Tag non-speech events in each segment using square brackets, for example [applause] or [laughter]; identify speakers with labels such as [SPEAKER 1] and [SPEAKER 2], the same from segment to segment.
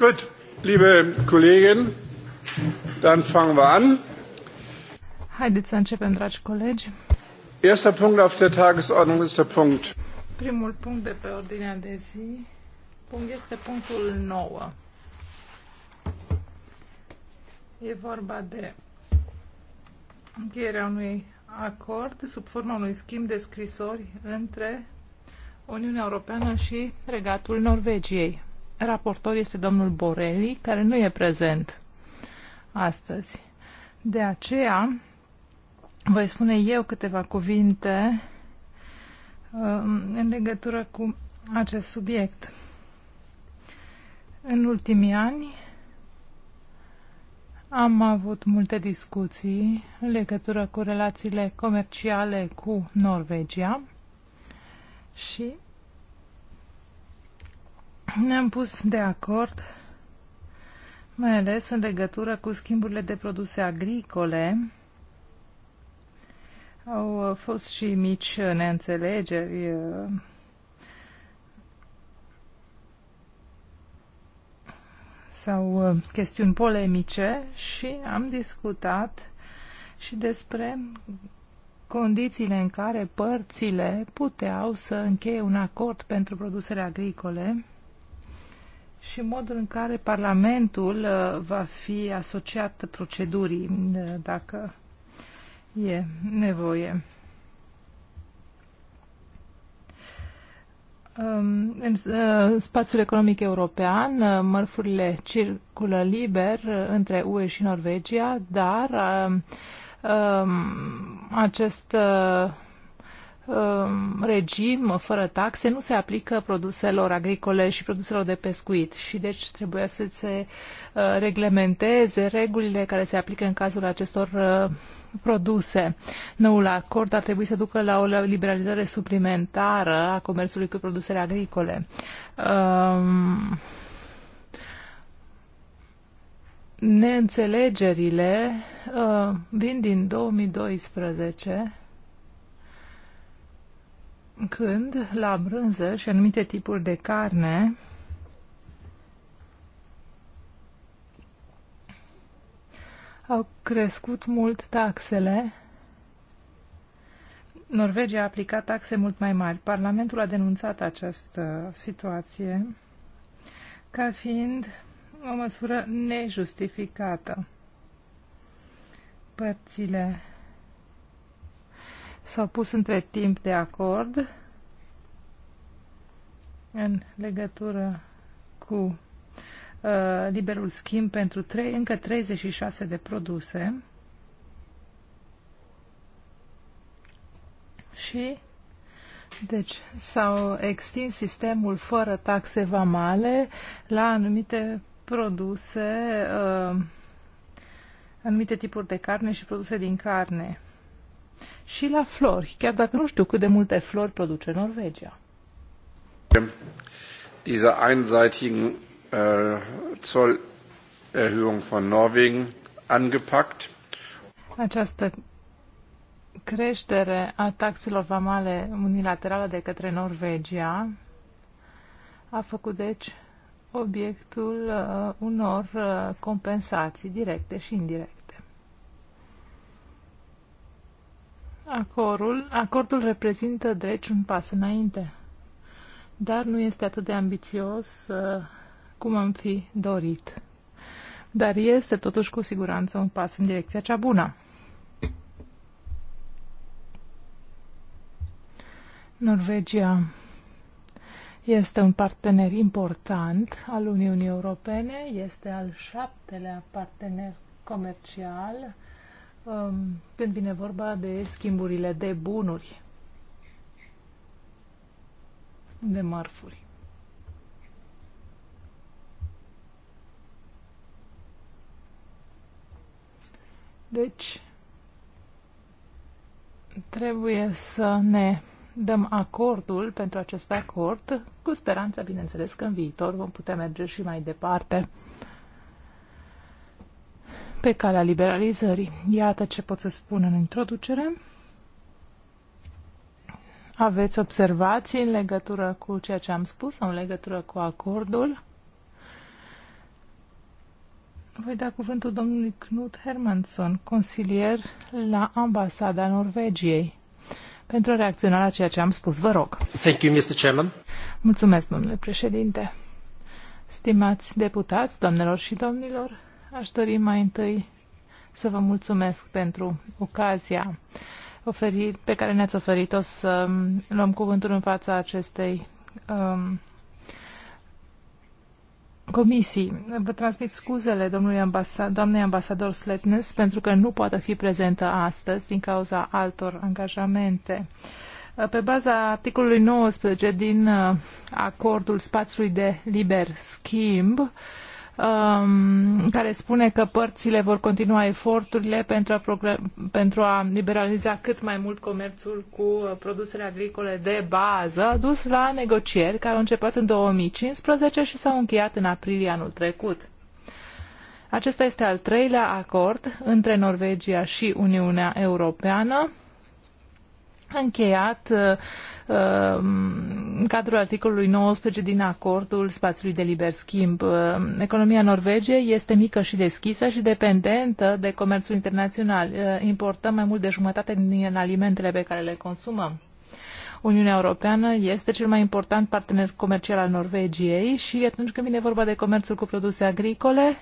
[SPEAKER 1] Gut, liebe Kollegen, dann fangen wir an.
[SPEAKER 2] Haideți să începem, dragi colegi.
[SPEAKER 1] Erster Punkt auf der Tagesordnung ist der Punkt.
[SPEAKER 2] Primul punct de pe ordinea de zi punct este punctul 9. E vorba de încheierea unui acord sub forma unui schimb de scrisori între Uniunea Europeană și Regatul Norvegiei. Raportor este domnul Borelli, care nu e prezent astăzi. De aceea, voi spune eu câteva cuvinte um, în legătură cu acest subiect. În ultimii ani am avut multe discuții în legătură cu relațiile comerciale cu Norvegia și ne-am pus de acord, mai ales în legătură cu schimburile de produse agricole. Au fost și mici neînțelegeri sau uh, chestiuni polemice și am discutat și despre condițiile în care părțile puteau să încheie un acord pentru produsele agricole și modul în care Parlamentul uh, va fi asociat procedurii, uh, dacă e nevoie. Um, uh, în spațiul economic european, mărfurile circulă liber între UE și Norvegia, dar um, acest Um, regim fără taxe nu se aplică produselor agricole și produselor de pescuit și deci trebuie să se uh, reglementeze regulile care se aplică în cazul acestor uh, produse. Noul acord ar trebui să ducă la o liberalizare suplimentară a comerțului cu produsele agricole. Um, neînțelegerile uh, vin din 2012 când la brânză și anumite tipuri de carne au crescut mult taxele. Norvegia a aplicat taxe mult mai mari. Parlamentul a denunțat această situație ca fiind o măsură nejustificată. Părțile s-au pus între timp de acord în legătură cu uh, liberul schimb pentru trei, încă 36 de produse și deci s-au extins sistemul fără taxe vamale la anumite produse, uh, anumite tipuri de carne și produse din carne și la flori, chiar dacă nu știu cât de multe flori produce Norvegia.
[SPEAKER 1] Diese einseitigen äh, Zollerhöhung von Norwegen angepackt.
[SPEAKER 2] Această creștere a taxelor vamale unilaterală de către Norvegia a făcut, deci, obiectul uh, unor uh, compensații directe și indirecte. Acordul, acordul reprezintă, deci, un pas înainte, dar nu este atât de ambițios uh, cum am fi dorit. Dar este, totuși, cu siguranță un pas în direcția cea bună. Norvegia este un partener important al Uniunii Europene, este al șaptelea partener comercial Um, când vine vorba de schimburile de bunuri, de marfuri. Deci, trebuie să ne dăm acordul pentru acest acord, cu speranța, bineînțeles, că în viitor vom putea merge și mai departe pe calea liberalizării. Iată ce pot să spun în introducere. Aveți observații în legătură cu ceea ce am spus sau în legătură cu acordul? Voi da cuvântul domnului Knut Hermansson, consilier la ambasada Norvegiei, pentru a reacționa la ceea ce am spus. Vă rog.
[SPEAKER 1] Thank you, Mr. Chairman.
[SPEAKER 2] Mulțumesc, domnule președinte. Stimați deputați, domnilor și domnilor, Aș dori mai întâi să vă mulțumesc pentru ocazia oferit, pe care ne-ați oferit-o să luăm cuvântul în fața acestei um, comisii. Vă transmit scuzele domnului ambasa doamnei ambasador Sletnes pentru că nu poate fi prezentă astăzi din cauza altor angajamente. Pe baza articolului 19 din uh, acordul spațiului de liber schimb, Um, care spune că părțile vor continua eforturile pentru a, pentru a liberaliza cât mai mult comerțul cu uh, produsele agricole de bază, a dus la negocieri care au început în 2015 și s-au încheiat în aprilie anul trecut. Acesta este al treilea acord între Norvegia și Uniunea Europeană, încheiat uh, în cadrul articolului 19 din acordul spațiului de liber schimb. Uh, economia Norvegiei este mică și deschisă și dependentă de comerțul internațional. Uh, importăm mai mult de jumătate din alimentele pe care le consumăm. Uniunea Europeană este cel mai important partener comercial al Norvegiei și atunci când vine vorba de comerțul cu produse agricole,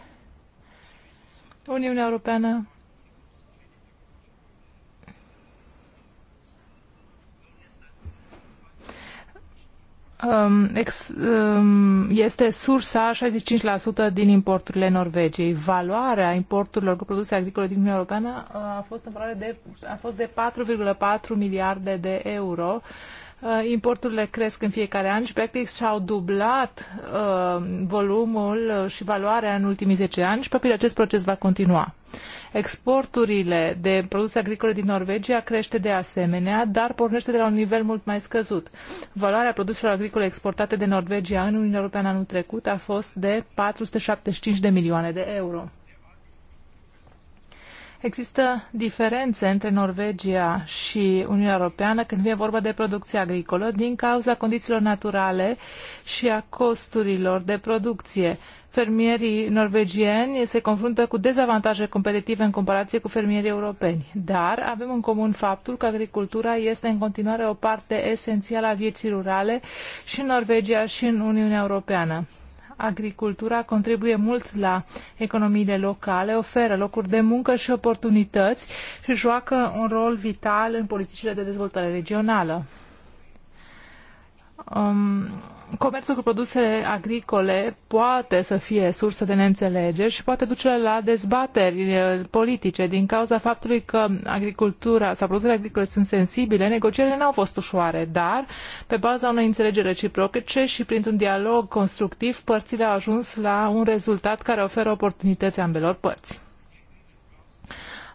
[SPEAKER 2] Uniunea Europeană Um, um, este sursa 65% din importurile Norvegiei. Valoarea importurilor cu produse agricole din Uniunea Europeană uh, a fost, în valoare de, a fost de 4,4 miliarde de euro Uh, importurile cresc în fiecare an și practic și-au dublat uh, volumul și valoarea în ultimii 10 ani și probabil acest proces va continua. Exporturile de produse agricole din Norvegia crește de asemenea, dar pornește de la un nivel mult mai scăzut. Valoarea produselor agricole exportate de Norvegia în Uniunea Europeană anul trecut a fost de 475 de milioane de euro. Există diferențe între Norvegia și Uniunea Europeană când vine vorba de producție agricolă din cauza condițiilor naturale și a costurilor de producție. Fermierii norvegieni se confruntă cu dezavantaje competitive în comparație cu fermierii europeni, dar avem în comun faptul că agricultura este în continuare o parte esențială a vieții rurale și în Norvegia și în Uniunea Europeană agricultura contribuie mult la economiile locale, oferă locuri de muncă și oportunități și joacă un rol vital în politicile de dezvoltare regională um, comerțul cu produsele agricole poate să fie sursă de neînțelegeri și poate duce la dezbateri uh, politice din cauza faptului că agricultura sau produsele agricole sunt sensibile. Negocierile n-au fost ușoare, dar pe baza unei înțelegeri reciproce și printr-un dialog constructiv, părțile au ajuns la un rezultat care oferă oportunități ambelor părți.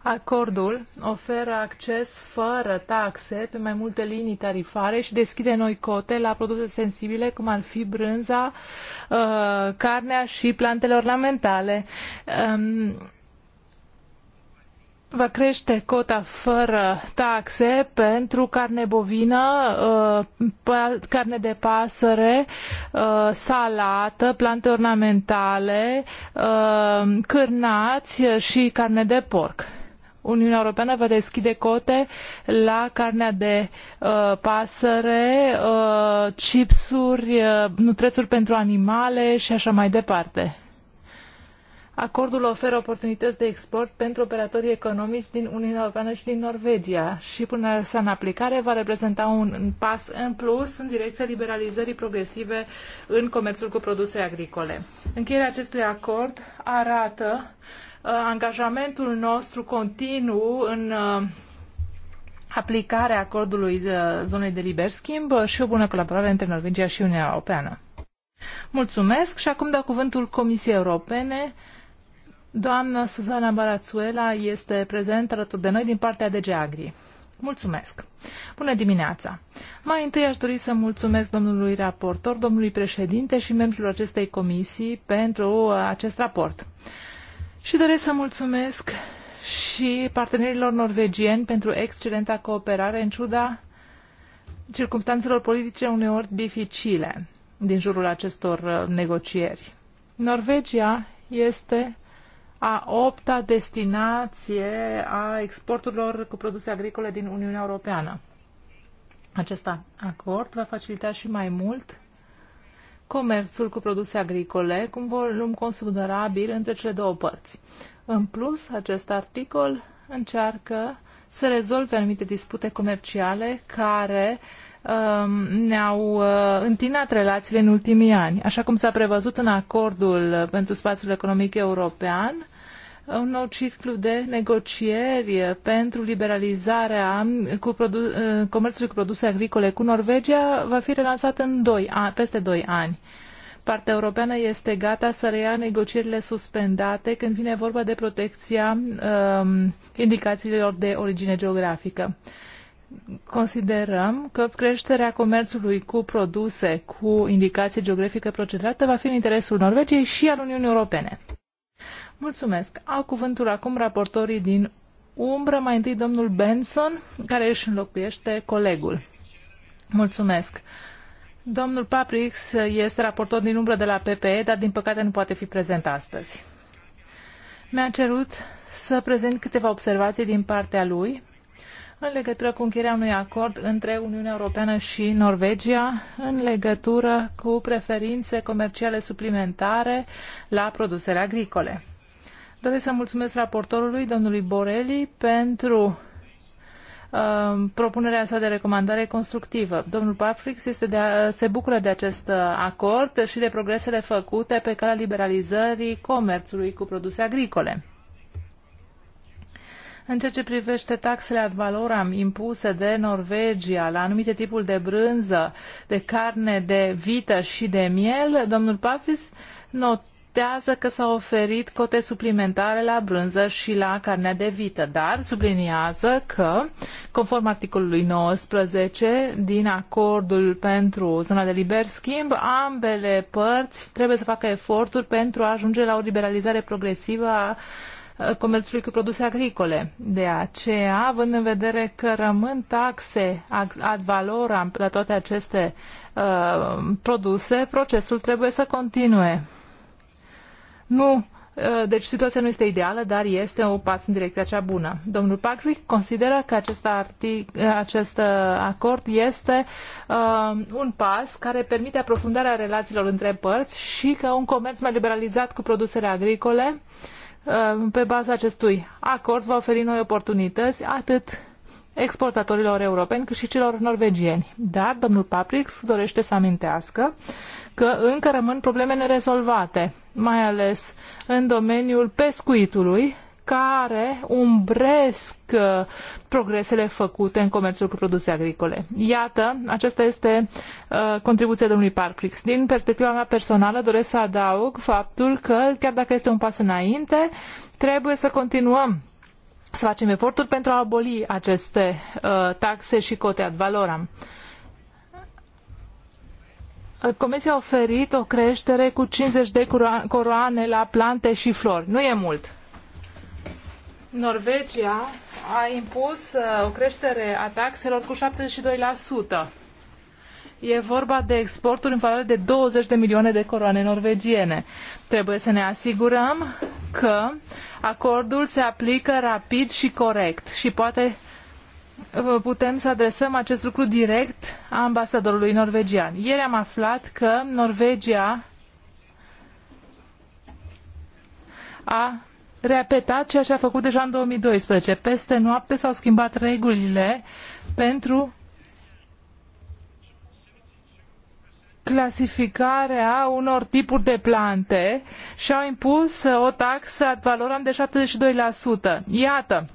[SPEAKER 2] Acordul oferă acces fără taxe pe mai multe linii tarifare și deschide noi cote la produse sensibile, cum ar fi brânza, uh, carnea și plantele ornamentale. Um, va crește cota fără taxe pentru carne bovină, uh, carne de pasăre, uh, salată, plante ornamentale, cârnați și carne de porc. Uniunea Europeană va deschide cote la carnea de uh, pasăre, uh, chipsuri, uh, nutrețuri pentru animale și așa mai departe. Acordul oferă oportunități de export pentru operatorii economici din Uniunea Europeană și din Norvegia și până sa în aplicare va reprezenta un pas în plus în direcția liberalizării progresive în comerțul cu produse agricole. Încheierea acestui acord arată Uh, angajamentul nostru continuu în uh, aplicarea acordului zonei de liber schimb uh, și o bună colaborare între Norvegia și Uniunea Europeană. Mulțumesc și acum dau cuvântul Comisiei Europene. Doamna Suzana Barațuela este prezentă alături de noi din partea DG Agri. Mulțumesc! Bună dimineața! Mai întâi aș dori să mulțumesc domnului raportor, domnului președinte și membrilor acestei comisii pentru acest raport. Și doresc să mulțumesc și partenerilor norvegieni pentru excelenta cooperare în ciuda circumstanțelor politice uneori dificile din jurul acestor uh, negocieri. Norvegia este a opta destinație a exporturilor cu produse agricole din Uniunea Europeană. Acest acord va facilita și mai mult comerțul cu produse agricole cu un volum considerabil între cele două părți. În plus, acest articol încearcă să rezolve anumite dispute comerciale care um, ne-au uh, întinat relațiile în ultimii ani. Așa cum s-a prevăzut în acordul uh, pentru spațiul economic european, un nou ciclu de negocieri pentru liberalizarea cu eh, comerțului cu produse agricole cu Norvegia va fi relansat în doi peste 2 ani. Partea europeană este gata să reia negocierile suspendate când vine vorba de protecția um, indicațiilor de origine geografică. Considerăm că creșterea comerțului cu produse cu indicație geografică procedată va fi în interesul Norvegiei și al Uniunii Europene. Mulțumesc. Au cuvântul acum raportorii din umbră, mai întâi domnul Benson, care își înlocuiește colegul. Mulțumesc. Domnul Paprix este raportor din umbră de la PPE, dar din păcate nu poate fi prezent astăzi. Mi-a cerut să prezint câteva observații din partea lui în legătură cu încheierea unui acord între Uniunea Europeană și Norvegia în legătură cu preferințe comerciale suplimentare la produsele agricole. Doresc să mulțumesc raportorului, domnului Borelli, pentru um, propunerea sa de recomandare constructivă. Domnul Paprix este de a, se bucură de acest acord și de progresele făcute pe calea liberalizării comerțului cu produse agricole. În ceea ce privește taxele ad valoram impuse de Norvegia la anumite tipuri de brânză, de carne, de vită și de miel, domnul Papis not, tează că s-au oferit cote suplimentare la brânză și la carnea de vită, dar subliniază că, conform articolului 19 din acordul pentru zona de liber schimb, ambele părți trebuie să facă eforturi pentru a ajunge la o liberalizare progresivă a comerțului cu produse agricole. De aceea, având în vedere că rămân taxe ad valoram la toate aceste uh, produse, procesul trebuie să continue. Nu, ă, deci situația nu este ideală, dar este un pas în direcția cea bună. Domnul Patrick consideră că acest, artic, acest ă, acord este uh, un pas care permite aprofundarea relațiilor între părți și că un comerț mai liberalizat cu produsele agricole uh, pe baza acestui acord va oferi noi oportunități atât exportatorilor europeni cât și celor norvegieni. Dar domnul Paprix dorește să amintească că încă rămân probleme nerezolvate, mai ales în domeniul pescuitului, care umbresc uh, progresele făcute în comerțul cu produse agricole. Iată, aceasta este uh, contribuția domnului Parprix. Din perspectiva mea personală doresc să adaug faptul că, chiar dacă este un pas înainte, trebuie să continuăm să facem eforturi pentru a aboli aceste uh, taxe și cote ad valoram. Comisia a oferit o creștere cu 50 de coroane la plante și flori. Nu e mult. Norvegia a impus uh, o creștere a taxelor cu 72%. E vorba de exporturi în valoare de 20 de milioane de coroane norvegiene. Trebuie să ne asigurăm că acordul se aplică rapid și corect și poate uh, putem să adresăm acest lucru direct ambasadorului norvegian. Ieri am aflat că Norvegia a repetat ceea ce a făcut deja în 2012. Peste noapte s-au schimbat regulile pentru clasificarea unor tipuri de plante și au impus o taxă ad valoram de 72%. Iată,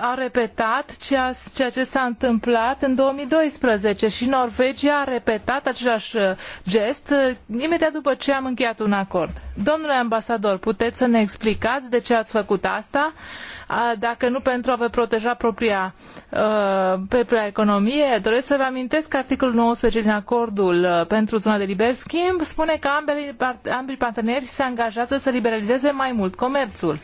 [SPEAKER 2] a repetat ceea ce s-a întâmplat în 2012 și Norvegia a repetat același uh, gest uh, imediat după ce am încheiat un acord. Domnule ambasador, puteți să ne explicați de ce ați făcut asta, dacă nu pentru a vă proteja propria, uh, propria economie? Doresc să vă amintesc că articolul 19 din acordul pentru zona de liber schimb spune că ambii parteneri se angajează să liberalizeze mai mult comerțul.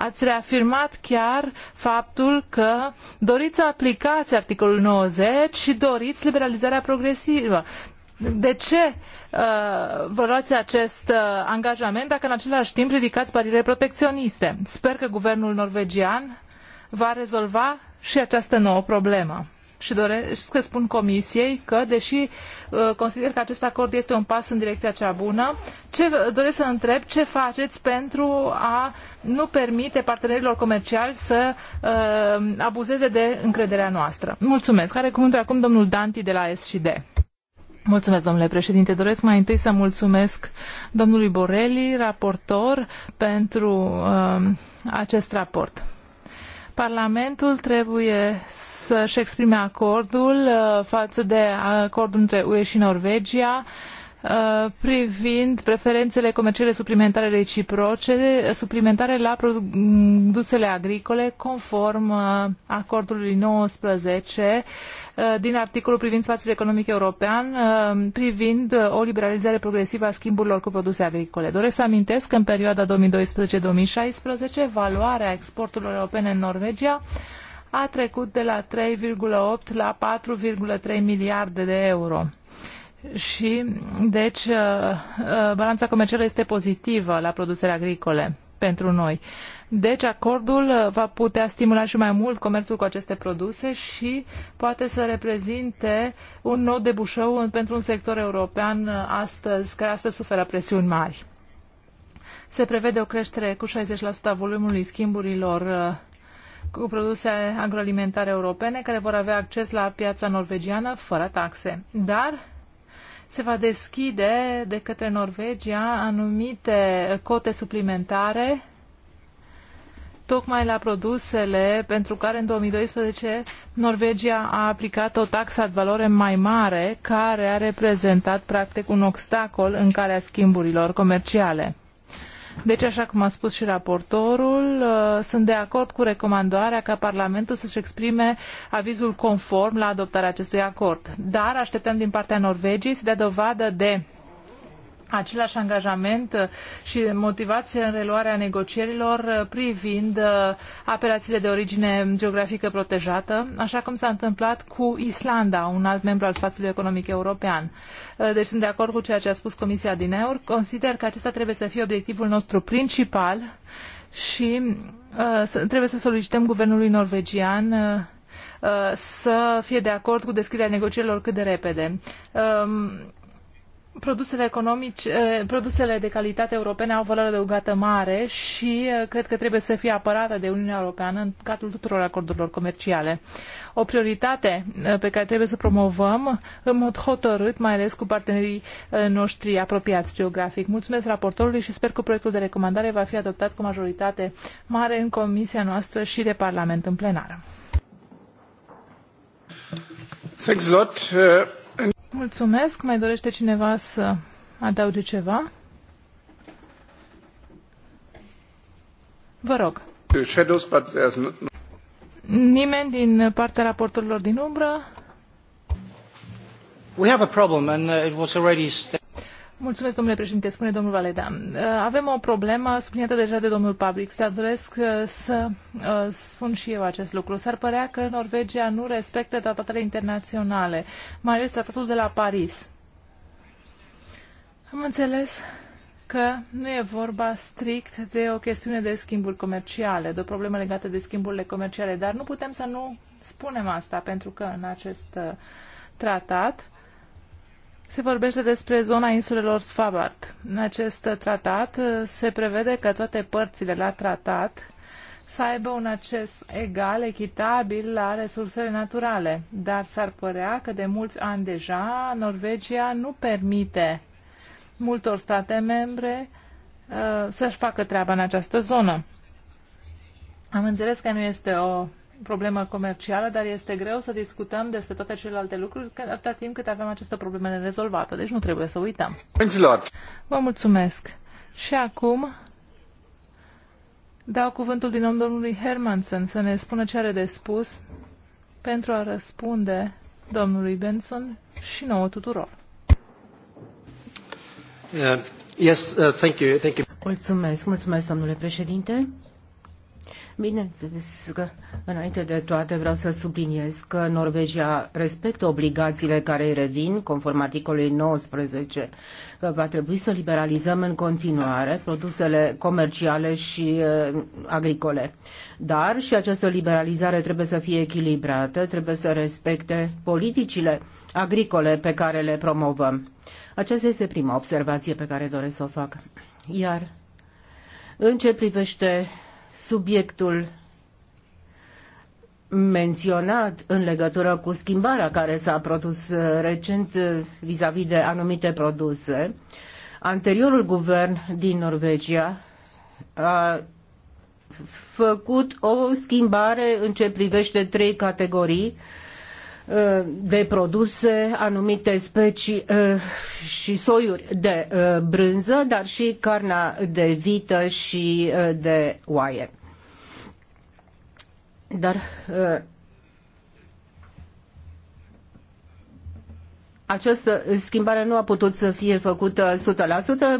[SPEAKER 2] Ați reafirmat chiar faptul că doriți să aplicați articolul 90 și doriți liberalizarea progresivă. De ce uh, vă luați acest uh, angajament dacă în același timp ridicați bariere protecționiste? Sper că guvernul norvegian va rezolva și această nouă problemă. Și doresc să spun Comisiei că, deși Uh, consider că acest acord este un pas în direcția cea bună. Ce doresc să întreb, ce faceți pentru a nu permite partenerilor comerciali să uh, abuzeze de încrederea noastră? Mulțumesc. Care cuvântul acum domnul Danti de la S&D. Mulțumesc, domnule președinte. Doresc mai întâi să mulțumesc domnului Borelli, raportor, pentru uh, acest raport. Parlamentul trebuie să-și exprime acordul uh, față de acordul între UE și Norvegia uh, privind preferențele comerciale suplimentare reciproce, suplimentare la produsele agricole, conform uh, acordului 19 Uh, din articolul privind spațiul economic european, uh, privind uh, o liberalizare progresivă a schimburilor cu produse agricole. Doresc să amintesc că în perioada 2012-2016 valoarea exporturilor europene în Norvegia a trecut de la 3,8 la 4,3 miliarde de euro. Și, deci, balanța comercială este pozitivă la produsele agricole pentru noi. Deci acordul uh, va putea stimula și mai mult comerțul cu aceste produse și poate să reprezinte un nou debușău pentru un sector european uh, astăzi, care astăzi suferă presiuni mari. Se prevede o creștere cu 60% a volumului schimburilor uh, cu produse agroalimentare europene care vor avea acces la piața norvegiană fără taxe. Dar se va deschide de către Norvegia anumite cote suplimentare tocmai la produsele pentru care în 2012 Norvegia a aplicat o taxă ad valore mai mare care a reprezentat practic un obstacol în calea schimburilor comerciale. Deci, așa cum a spus și raportorul, uh, sunt de acord cu recomandarea ca Parlamentul să-și exprime avizul conform la adoptarea acestui acord. Dar așteptăm din partea Norvegiei să dea dovadă de același angajament uh, și motivație în reluarea negocierilor uh, privind uh, apelațiile de origine geografică protejată, așa cum s-a întâmplat cu Islanda, un alt membru al spațiului economic european. Deci sunt de acord cu ceea ce a spus Comisia din EUR. Consider că acesta trebuie să fie obiectivul nostru principal și trebuie să solicităm guvernului norvegian să fie de acord cu deschiderea negocierilor cât de repede. Um, produsele economice, eh, produsele de calitate europene au valoare adăugată mare și eh, cred că trebuie să fie apărată de Uniunea Europeană în cadrul tuturor acordurilor comerciale. O prioritate eh, pe care trebuie să promovăm în mod hotărât, mai ales cu partenerii noștri apropiați geografic. Mulțumesc raportorului și sper că proiectul de recomandare va fi adoptat cu majoritate mare în comisia noastră și de Parlament în plenară.
[SPEAKER 1] Thanks a lot. Uh...
[SPEAKER 2] Mulțumesc. Mai dorește cineva să adauge ceva? Vă rog. Nimeni din partea raportorilor din umbră?
[SPEAKER 1] We have a problem and uh, it was already
[SPEAKER 2] Mulțumesc, domnule președinte, spune domnul Valeda. Uh, avem o problemă subliniată deja de domnul Public. Te doresc uh, să uh, spun și eu acest lucru. S-ar părea că Norvegia nu respectă tratatele internaționale, mai ales tratatul de la Paris. Am înțeles că nu e vorba strict de o chestiune de schimburi comerciale, de o problemă legată de schimburile comerciale, dar nu putem să nu spunem asta, pentru că în acest tratat se vorbește despre zona insulelor Svalbard. În acest tratat uh, se prevede că toate părțile la tratat să aibă un acces egal, echitabil la resursele naturale. Dar s-ar părea că de mulți ani deja Norvegia nu permite multor state membre uh, să-și facă treaba în această zonă. Am înțeles că nu este o problemă comercială, dar este greu să discutăm despre toate celelalte lucruri atâta timp cât avem această problemă nerezolvate. Deci nu trebuie să uităm. Vă mulțumesc. Și acum dau cuvântul din nou domnului Hermansen să ne spună ce are de spus pentru a răspunde domnului Benson și nouă tuturor.
[SPEAKER 1] Uh, yes, uh, thank you, thank you. Mulțumesc, mulțumesc, domnule președinte. Bineînțeles că, înainte de toate, vreau să subliniez că Norvegia respectă obligațiile care îi revin, conform articolului 19, că va trebui să liberalizăm în continuare produsele comerciale și uh, agricole. Dar și această liberalizare trebuie să fie echilibrată, trebuie să respecte politicile agricole pe care le promovăm. Aceasta este prima observație pe care doresc să o fac. Iar în ce privește subiectul menționat în legătură cu schimbarea care s-a produs uh, recent uh, vis-a-vis -vis de anumite produse. Anteriorul guvern din Norvegia a făcut o schimbare în ce privește trei categorii Eh, de produse, anumite specii eh, și soiuri de eh, brânză, dar și carnea de vită și de oaie. Dar această schimbare nu a putut să fie făcută 100%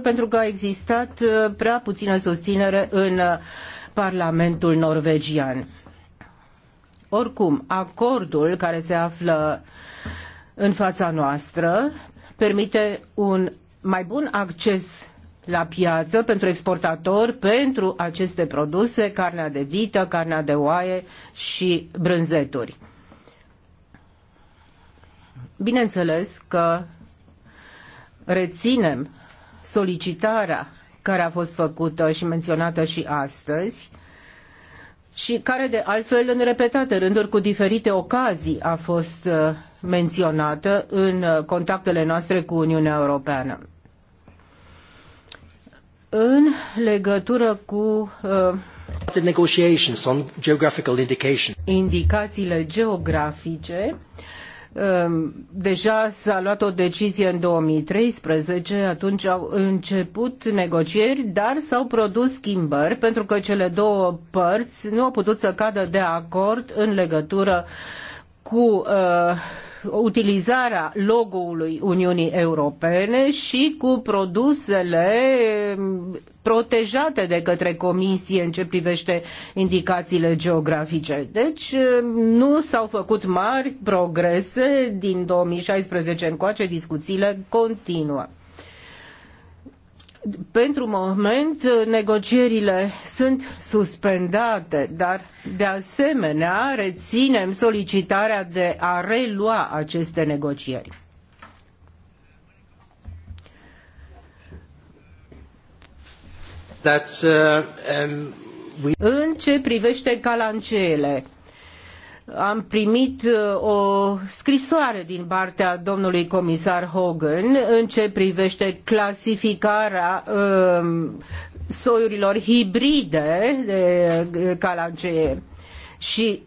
[SPEAKER 1] pentru că a existat prea puțină susținere în Parlamentul norvegian. Oricum, acordul care se află în fața noastră permite un mai bun acces la piață pentru exportatori pentru aceste produse, carnea de vită, carnea de oaie și brânzeturi. Bineînțeles că reținem solicitarea care a fost făcută și menționată și astăzi și care de altfel în repetate rânduri cu diferite ocazii a fost uh, menționată în uh, contactele noastre cu Uniunea Europeană. În legătură cu uh, indicațiile geografice, Ehm, deja s-a luat o decizie în 2013, atunci au început negocieri, dar s-au produs schimbări pentru că cele două părți nu au putut să cadă de acord în legătură cu uh, utilizarea logo-ului Uniunii Europene și cu produsele protejate de către Comisie în ce privește indicațiile geografice. Deci nu s-au făcut mari progrese din 2016 încoace, discuțiile continuă. Pentru moment, negocierile sunt suspendate, dar de asemenea reținem solicitarea de a relua aceste negocieri. uh, um, we... În ce privește calanceele, am primit uh, o scrisoare din partea domnului comisar Hogan în ce privește clasificarea um, soiurilor hibride de uh, calagee și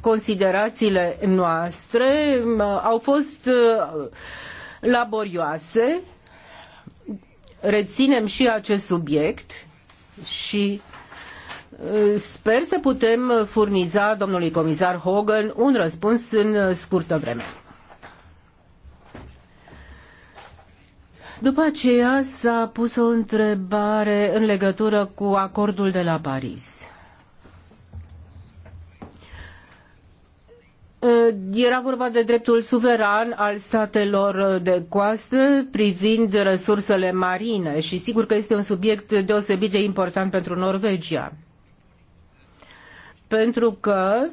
[SPEAKER 1] considerațiile noastre um, au fost uh, laborioase. Reținem și acest subiect și Sper să putem furniza domnului comisar Hogan un răspuns în scurtă vreme. După aceea s-a pus o întrebare în legătură cu acordul de la Paris. Era vorba de dreptul suveran al statelor de coastă privind resursele marine și sigur că este un subiect deosebit de important pentru Norvegia pentru că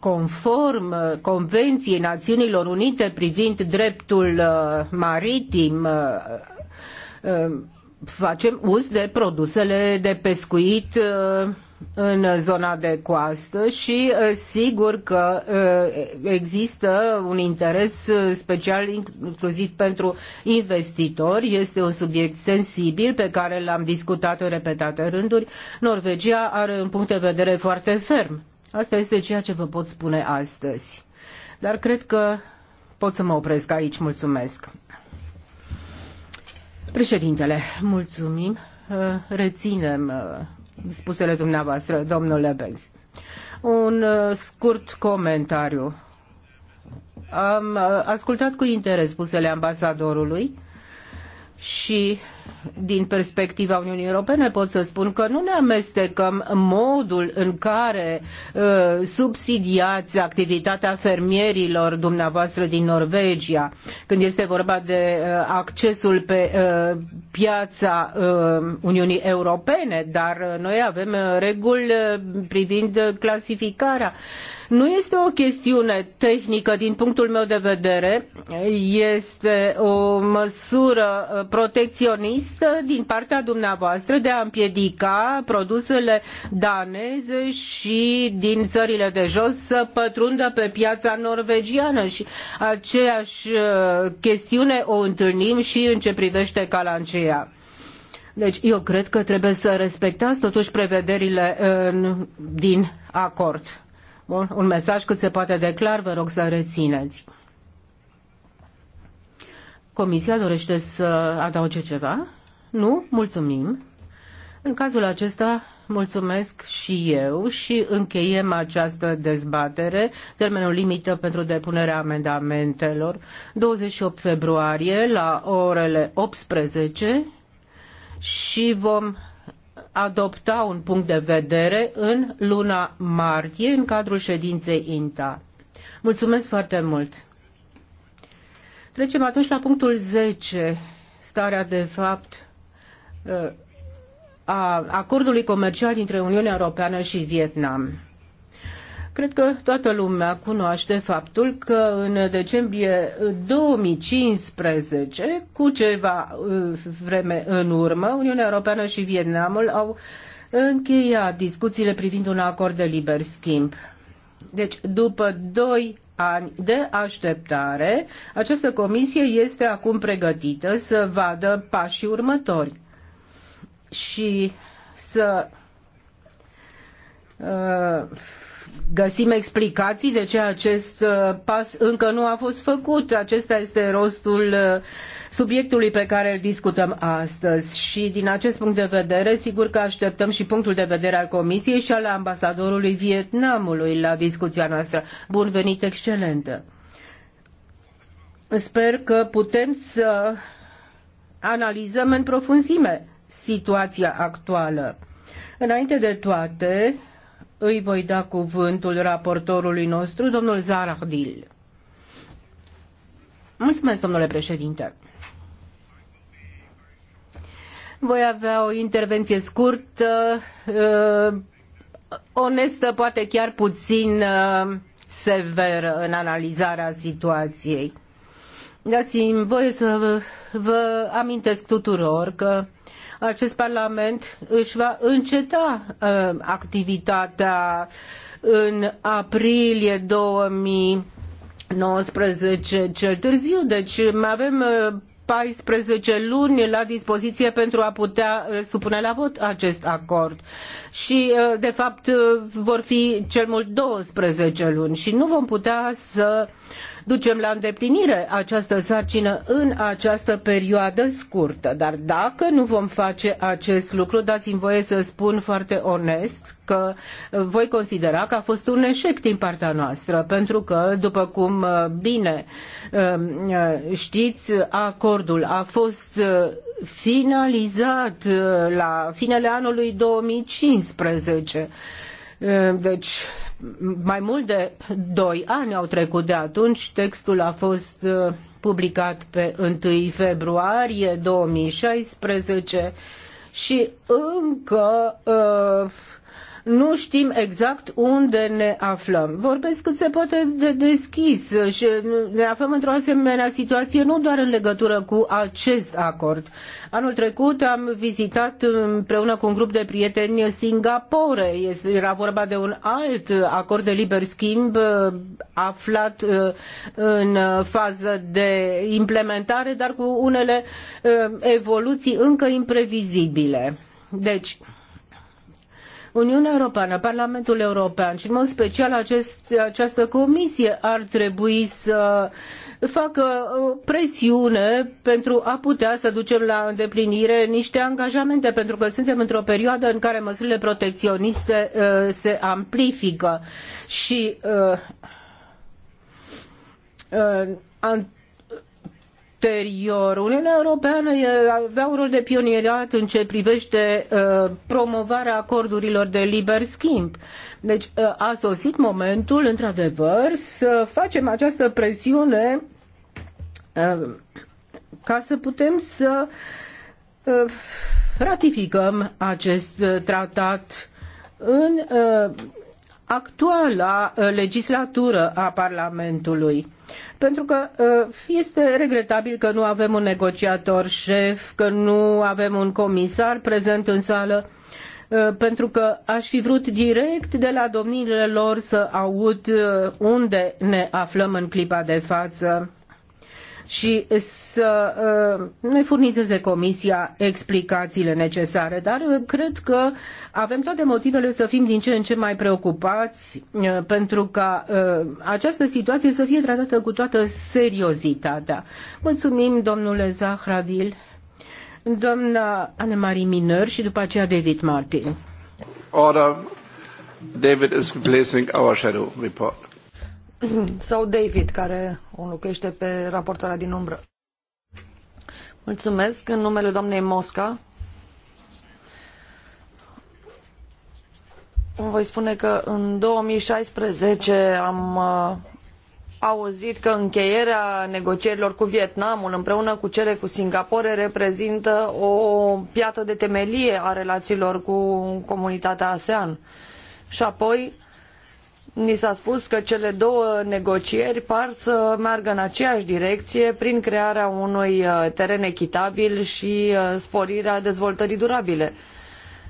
[SPEAKER 1] conform uh, Convenției Națiunilor Unite privind dreptul uh, maritim, uh, facem uz de produsele de pescuit în zona de coastă și uh, sigur că uh, există un interes uh, special inclusiv pentru investitori. Este un subiect sensibil pe care l-am discutat în repetate rânduri. Norvegia are un punct de vedere foarte ferm. Asta este ceea ce vă pot spune astăzi. Dar cred că pot să mă opresc aici. Mulțumesc. Președintele, mulțumim. Reținem spusele dumneavoastră, domnule Benz. Un uh, scurt comentariu. Am uh, ascultat cu interes spusele ambasadorului și din perspectiva Uniunii Europene pot să spun că nu ne amestecăm modul în care uh, subsidiați activitatea fermierilor dumneavoastră din Norvegia, când este vorba de uh, accesul pe uh, piața uh, Uniunii Europene, dar uh, noi avem uh, reguli uh, privind clasificarea uh, nu este o chestiune tehnică din punctul meu de vedere, este o măsură protecționistă din partea dumneavoastră de a împiedica produsele daneze și din țările de jos să pătrundă pe piața norvegiană și aceeași uh, chestiune o întâlnim și în ce privește calanceea. Deci eu cred că trebuie să respectați totuși prevederile uh, din acord. Bun, un mesaj cât se poate de clar, vă rog să rețineți. Comisia dorește să adauge ceva? Nu? Mulțumim. În cazul acesta, mulțumesc și eu și încheiem această dezbatere. Termenul limită pentru depunerea amendamentelor 28 februarie la orele 18 și vom adopta un punct de vedere în luna martie, în cadrul ședinței INTA. Mulțumesc foarte mult! Trecem atunci la punctul 10, starea de fapt uh, a acordului comercial dintre Uniunea Europeană și Vietnam. Cred că toată lumea cunoaște faptul că în decembrie 2015, cu ceva uh, vreme în urmă, Uniunea Europeană și Vietnamul au încheiat discuțiile privind un acord de liber schimb. Deci, după doi ani de așteptare, această comisie este acum pregătită să vadă pașii următori și să uh, găsim explicații de ce acest uh, pas încă nu a fost făcut. Acesta este rostul uh, subiectului pe care îl discutăm astăzi și din acest punct de vedere, sigur că așteptăm și punctul de vedere al Comisiei și al ambasadorului Vietnamului la discuția noastră. Bun venit, excelentă! Sper că putem să analizăm în profunzime situația actuală. Înainte de toate, îi voi da cuvântul raportorului nostru, domnul Zarahdil. Mulțumesc, domnule președinte. Voi avea o intervenție scurtă, uh, onestă, poate chiar puțin uh, severă în analizarea situației. Dați-mi voie să vă amintesc tuturor că acest Parlament își va înceta uh, activitatea în aprilie 2019 cel târziu, deci mai avem 14 uh, luni la dispoziție pentru a putea uh, supune la vot acest acord. Și, de fapt, vor fi cel mult 12 luni și nu vom putea să ducem la îndeplinire această sarcină în această perioadă scurtă. Dar dacă nu vom face acest lucru, dați-mi voie să spun foarte onest că voi considera că a fost un eșec din partea noastră, pentru că, după cum uh, bine um, uh, știți, acordul a fost uh, finalizat la finele anului 2015. Deci mai mult de doi ani au trecut de atunci, textul a fost uh, publicat pe 1 februarie 2016 și încă uh, nu știm exact unde ne aflăm. Vorbesc cât se poate de deschis și ne aflăm într-o asemenea situație nu doar în legătură cu acest acord. Anul trecut am vizitat împreună cu un grup de prieteni Singapore. Era vorba de un alt acord de liber schimb uh, aflat uh, în fază de implementare, dar cu unele uh, evoluții încă imprevizibile. Deci, Uniunea Europeană, Parlamentul European și în mod special acest, această comisie ar trebui să facă uh, presiune pentru a putea să ducem la îndeplinire niște angajamente, pentru că suntem într-o perioadă în care măsurile protecționiste uh, se amplifică și uh, uh, ulterior, Uniunea Europeană avea un rol de pionierat în ce privește uh, promovarea acordurilor de liber schimb. Deci uh, a sosit momentul, într-adevăr, să facem această presiune uh, ca să putem să ratificăm acest tratat în actuala legislatură a Parlamentului. Pentru că uh, este regretabil că nu avem un negociator șef, că nu avem un comisar prezent în sală uh, pentru că aș fi vrut direct de la domniile lor să aud uh, unde ne aflăm în clipa de față și să uh, ne furnizeze Comisia explicațiile necesare. Dar uh, cred că avem toate motivele să fim din ce în ce mai preocupați uh, pentru ca această situație să fie tratată cu toată seriozitatea. Mulțumim, domnule Zahradil, doamna Anemarie Minor și după aceea David Martin. Order. David is replacing our shadow report.
[SPEAKER 3] [coughs] sau David, care o înlocuiește pe raportarea din umbră. Mulțumesc. În numele doamnei Mosca, voi spune că în 2016 am uh, auzit că încheierea negocierilor cu Vietnamul împreună cu cele cu Singapore reprezintă o piatră de temelie a relațiilor cu comunitatea ASEAN. Și apoi Ni s-a spus că cele două negocieri par să meargă în aceeași direcție prin crearea unui uh, teren echitabil și uh, sporirea dezvoltării durabile.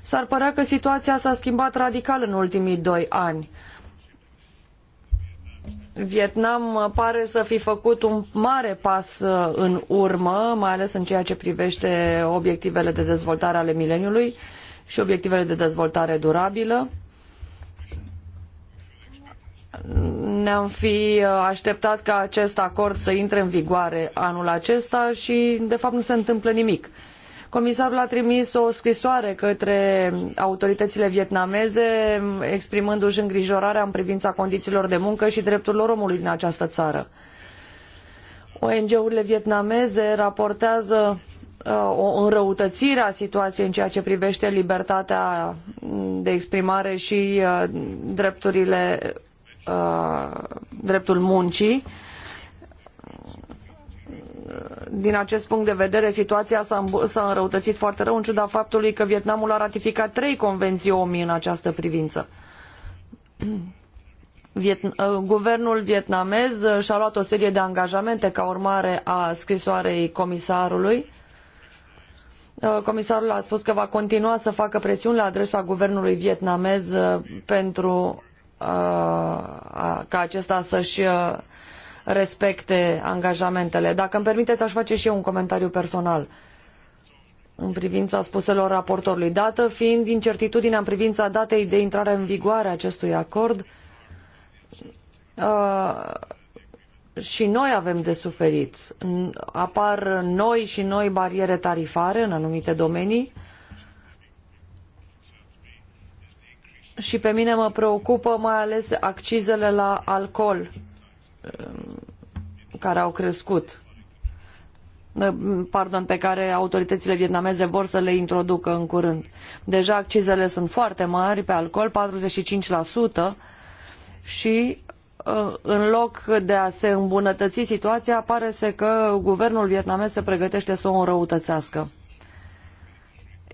[SPEAKER 3] S-ar părea că situația s-a schimbat radical în ultimii doi ani. Vietnam uh, pare să fi făcut un mare pas în urmă, mai ales în ceea ce privește obiectivele de dezvoltare ale mileniului și obiectivele de dezvoltare durabilă ne-am fi uh, așteptat ca acest acord să intre în vigoare anul acesta și, de fapt, nu se întâmplă nimic. Comisarul a trimis o scrisoare către autoritățile vietnameze exprimându-și îngrijorarea în privința condițiilor de muncă și drepturilor omului din această țară. ONG-urile vietnameze raportează uh, o înrăutățire a situației în ceea ce privește libertatea de exprimare și uh, drepturile Uh, dreptul muncii. Din acest punct de vedere, situația s-a înrăutățit foarte rău, în ciuda faptului că Vietnamul a ratificat trei convenții OMI în această privință. [clears throat] Uh, guvernul vietnamez și-a luat o serie de angajamente ca urmare a scrisoarei comisarului. Uh, comisarul a spus că va continua să facă presiuni la adresa guvernului vietnamez pentru ca acesta să-și respecte angajamentele. Dacă îmi permiteți, aș face și eu un comentariu personal în privința spuselor raportorului. Dată fiind incertitudinea în privința datei de intrare în vigoare a acestui acord, uh, și noi avem de suferit. Apar noi și noi bariere tarifare în anumite domenii, uh, și pe mine mă preocupă mai ales accizele la alcool um, care au crescut pardon, pe care autoritățile vietnameze vor să le introducă în curând. Deja accizele sunt foarte mari pe alcool, 45% și uh, în loc de a se îmbunătăți situația, pare să că guvernul vietnamez se pregătește să o înrăutățească.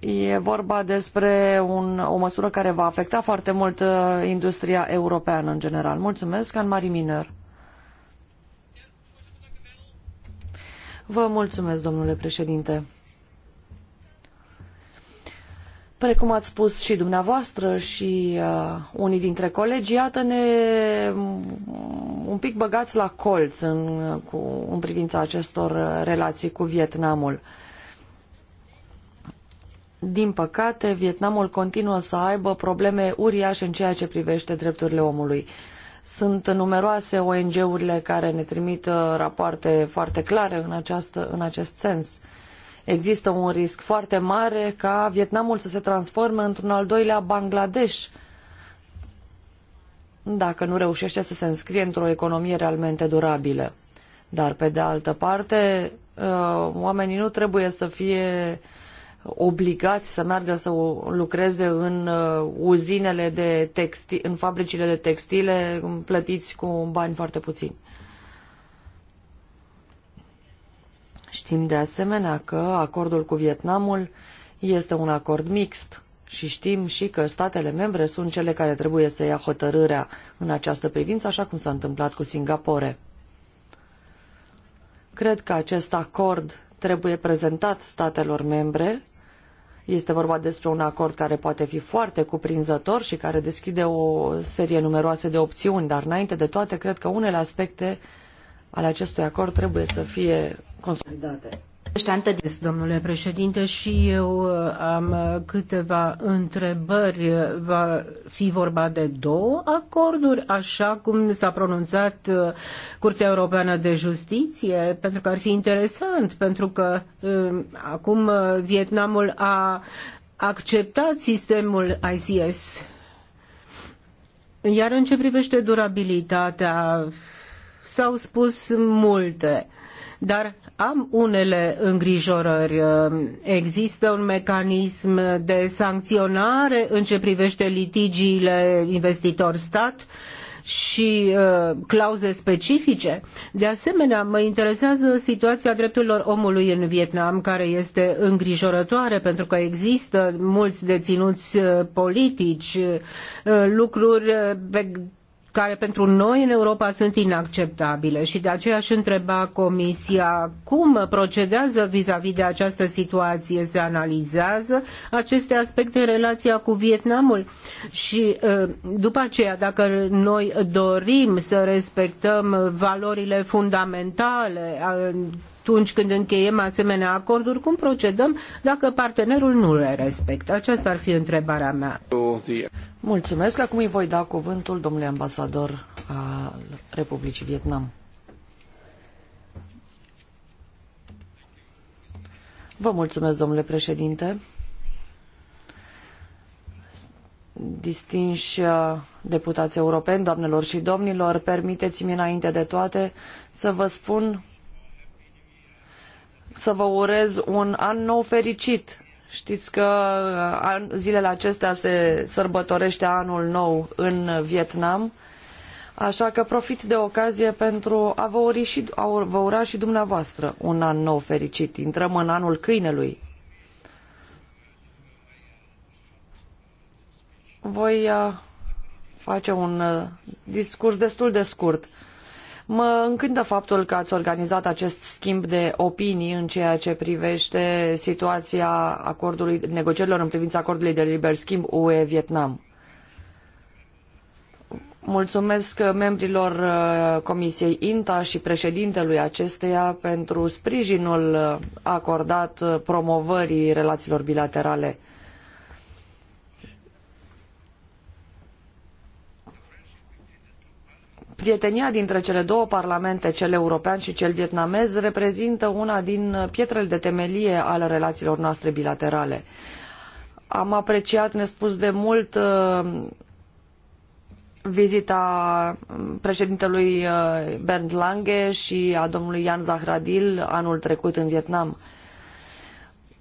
[SPEAKER 3] E vorba despre un, o măsură care va afecta foarte mult uh, industria europeană în general. Mulțumesc, Anne-Marie Miner. Vă mulțumesc, domnule președinte. Precum ați spus și dumneavoastră și uh, unii dintre colegi, iată-ne mm, un pic băgați la colț în, cu, în privința acestor uh, relații cu Vietnamul. Uh, din păcate, Vietnamul continuă să aibă probleme uriașe în ceea ce privește drepturile omului. Sunt numeroase ONG-urile care ne trimit uh, rapoarte foarte clare în, această, în acest sens. Există un risc foarte mare ca Vietnamul să se transforme într-un al doilea Bangladesh, dacă nu reușește să se înscrie într-o economie realmente durabilă. Dar, pe de altă parte, uh, oamenii nu trebuie să fie obligați să meargă să lucreze în uh, uzinele de textil, în fabricile de textile, um, plătiți cu bani foarte puțini. Știm de asemenea că acordul cu Vietnamul este un acord mixt și știm și că statele membre sunt cele care trebuie să ia hotărârea în această privință, așa cum s-a întâmplat cu Singapore. Cred că acest acord trebuie prezentat statelor membre este vorba despre un acord care poate fi foarte cuprinzător și care deschide o serie numeroasă de opțiuni, dar înainte de toate, cred că unele aspecte ale acestui acord trebuie să fie consolidate.
[SPEAKER 1] Domnule președinte, și eu uh, am uh, câteva întrebări. Va fi vorba de două acorduri, așa cum s-a pronunțat uh, Curtea Europeană de Justiție? Pentru că ar fi interesant, pentru că acum Vietnamul a acceptat sistemul ICS. Iar în ce privește durabilitatea, s-au spus multe, dar am unele îngrijorări. Există un mecanism de sancționare în ce privește litigiile investitor-stat și uh, clauze specifice. De asemenea, mă interesează situația drepturilor omului în Vietnam, care este îngrijorătoare pentru că există mulți deținuți uh, politici, uh, lucruri pe care pentru noi în Europa sunt inacceptabile și de aceea aș întreba Comisia cum procedează vis-a-vis de această situație, se analizează aceste aspecte în relația cu Vietnamul și ă, după aceea dacă noi dorim să respectăm valorile fundamentale ă, atunci când încheiem asemenea acorduri, cum procedăm dacă partenerul nu le respectă? Aceasta ar fi întrebarea mea.
[SPEAKER 3] Mulțumesc. Acum îi voi da cuvântul domnului ambasador al Republicii Vietnam. Vă mulțumesc, domnule președinte. Distinși uh, deputați europeni, doamnelor și domnilor, permiteți-mi înainte de toate să vă spun să vă urez un an nou fericit. Știți că uh, zilele acestea se sărbătorește anul nou în Vietnam, așa că profit de ocazie pentru a vă, uri și, a vă ura și dumneavoastră un an nou fericit. Intrăm în anul câinelui. Voi uh, face un uh, discurs destul de scurt. Mă încântă faptul că ați organizat acest schimb de opinii în ceea ce privește situația acordului, negocierilor în privința acordului de liber schimb UE-Vietnam. Mulțumesc membrilor uh, Comisiei INTA și președintelui acesteia pentru sprijinul uh, acordat uh, promovării relațiilor bilaterale Prietenia dintre cele două parlamente, cel european și cel vietnamez, reprezintă una din pietrele de temelie ale relațiilor noastre bilaterale. Am apreciat nespus de mult uh, vizita președintelui uh, Bernd Lange și a domnului Jan Zahradil anul trecut în Vietnam.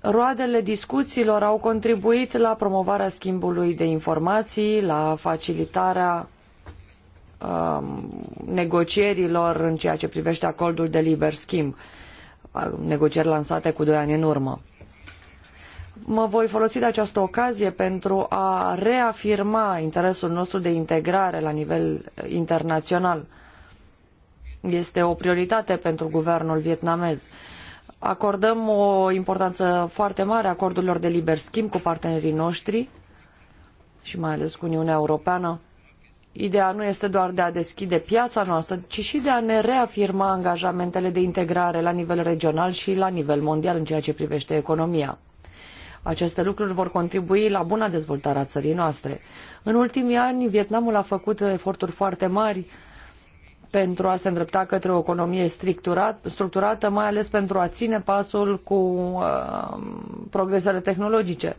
[SPEAKER 3] Roadele discuțiilor au contribuit la promovarea schimbului de informații, la facilitarea Um, negocierilor în ceea ce privește acordul de liber schimb, uh, negocieri lansate cu doi ani în urmă. Mă voi folosi de această ocazie pentru a reafirma interesul nostru de integrare la nivel uh, internațional. Este o prioritate pentru guvernul vietnamez. Acordăm o importanță foarte mare acordurilor de liber schimb cu partenerii noștri și mai ales cu Uniunea Europeană Ideea nu este doar de a deschide piața noastră, ci și de a ne reafirma angajamentele de integrare la nivel regional și la nivel mondial în ceea ce privește economia. Aceste lucruri vor contribui la buna dezvoltare a țării noastre. În ultimii ani, Vietnamul a făcut eforturi foarte mari pentru a se îndrepta către o economie structurată, mai ales pentru a ține pasul cu uh, progresele tehnologice.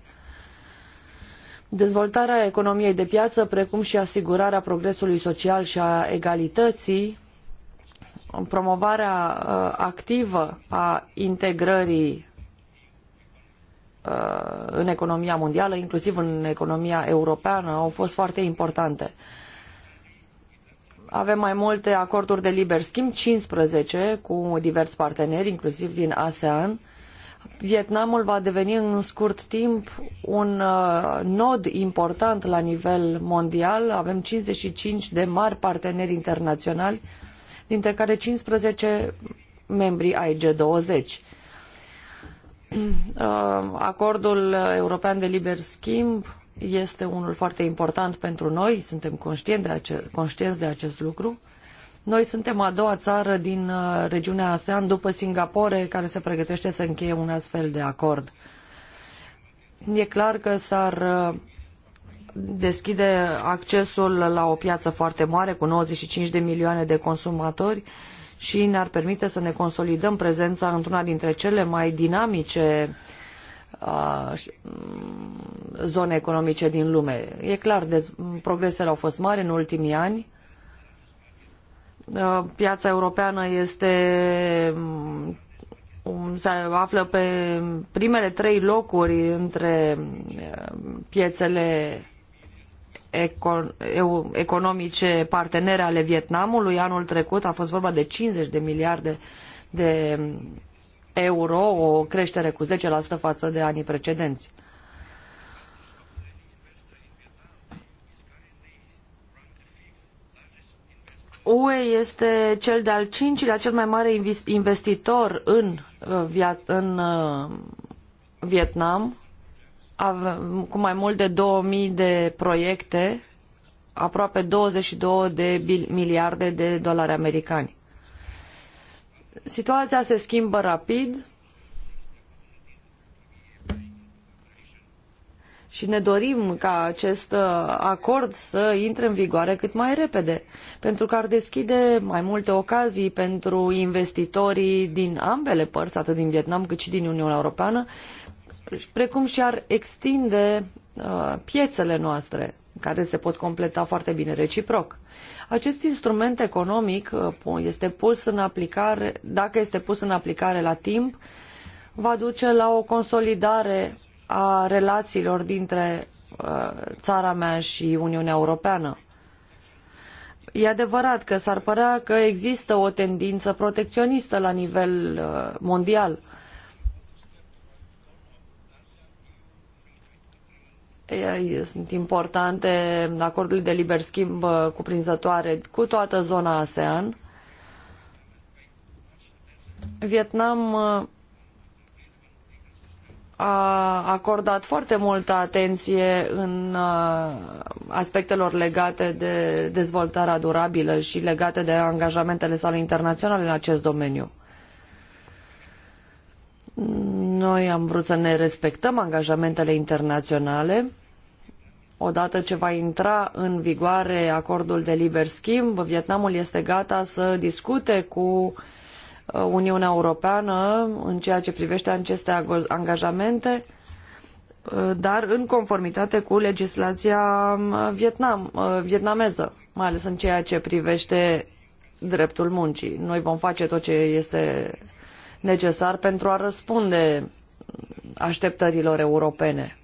[SPEAKER 3] Dezvoltarea economiei de piață, precum și asigurarea progresului social și a egalității, promovarea uh, activă a integrării uh, în economia mondială, inclusiv în economia europeană, au fost foarte importante. Avem mai multe acorduri de liber schimb, 15, cu diversi parteneri, inclusiv din ASEAN, Vietnamul va deveni în scurt timp un uh, nod important la nivel mondial. Avem 55 de mari parteneri internaționali, dintre care 15 membri ai G20. Uh, acordul european de liber schimb este unul foarte important pentru noi, suntem conștienți de acest lucru noi suntem a doua țară din uh, regiunea ASEAN după Singapore care se pregătește să încheie un astfel de acord. E clar că s-ar uh, deschide accesul la o piață foarte mare cu 95 de milioane de consumatori și ne-ar permite să ne consolidăm prezența într-una dintre cele mai dinamice uh, mm, zone economice din lume. E clar, progresele au fost mari în ultimii ani Uh, piața europeană este mm, um, se află pe primele trei locuri între uh, piețele economice partenere ale Vietnamului. Anul trecut a fost vorba de 50 de miliarde de mm, euro, o creștere cu 10% față de anii precedenți. UE este cel de-al cincilea, cel mai mare investitor în, uh, în uh, Vietnam, cu mai mult de 2000 de proiecte, aproape 22 de miliarde de dolari americani. Situația se schimbă rapid, și ne dorim ca acest uh, acord să intre în vigoare cât mai repede, pentru că ar deschide mai multe ocazii pentru investitorii din ambele părți, atât din Vietnam cât și din Uniunea Europeană, precum și ar extinde uh, piețele noastre, care se pot completa foarte bine reciproc. Acest instrument economic uh, este pus în aplicare, dacă este pus în aplicare la timp, va duce la o consolidare a relațiilor dintre uh, țara mea și Uniunea Europeană. E adevărat că s-ar părea că există o tendință protecționistă la nivel uh, mondial. Sunt importante acordurile de liber schimb uh, cuprinzătoare cu toată zona ASEAN. Vietnam a acordat foarte multă atenție în uh, aspectelor legate de dezvoltarea durabilă și legate de angajamentele sale internaționale în acest domeniu. Noi am vrut să ne respectăm angajamentele internaționale. Odată ce va intra în vigoare acordul de liber schimb, Vietnamul este gata să discute cu Uh, Uniunea Europeană în ceea ce privește aceste angajamente, uh, dar în conformitate cu legislația um, Vietnam, uh, vietnameză, mai ales în ceea ce privește dreptul muncii. Noi vom face tot ce este necesar pentru a răspunde așteptărilor europene.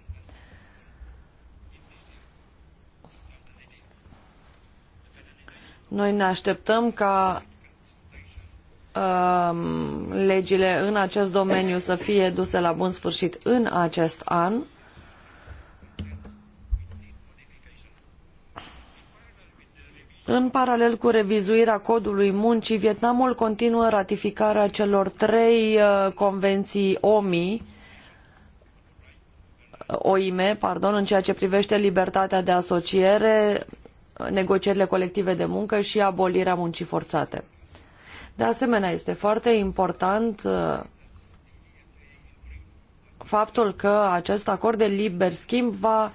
[SPEAKER 3] Noi ne așteptăm ca Um, legile în acest domeniu să fie duse la bun sfârșit în acest an. În paralel cu revizuirea codului muncii, Vietnamul continuă ratificarea celor trei uh, convenții OMI, OIM, pardon, în ceea ce privește libertatea de asociere, negocierile colective de muncă și abolirea muncii forțate. De asemenea, este foarte important uh, faptul că acest acord de liber schimb va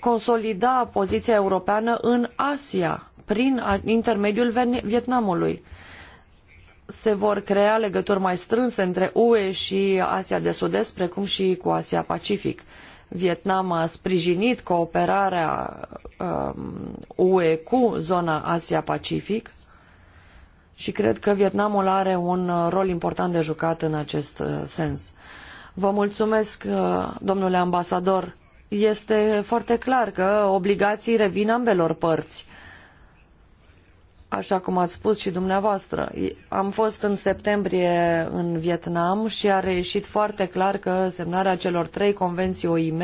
[SPEAKER 3] consolida poziția europeană în Asia prin intermediul Vietnamului. Se vor crea legături mai strânse între UE și Asia de Sud-Est, precum și cu Asia Pacific. Vietnam a sprijinit cooperarea um, UE cu zona Asia Pacific și cred că Vietnamul are un uh, rol important de jucat în acest uh, sens. Vă mulțumesc, uh, domnule ambasador. Este foarte clar că obligații revin ambelor părți. Așa cum ați spus și dumneavoastră, am fost în septembrie în Vietnam și a reieșit foarte clar că semnarea celor trei convenții OIM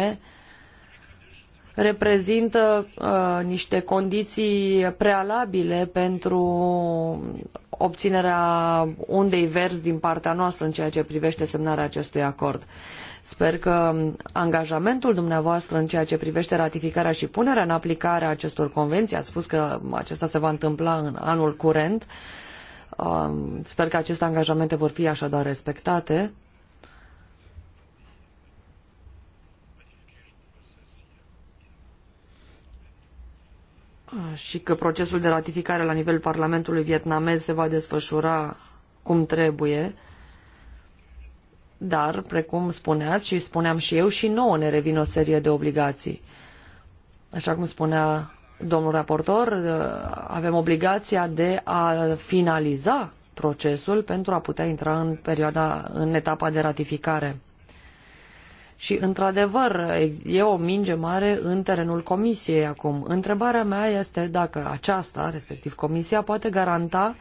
[SPEAKER 3] reprezintă uh, niște condiții prealabile pentru obținerea undei verzi din partea noastră în ceea ce privește semnarea acestui acord. Sper că angajamentul dumneavoastră în ceea ce privește ratificarea și punerea în aplicare a acestor convenții, ați spus că acesta se va întâmpla în anul curent, uh, sper că aceste angajamente vor fi așadar respectate și că procesul de ratificare la nivel Parlamentului vietnamez se va desfășura cum trebuie, dar, precum spuneați și spuneam și eu, și nouă ne revin o serie de obligații. Așa cum spunea domnul raportor, avem obligația de a finaliza procesul pentru a putea intra în perioada, în etapa de ratificare. Și, într-adevăr, e o minge mare în terenul comisiei acum. Întrebarea mea este dacă aceasta, respectiv comisia, poate garanta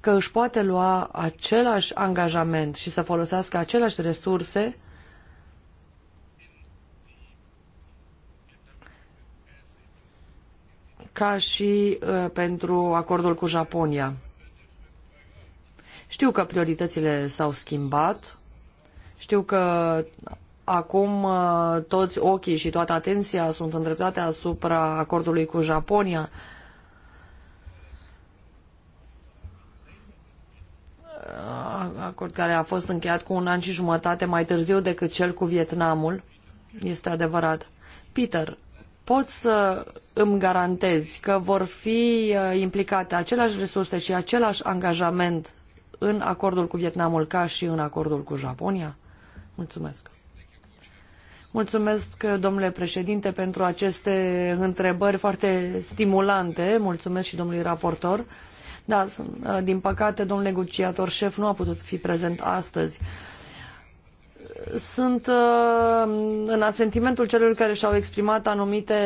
[SPEAKER 3] că își poate lua același angajament și să folosească aceleași resurse ca și uh, pentru acordul cu Japonia. Știu că prioritățile s-au schimbat, știu că Acum uh, toți ochii și toată atenția sunt îndreptate asupra acordului cu Japonia. Uh, acord care a fost încheiat cu un an și jumătate mai târziu decât cel cu Vietnamul. Este adevărat. Peter, poți să îmi garantezi că vor fi uh, implicate aceleași resurse și același angajament în acordul cu Vietnamul ca și în acordul cu Japonia? Mulțumesc. Mulțumesc, domnule președinte, pentru aceste întrebări foarte stimulante. Mulțumesc și domnului raportor. Da, ă, din păcate, domnul negociator șef nu a putut fi prezent astăzi. Sunt ă, în asentimentul celor care și-au exprimat anumite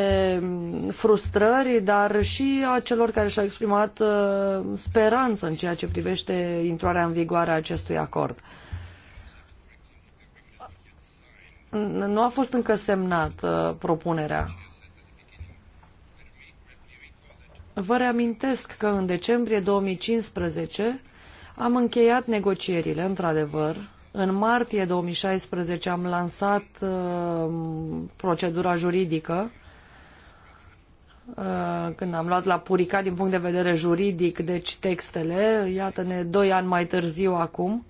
[SPEAKER 3] frustrări, dar și a celor care și-au exprimat ă, speranță în ceea ce privește intrarea în vigoare a acestui acord. nu a fost încă semnat uh, propunerea. Vă reamintesc că în decembrie 2015 am încheiat negocierile, într-adevăr. În martie 2016 am lansat uh, procedura juridică uh, când am luat la purica din punct de vedere juridic, deci textele, iată-ne doi ani mai târziu acum.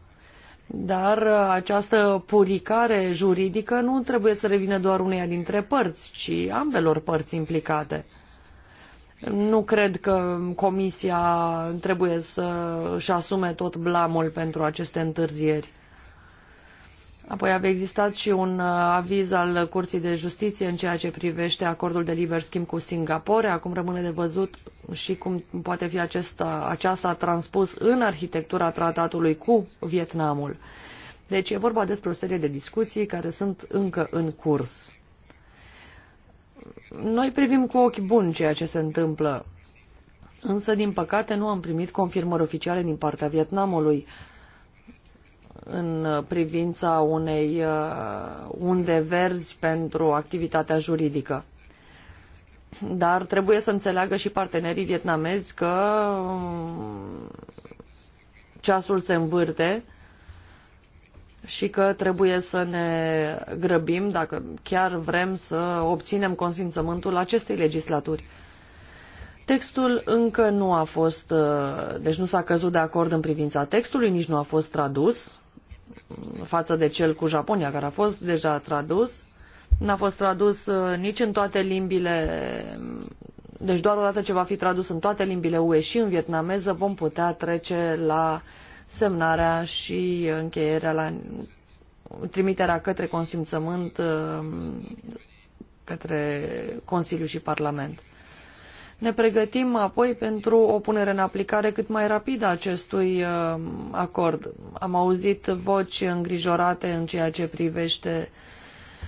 [SPEAKER 3] Dar uh, această puricare juridică nu trebuie să revină doar uneia dintre părți, ci ambelor părți implicate. Nu cred că Comisia trebuie să își asume tot blamul pentru aceste întârzieri. Apoi a existat și un uh, aviz al Curții de Justiție în ceea ce privește acordul de liber schimb cu Singapore. Acum rămâne de văzut și cum poate fi acesta, uh, aceasta transpus în arhitectura tratatului cu Vietnamul. Deci e vorba despre o serie de discuții care sunt încă în curs. Noi privim cu ochi buni ceea ce se întâmplă, însă din păcate nu am primit confirmări oficiale din partea Vietnamului în privința unei uh, unde verzi pentru activitatea juridică. Dar trebuie să înțeleagă și partenerii vietnamezi că um, ceasul se învârte și că trebuie să ne grăbim dacă chiar vrem să obținem consimțământul acestei legislaturi. Textul încă nu a fost, uh, deci nu s-a căzut de acord în privința textului, nici nu a fost tradus față de cel cu Japonia, care a fost deja tradus. N-a fost tradus uh, nici în toate limbile, deci doar odată ce va fi tradus în toate limbile UE și în vietnameză, vom putea trece la semnarea și încheierea la trimiterea către consimțământ uh, către Consiliu și Parlament ne pregătim apoi pentru o punere în aplicare cât mai rapidă a acestui uh, acord. Am auzit voci îngrijorate în ceea ce privește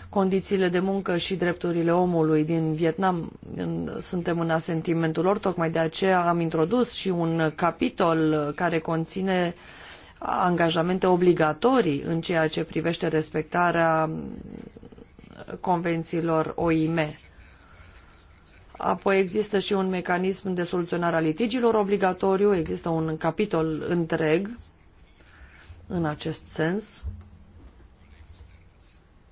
[SPEAKER 3] condițiile de muncă și drepturile omului din Vietnam. Suntem în asentimentul lor, tocmai de aceea am introdus și un capitol care conține angajamente obligatorii în ceea ce privește respectarea convențiilor OIM. Apoi există și un mecanism de soluționare a litigiilor obligatoriu, există un capitol întreg în acest sens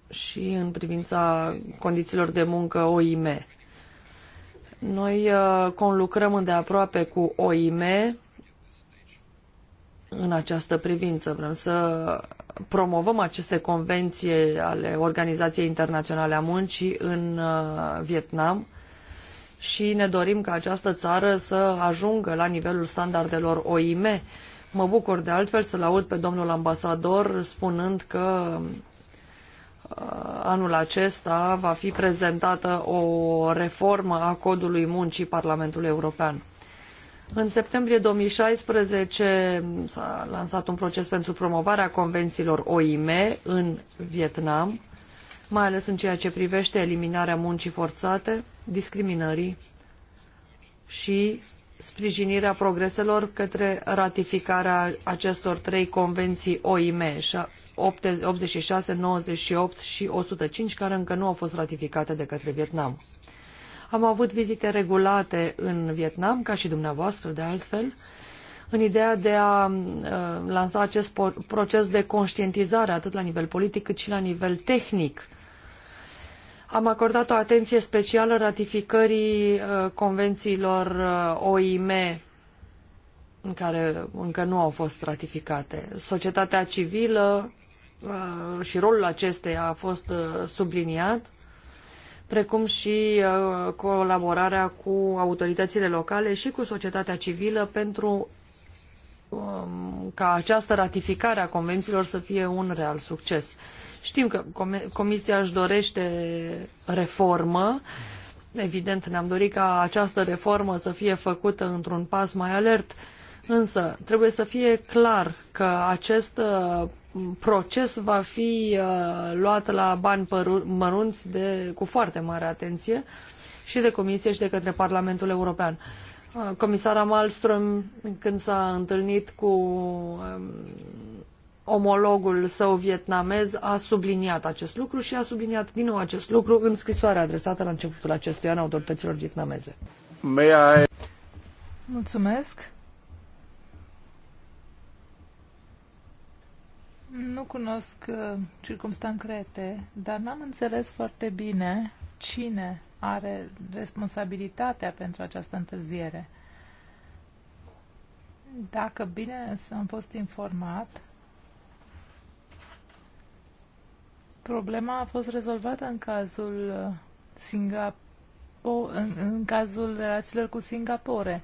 [SPEAKER 3] și în privința condițiilor de muncă OIM. Noi uh, conlucrăm îndeaproape cu OIM în această privință. Vrem să promovăm aceste convenții ale Organizației Internaționale a Muncii în uh, Vietnam, și ne dorim ca această țară să ajungă la nivelul standardelor OIM. Mă bucur de altfel să-l aud pe domnul ambasador spunând că uh, anul acesta va fi prezentată o reformă a codului muncii Parlamentului European. În septembrie 2016 s-a lansat un proces pentru promovarea convențiilor OIM în Vietnam, mai ales în ceea ce privește eliminarea muncii forțate, discriminării și sprijinirea progreselor către ratificarea acestor trei convenții OIM, 86, 98 și 105, care încă nu au fost ratificate de către Vietnam. Am avut vizite regulate în Vietnam, ca și dumneavoastră de altfel, în ideea de a uh, lansa acest proces de conștientizare atât la nivel politic cât și la nivel tehnic am acordat o atenție specială ratificării uh, convențiilor uh, OIM care încă nu au fost ratificate. Societatea civilă uh, și rolul acesteia a fost subliniat, precum și colaborarea cu autoritățile locale și cu societatea civilă pentru um, ca această ratificare a convențiilor să fie un real succes. Știm că Comisia își dorește reformă. Evident, ne-am dorit ca această reformă să fie făcută într-un pas mai alert, însă trebuie să fie clar că acest uh, proces va fi uh, luat la bani mărunți de, cu foarte mare atenție și de Comisie și de către Parlamentul European. Uh, comisara Malmström, când s-a întâlnit cu um, omologul său vietnamez a subliniat acest lucru și a subliniat din nou acest lucru în scrisoarea adresată la începutul acestui an autorităților vietnameze. I... Mulțumesc.
[SPEAKER 2] Nu cunosc uh, circumstanțe, dar n-am înțeles foarte bine cine are responsabilitatea pentru această întârziere. Dacă bine am fost informat, Problema a fost rezolvată în cazul uh, Singapo- în, în cazul relațiilor cu Singapore.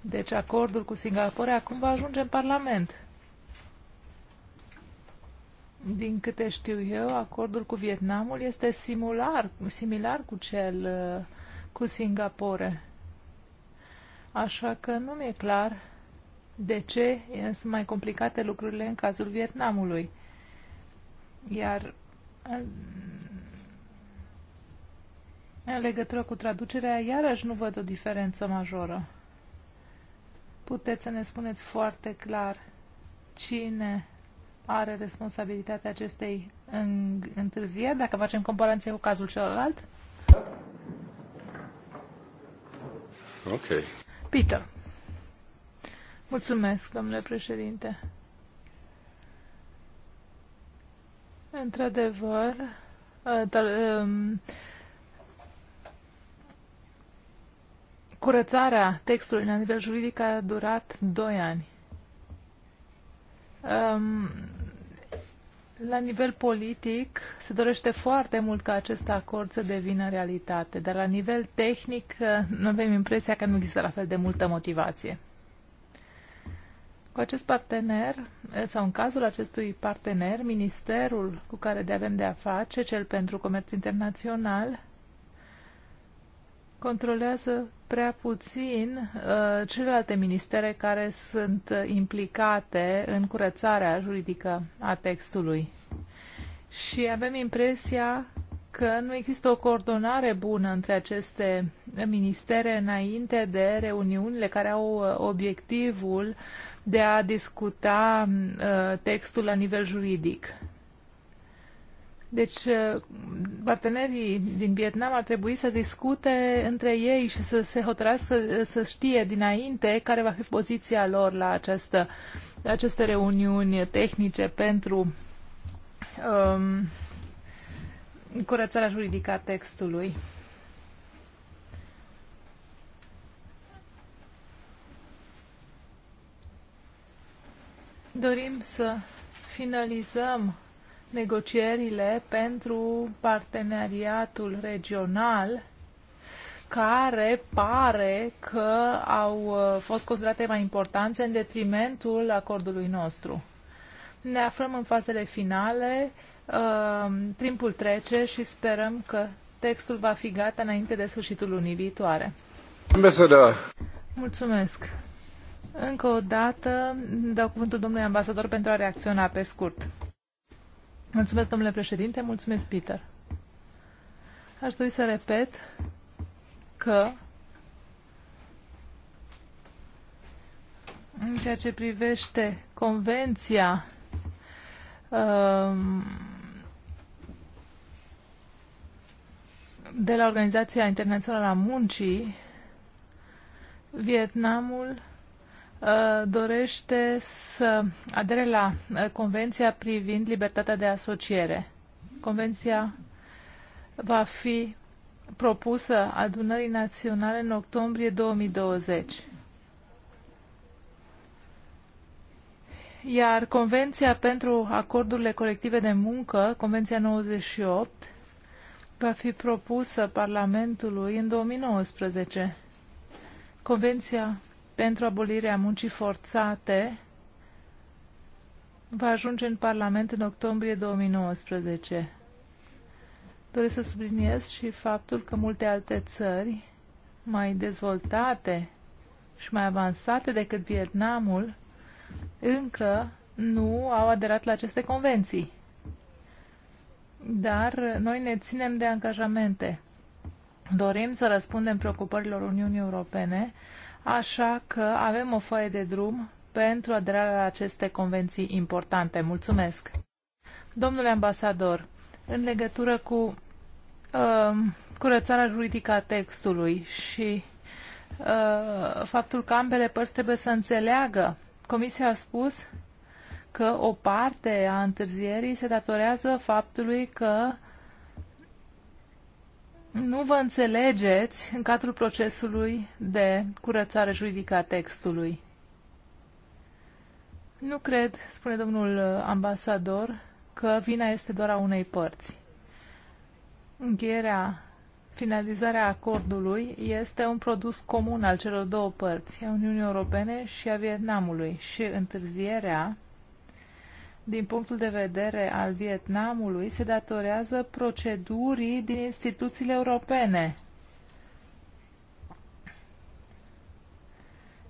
[SPEAKER 2] Deci acordul cu Singapore acum va ajunge în Parlament. Din câte știu eu, acordul cu Vietnamul este similar, similar cu cel uh, cu Singapore. Așa că nu mi-e clar de ce sunt mai complicate lucrurile în cazul Vietnamului. Iar în legătură cu traducerea, iarăși nu văd o diferență majoră. Puteți să ne spuneți foarte clar cine are responsabilitatea acestei întârzieri, dacă facem comparație cu cazul celălalt? Ok. Peter. Mulțumesc, domnule președinte. Într-adevăr, uh, um, curățarea textului la nivel juridic a durat 2 ani. Um, la nivel politic se dorește foarte mult ca acest acord să devină realitate, dar la nivel tehnic uh, nu avem impresia că nu există la fel de multă motivație. Cu acest partener, sau în cazul acestui partener, ministerul cu care de avem de a face, cel pentru comerț internațional, controlează prea puțin uh, celelalte ministere care sunt implicate în curățarea juridică a textului. Și avem impresia că nu există o coordonare bună între aceste ministere înainte de reuniunile care au uh, obiectivul uh, de a discuta uh, textul la nivel juridic. Deci, uh, partenerii din Vietnam ar trebui să discute între ei și să se hotărască să, să știe dinainte care va fi poziția lor la, această, la aceste reuniuni tehnice pentru um, curățarea juridică a textului. Dorim să finalizăm negocierile pentru parteneriatul regional care pare că au uh, fost considerate mai importante în detrimentul acordului nostru. Ne aflăm în fazele finale, uh, timpul trece și sperăm că textul va fi gata înainte de sfârșitul lunii viitoare. Mulțumesc. Încă o dată dau cuvântul domnului ambasador pentru a reacționa pe scurt. Mulțumesc, domnule președinte, mulțumesc, Peter. Aș dori să repet că în ceea ce privește convenția um, de la Organizația Internațională a Muncii, Vietnamul Uh, dorește să adere la uh, Convenția privind libertatea de asociere. Convenția va fi propusă adunării naționale în octombrie 2020. Iar Convenția pentru acordurile colective de muncă, Convenția 98, va fi propusă Parlamentului în 2019. Convenția pentru abolirea muncii forțate va ajunge în Parlament în octombrie 2019. Doresc să subliniez și faptul că multe alte țări mai dezvoltate și mai avansate decât Vietnamul încă nu au aderat la aceste convenții. Dar noi ne ținem de angajamente. Dorim să răspundem preocupărilor Uniunii Europene Așa că avem o foaie de drum pentru aderarea la aceste convenții importante. Mulțumesc! Domnule ambasador, în legătură cu uh, curățarea juridică a textului și uh, faptul că ambele părți trebuie să înțeleagă, Comisia a spus că o parte a întârzierii se datorează faptului că nu vă înțelegeți în cadrul procesului de curățare juridică a textului. Nu cred, spune domnul ambasador, că vina este doar a unei părți. Încheierea, finalizarea acordului este un produs comun al celor două părți, a Uniunii Europene și a Vietnamului, și întârzierea din punctul de vedere al Vietnamului se datorează procedurii din instituțiile europene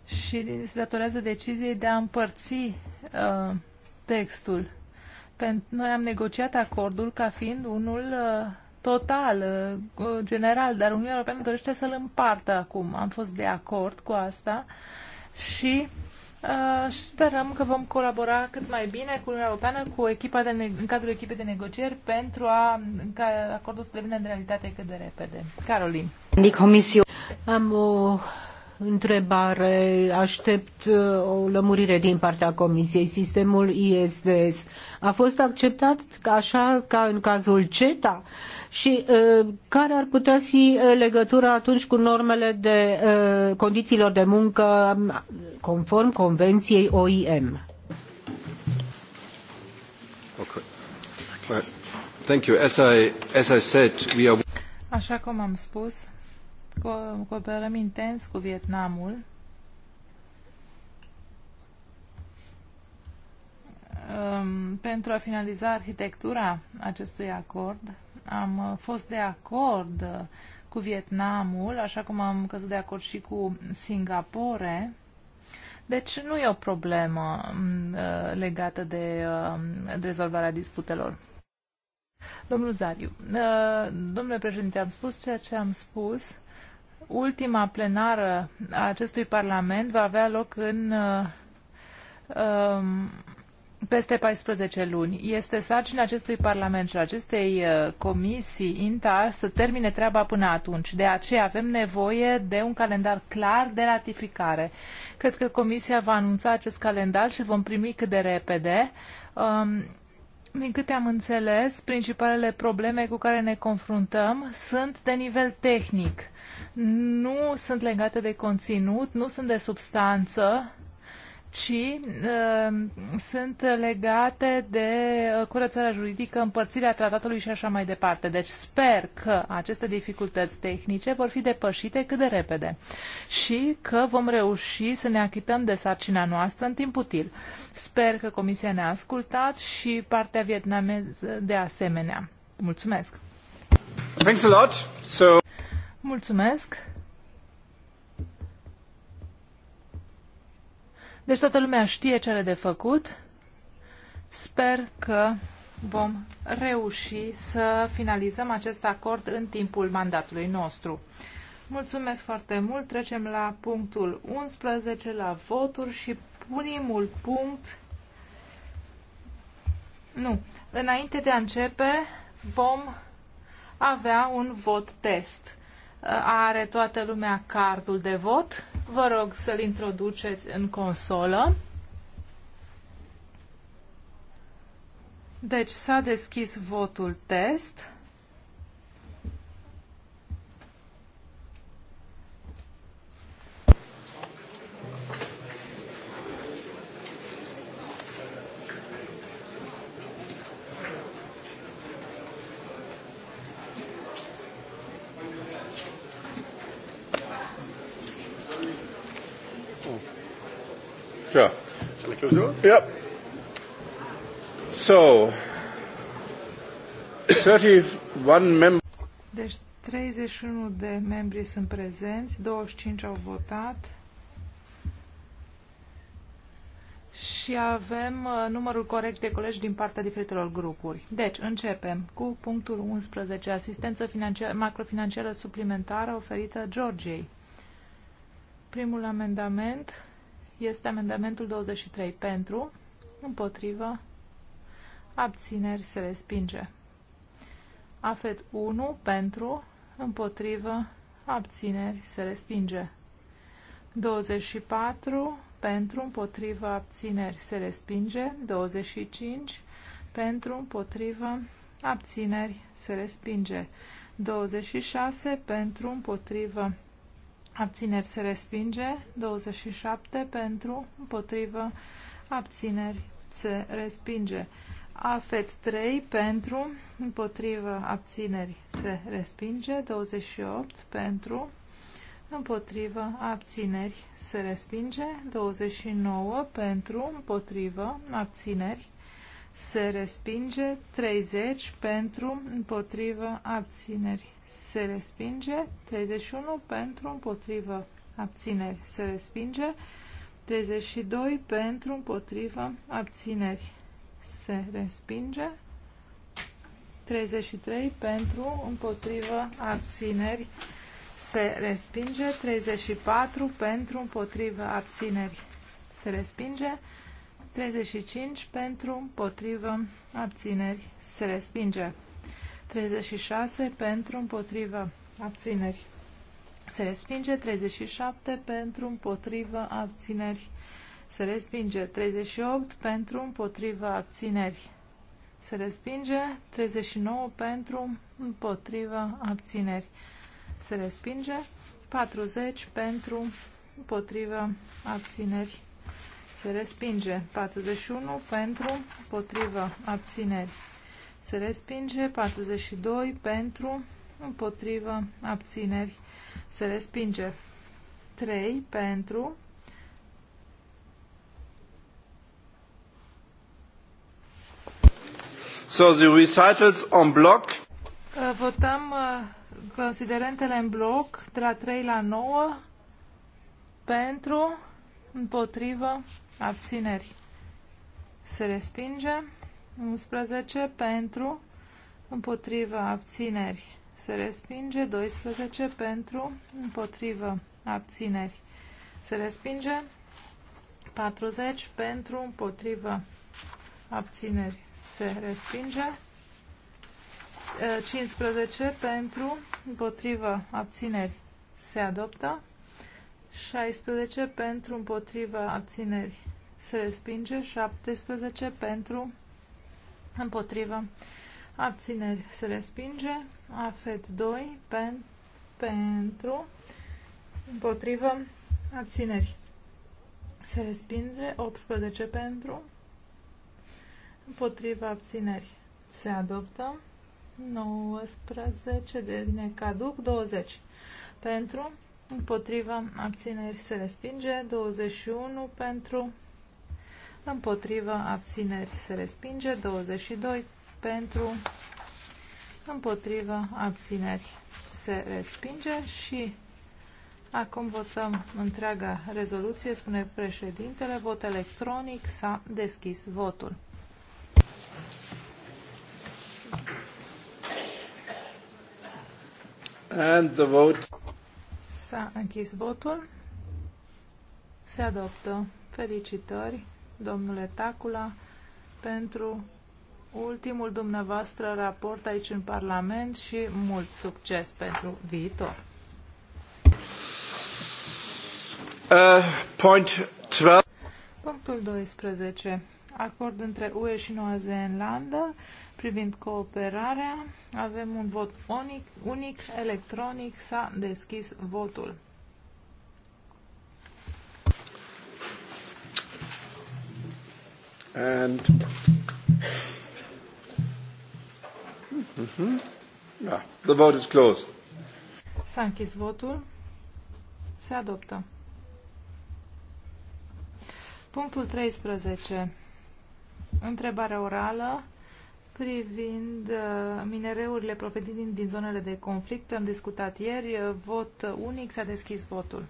[SPEAKER 2] și se datorează deciziei de a împărți uh, textul. Noi am negociat acordul ca fiind unul uh, total, uh, uh, general, dar Uniunea Europeană dorește să-l împartă acum. Am fost de acord cu asta și uh, și uh, sperăm că vom colabora cât mai bine cu Uniunea Europeană, cu echipa de în cadrul echipei de negocieri, pentru a, ca acordul să devină în realitate cât de repede. Carolin.
[SPEAKER 1] Am o întrebare. Aștept uh, o lămurire din partea Comisiei. Sistemul ISDS a fost acceptat așa ca în cazul CETA și uh, care ar putea fi uh, legătura atunci cu normele de condițiilor de muncă um, conform Convenției OIM? Okay. Right. Thank you. As I, as I said, we are... Așa cum am spus,
[SPEAKER 2] Co- cooperăm intens cu Vietnamul. Um, pentru a finaliza arhitectura acestui acord, am uh, fost de acord uh, cu Vietnamul, așa cum am căzut de acord și cu Singapore. Deci nu e o problemă um, uh, legată de, uh, um, de rezolvarea disputelor. Domnul Zariu, uh, domnule președinte, am spus ceea ce am spus Ultima plenară a acestui Parlament va avea loc în um, peste 14 luni. Este sarcina acestui Parlament și acestei uh, comisii INTA să termine treaba până atunci. De aceea avem nevoie de un calendar clar de ratificare. Cred că comisia va anunța acest calendar și vom primi cât de repede. Um, din câte am înțeles, principalele probleme cu care ne confruntăm sunt de nivel tehnic nu sunt legate de conținut, nu sunt de substanță, ci uh, sunt legate de uh, curățarea juridică, împărțirea tratatului și așa mai departe. Deci sper că aceste dificultăți tehnice vor fi depășite cât de repede și că vom reuși să ne achităm de sarcina noastră în timp util. Sper că Comisia ne-a ascultat și partea vietnameză de asemenea. Mulțumesc!
[SPEAKER 1] Thanks a lot. So...
[SPEAKER 2] Mulțumesc. Deci toată lumea știe ce are de făcut. Sper că vom reuși să finalizăm acest acord în timpul mandatului nostru. Mulțumesc foarte mult. Trecem la punctul 11, la voturi și punimul punct. Nu. Înainte de a începe, vom avea un vot test. Uh, are toată lumea cardul de vot. Vă rog să-l introduceți în consolă. Deci s-a deschis votul test.
[SPEAKER 1] Sure. Shall I close the door? Yep. So, 31 members.
[SPEAKER 2] Deci 31 de membri sunt prezenți, 25 au votat și avem uh, numărul corect de colegi din partea diferitelor grupuri. Deci, începem cu punctul 11, asistență financiară, macrofinanciară suplimentară oferită Georgiei. Primul amendament este amendamentul 23 pentru, împotrivă, abțineri se respinge. Afet 1 pentru, împotrivă, abțineri se respinge. 24 pentru, împotrivă, abțineri se respinge. 25 pentru, împotrivă, abțineri se respinge. 26 pentru, împotrivă, Abțineri se respinge. 27 pentru, împotrivă, abțineri se respinge. AFET 3 pentru, împotrivă, abțineri se respinge. 28 pentru, împotrivă, abțineri se respinge. 29 pentru, împotrivă, abțineri se respinge. 30 pentru, împotrivă, abțineri se respinge, 31 pentru, împotrivă, abțineri, se respinge, 32 pentru, împotrivă, abțineri, se respinge, 33 pentru, împotrivă, abțineri, se respinge, 34 pentru, împotrivă, abțineri, se respinge, 35 pentru, împotrivă, abțineri, se respinge. 36 pentru împotriva abțineri. Se respinge 37 pentru împotriva abțineri. Se respinge 38 pentru împotriva abțineri. Se respinge 39 pentru împotriva abțineri. Se respinge 40 pentru împotriva abțineri. Se respinge 41 pentru împotriva abțineri se respinge, 42 pentru, împotrivă, abțineri, se respinge, 3 pentru,
[SPEAKER 1] So the recitals on block. Uh,
[SPEAKER 2] votăm uh, considerentele în bloc de la 3 la 9 pentru, împotrivă, abțineri. Se respinge. 11 pentru, împotriva abțineri se respinge, 12 pentru, împotriva abțineri se respinge, 40 pentru, împotriva abțineri se respinge, 15 pentru, împotriva abțineri se adoptă, 16 pentru, împotriva abțineri se respinge, 17 pentru, împotrivă, abțineri se respinge, afet 2 pen, pentru, împotrivă, abțineri se respinge, 18 pentru, împotrivă, abțineri se adoptă, 19 devine caduc, 20 pentru, împotrivă, abțineri se respinge, 21 pentru, împotrivă, abțineri, se respinge. 22 pentru, împotrivă, abțineri, se respinge și acum votăm întreaga rezoluție, spune președintele, vot electronic, s-a deschis votul.
[SPEAKER 1] And the vote.
[SPEAKER 2] S-a închis votul. Se adoptă. Felicitări domnule Tacula, pentru ultimul dumneavoastră raport aici în Parlament și mult succes pentru viitor.
[SPEAKER 1] Uh, point 12.
[SPEAKER 2] Punctul 12. Acord între UE și Noua Zeelandă privind cooperarea. Avem un vot unic, unic electronic. S-a deschis votul.
[SPEAKER 1] And mm-hmm. yeah, the vote is closed.
[SPEAKER 2] S-a închis votul. Se adoptă. Punctul 13. Întrebare orală privind uh, minereurile provenind din zonele de conflict. Am discutat ieri. Vot unic. S-a deschis votul.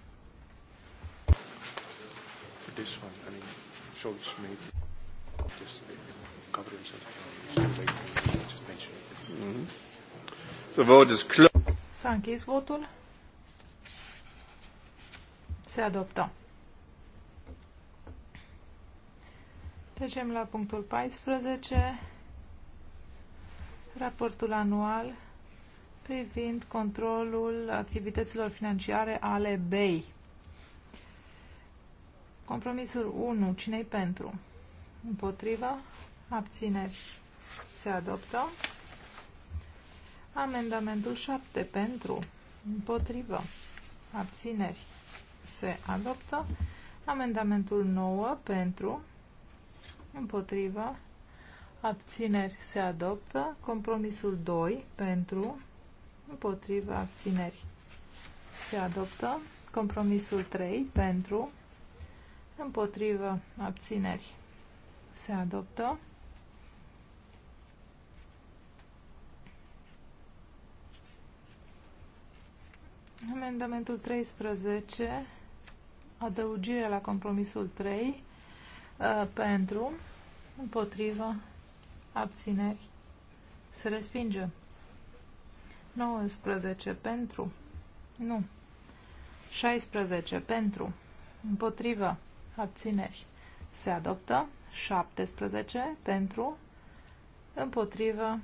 [SPEAKER 1] The vote is closed.
[SPEAKER 2] S-a închis votul. Se adoptă. Trecem la punctul 14. Raportul anual privind controlul activităților financiare ale BEI. Compromisul 1. Cine-i pentru? Împotriva. Abțineri. Se adoptă. Amendamentul 7 pentru. Împotrivă. Abțineri. Se adoptă. Amendamentul 9 pentru. Împotrivă. Abțineri. Se adoptă. Compromisul 2 pentru. Împotrivă. Abțineri. Se adoptă. Compromisul 3 pentru. Împotrivă. Abțineri se adoptă. Amendamentul 13, adăugire la compromisul 3, uh, pentru, împotrivă, abțineri, se respinge. 19, pentru, nu, 16, pentru, împotrivă, abțineri, se adoptă. 17 pentru, împotrivă,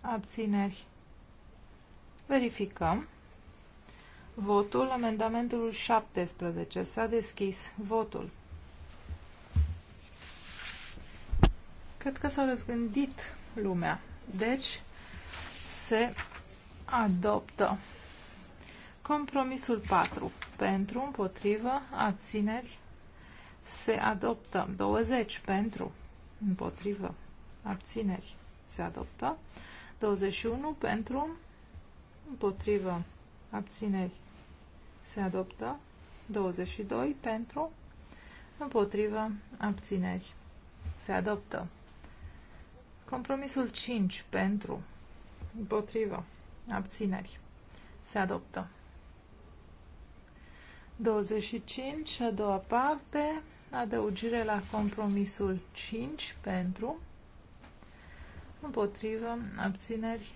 [SPEAKER 2] abțineri. Verificăm. Votul amendamentul 17. S-a deschis votul. Cred că s-a răzgândit lumea. Deci, se adoptă. Compromisul 4. Pentru, împotrivă, abțineri, se adoptă. 20 pentru, împotrivă, abțineri, se adoptă. 21 pentru, împotrivă, abțineri, se adoptă. 22 pentru, împotrivă, abțineri, se adoptă. Compromisul 5 pentru, împotrivă, abțineri, se adoptă. 25, a doua parte, adăugire la compromisul 5 pentru, împotrivă, abțineri,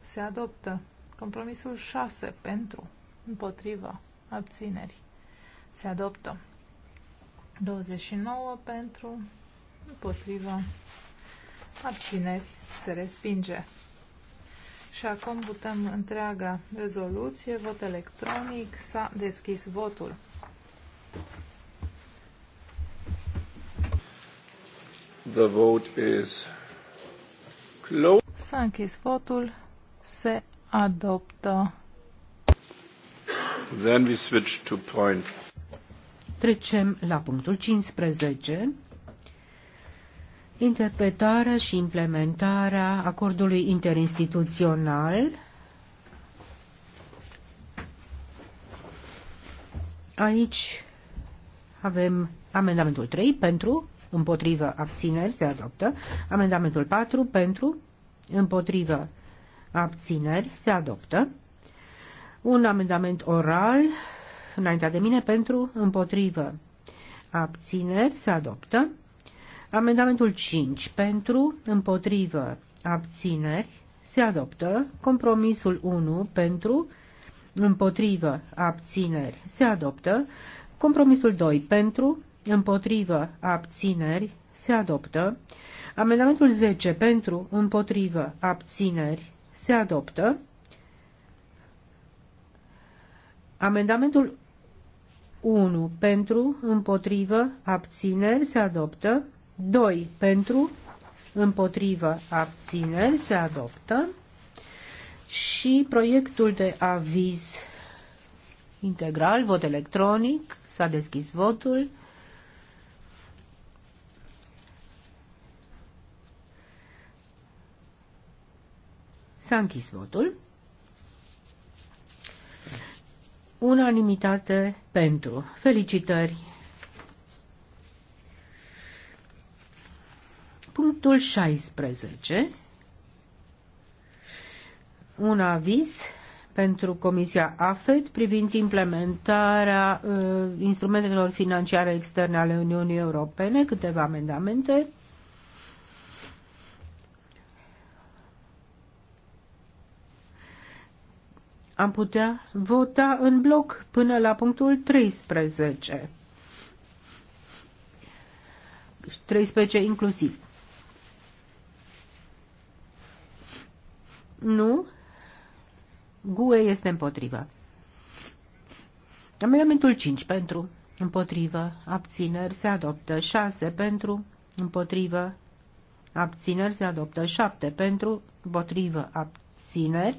[SPEAKER 2] se adoptă. Compromisul 6 pentru, împotrivă, abțineri, se adoptă. 29 pentru, împotrivă, abțineri, se respinge. Și acum putem întreaga rezoluție, vot electronic, s-a deschis votul. The vote is closed. S-a închis votul. Se adoptă.
[SPEAKER 1] Then we switch to point. Trecem la punctul 15. Interpretarea și implementarea acordului interinstituțional Aici avem amendamentul 3 pentru împotrivă, abțineri, se adoptă. Amendamentul 4 pentru, împotrivă, abțineri, se adoptă. Un amendament oral, înaintea de mine, pentru, împotrivă, abțineri, se adoptă. Amendamentul 5 pentru, împotrivă, abțineri, se adoptă. Compromisul 1 pentru, împotrivă, abțineri, se adoptă. Compromisul 2 pentru, împotrivă, abțineri, se adoptă. Amendamentul 10 pentru, împotrivă, abțineri, se adoptă. Amendamentul 1 pentru, împotrivă, abțineri, se adoptă. 2 pentru, împotrivă, abțineri, se adoptă. Și proiectul de aviz integral, vot electronic, s-a deschis votul. S-a închis votul. Unanimitate pentru. Felicitări. Punctul 16. Un aviz pentru Comisia AFED privind implementarea uh, instrumentelor financiare externe ale Uniunii Europene, câteva amendamente. am putea vota în bloc până la punctul 13. 13 deci inclusiv. Nu? GUE este împotrivă. Amendamentul 5 pentru, împotrivă, abțineri se adoptă 6 pentru, împotrivă, abțineri se adoptă 7 pentru, împotrivă, abțineri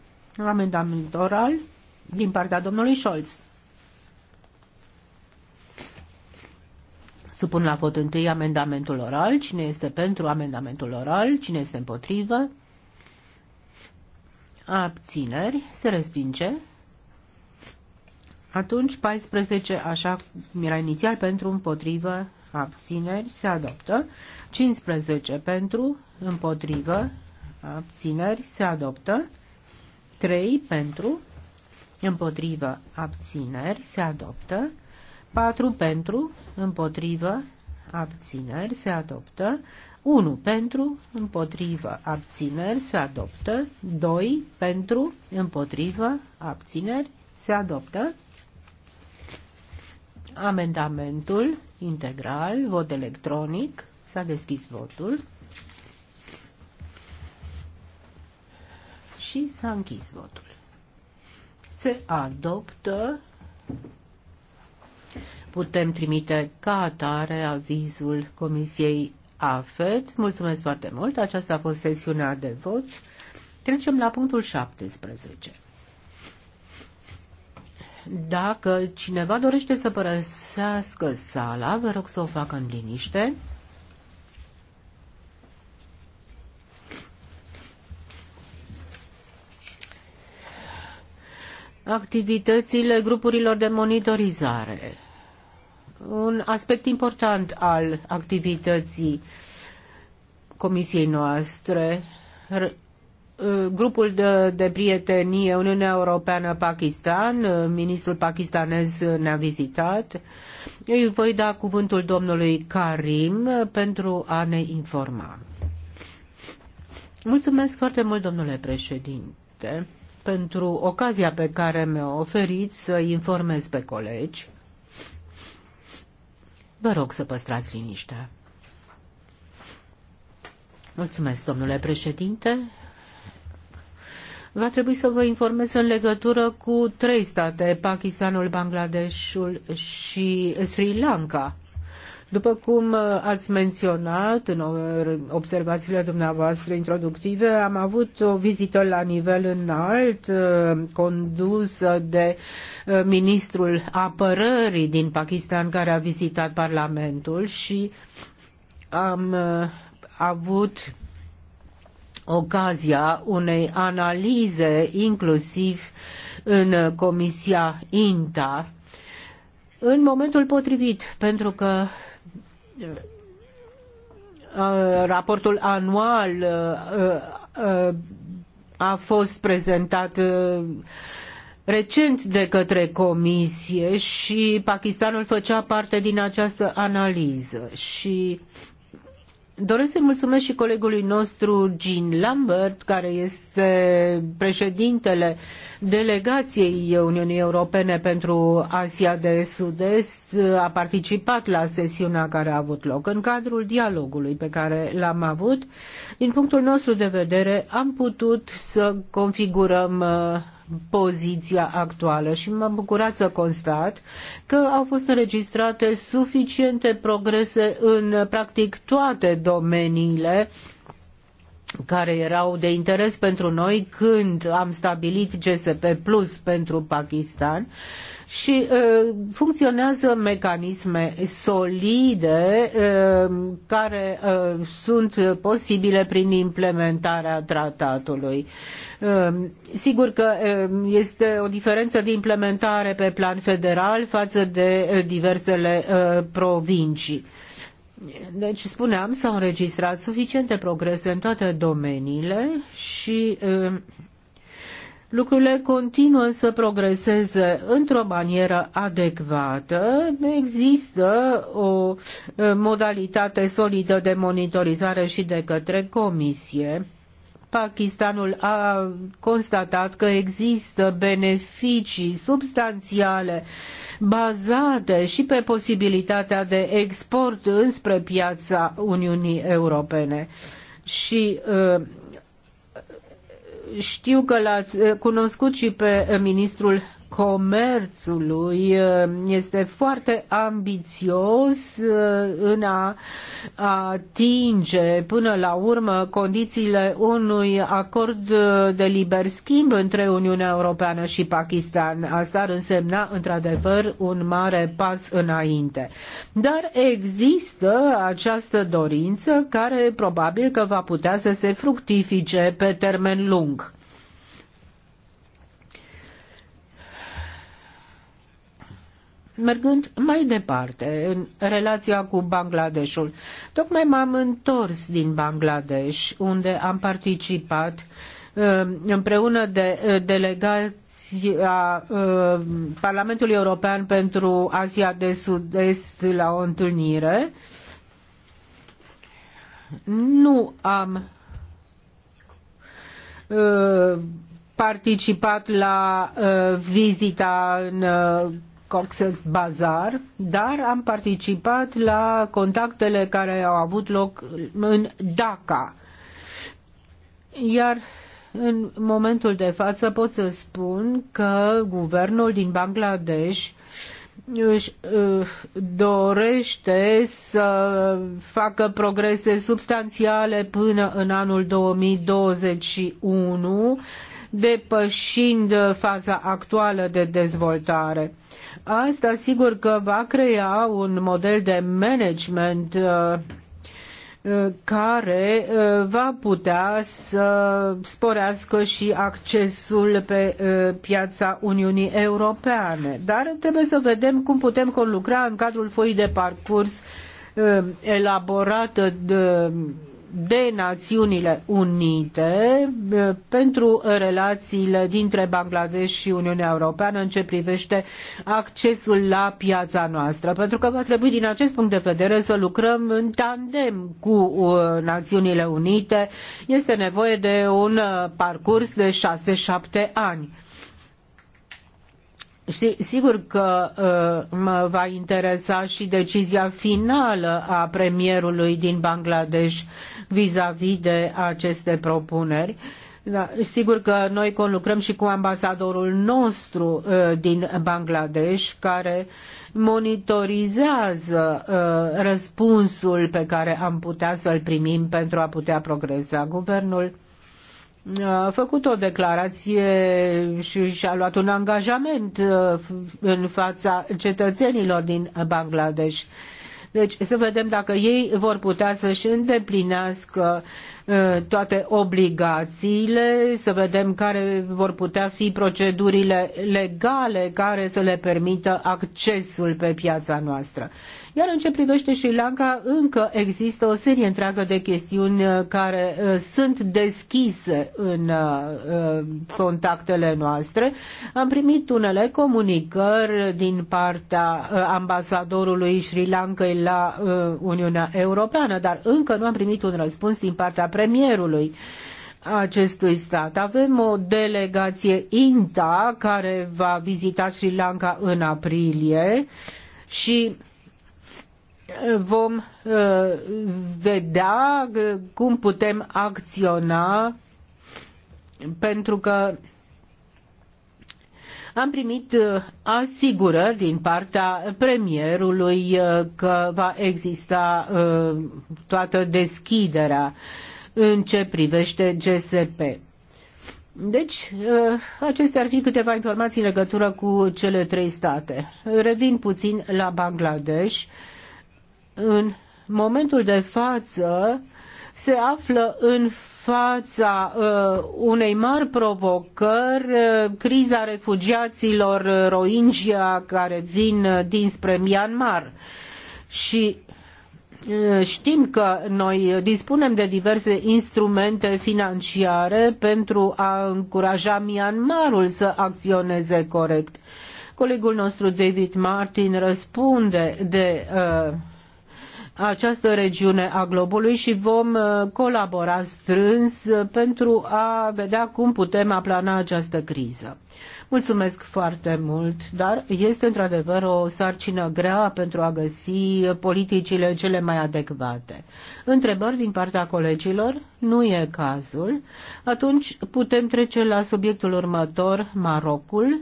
[SPEAKER 1] Amendament oral din partea domnului Scholz. Supun la vot întâi amendamentul oral. Cine este pentru amendamentul oral? Cine este împotrivă? Abțineri. Se respinge. Atunci 14, așa cum era inițial, pentru împotrivă, abțineri, se adoptă. 15 pentru împotrivă, abțineri, se adoptă. 3 pentru, împotrivă, abțineri, se adoptă. 4 pentru, împotrivă, abțineri, se adoptă. 1 pentru, împotrivă, abțineri, se adoptă. 2 pentru, împotrivă, abțineri, se adoptă. Amendamentul integral, vot electronic, s-a deschis votul. și s-a închis votul. Se adoptă. Putem trimite ca atare avizul Comisiei AFED. Mulțumesc foarte mult. Aceasta a fost sesiunea de vot. Trecem la punctul 17. Dacă cineva dorește să părăsească sala, vă rog să o facă în liniște. activitățile grupurilor de monitorizare. Un aspect important al activității comisiei noastre, uh, grupul de, de prietenie Uniunea Europeană-Pakistan, uh, ministrul pakistanez ne-a vizitat. Îi voi da cuvântul domnului Karim pentru a ne informa. Mulțumesc foarte mult, domnule președinte pentru ocazia pe care mi-o oferiți să informez pe colegi. Vă rog să păstrați liniștea. Mulțumesc, domnule președinte. Va trebui să vă informez în legătură cu trei state, Pakistanul, Bangladeshul și Sri Lanka. După cum uh, ați menționat în uh, observațiile dumneavoastră introductive, am avut o vizită la nivel înalt uh, condusă de ministrul apărării din Pakistan care a vizitat Parlamentul și am avut ocazia unei analize inclusiv în Comisia INTA în momentul potrivit, pentru că Uh, raportul anual uh, uh, a fost prezentat recent de către comisie și Pakistanul făcea parte din această analiză și uh, Doresc să-i mulțumesc și colegului nostru Jean Lambert, care este președintele delegației Uniunii Europene pentru Asia de Sud-Est. A participat la sesiunea care a avut loc în cadrul dialogului pe care l-am avut. Din punctul nostru de vedere, am putut să configurăm uh, poziția actuală și m-am bucurat să constat că au fost înregistrate suficiente progrese în practic toate domeniile care erau de interes pentru noi când am stabilit GSP Plus pentru Pakistan și uh, funcționează mecanisme solide uh, care uh, sunt posibile prin implementarea tratatului. sigur că este o diferență de implementare pe plan federal față de diversele provincii. Deci, spuneam, s-au înregistrat suficiente progrese în toate domeniile și lucrurile continuă să progreseze într-o manieră adecvată. Există o modalitate solidă de monitorizare și de către comisie. Pakistanul a constatat că există beneficii substanțiale bazate și pe posibilitatea de export înspre piața Uniunii Europene. Și uh, știu că l-ați eh, cunoscut și pe eh, ministrul comerțului uh, este foarte ambițios uh, în a atinge până la urmă condițiile unui acord uh, de liber schimb între Uniunea Europeană și Pakistan. Asta ar însemna într-adevăr un mare pas înainte. Dar există această dorință care probabil că va putea să se fructifice pe termen lung. Mergând mai departe în relația cu Bangladeshul, tocmai m-am întors din Bangladesh, unde am participat uh, împreună de uh, delegați a uh, Parlamentului European pentru Asia de Sud-Est la o întâlnire. Nu am participat la vizita în Cox's Bazar, dar am participat la contactele care au avut loc în Dhaka. Iar în momentul de față pot să spun că guvernul din Bangladesh își uh, dorește să facă progrese substanțiale până în anul 2021 depășind faza actuală de dezvoltare. Asta sigur că va crea un model de management uh, care uh, va putea să sporească și accesul pe uh, piața Uniunii Europene. Dar trebuie să vedem cum putem conlucra în cadrul foii de parcurs elaborată de de Națiunile Unite uh, pentru relațiile dintre Bangladesh și Uniunea Europeană în ce privește accesul la piața noastră. Pentru că va trebui din acest punct de vedere să lucrăm în tandem cu uh, Națiunile Unite. Este nevoie de un uh, parcurs de 6-7 ani sigur că uh, mă va interesa și decizia finală a premierului din Bangladesh vis-a-vis -vis de aceste propuneri. Da, sigur că noi conlucrăm și cu ambasadorul nostru uh, din Bangladesh, care monitorizează uh, răspunsul pe care am putea să-l primim pentru a putea progresa. Guvernul a făcut o declarație și și-a luat un angajament uh, în fața cetățenilor din Bangladesh. Deci să vedem dacă ei vor putea să-și îndeplinească uh, Uh, toate obligațiile, să vedem care vor putea fi procedurile legale care să le permită accesul pe piața noastră. Iar în ce privește Sri Lanka, încă există o serie întreagă de chestiuni uh, care uh, sunt deschise în contactele noastre. Am primit unele comunicări din partea ambasadorului Sri Lankai la Uniunea Europeană, dar încă nu am primit un răspuns din partea premierului acestui stat. Avem o delegație INTA care va vizita Sri Lanka în aprilie și uh, vom uh, vedea uh, cum putem acționa pentru că am primit uh, asigurări din partea premierului că va exista toată deschiderea în ce privește GSP. Deci, uh, acestea ar fi câteva informații în legătură cu cele trei state. Revin puțin la Bangladesh. În momentul de față se află în fața uh, unei mari provocări, uh, criza refugiaților uh, Rohingya care vin uh, dinspre Myanmar. Și Eh, știm că noi dispunem de diverse instrumente financiare pentru a încuraja Myanmarul să acționeze corect. Colegul nostru David Martin răspunde de uh, această regiune a globului și vom uh, colabora strâns uh, pentru a vedea cum putem aplana această criză. Mulțumesc foarte mult, dar este într-adevăr o sarcină grea pentru a găsi politicile cele mai adecvate. Întrebări din partea colegilor? Nu e cazul. Atunci putem trece la subiectul următor, Marocul.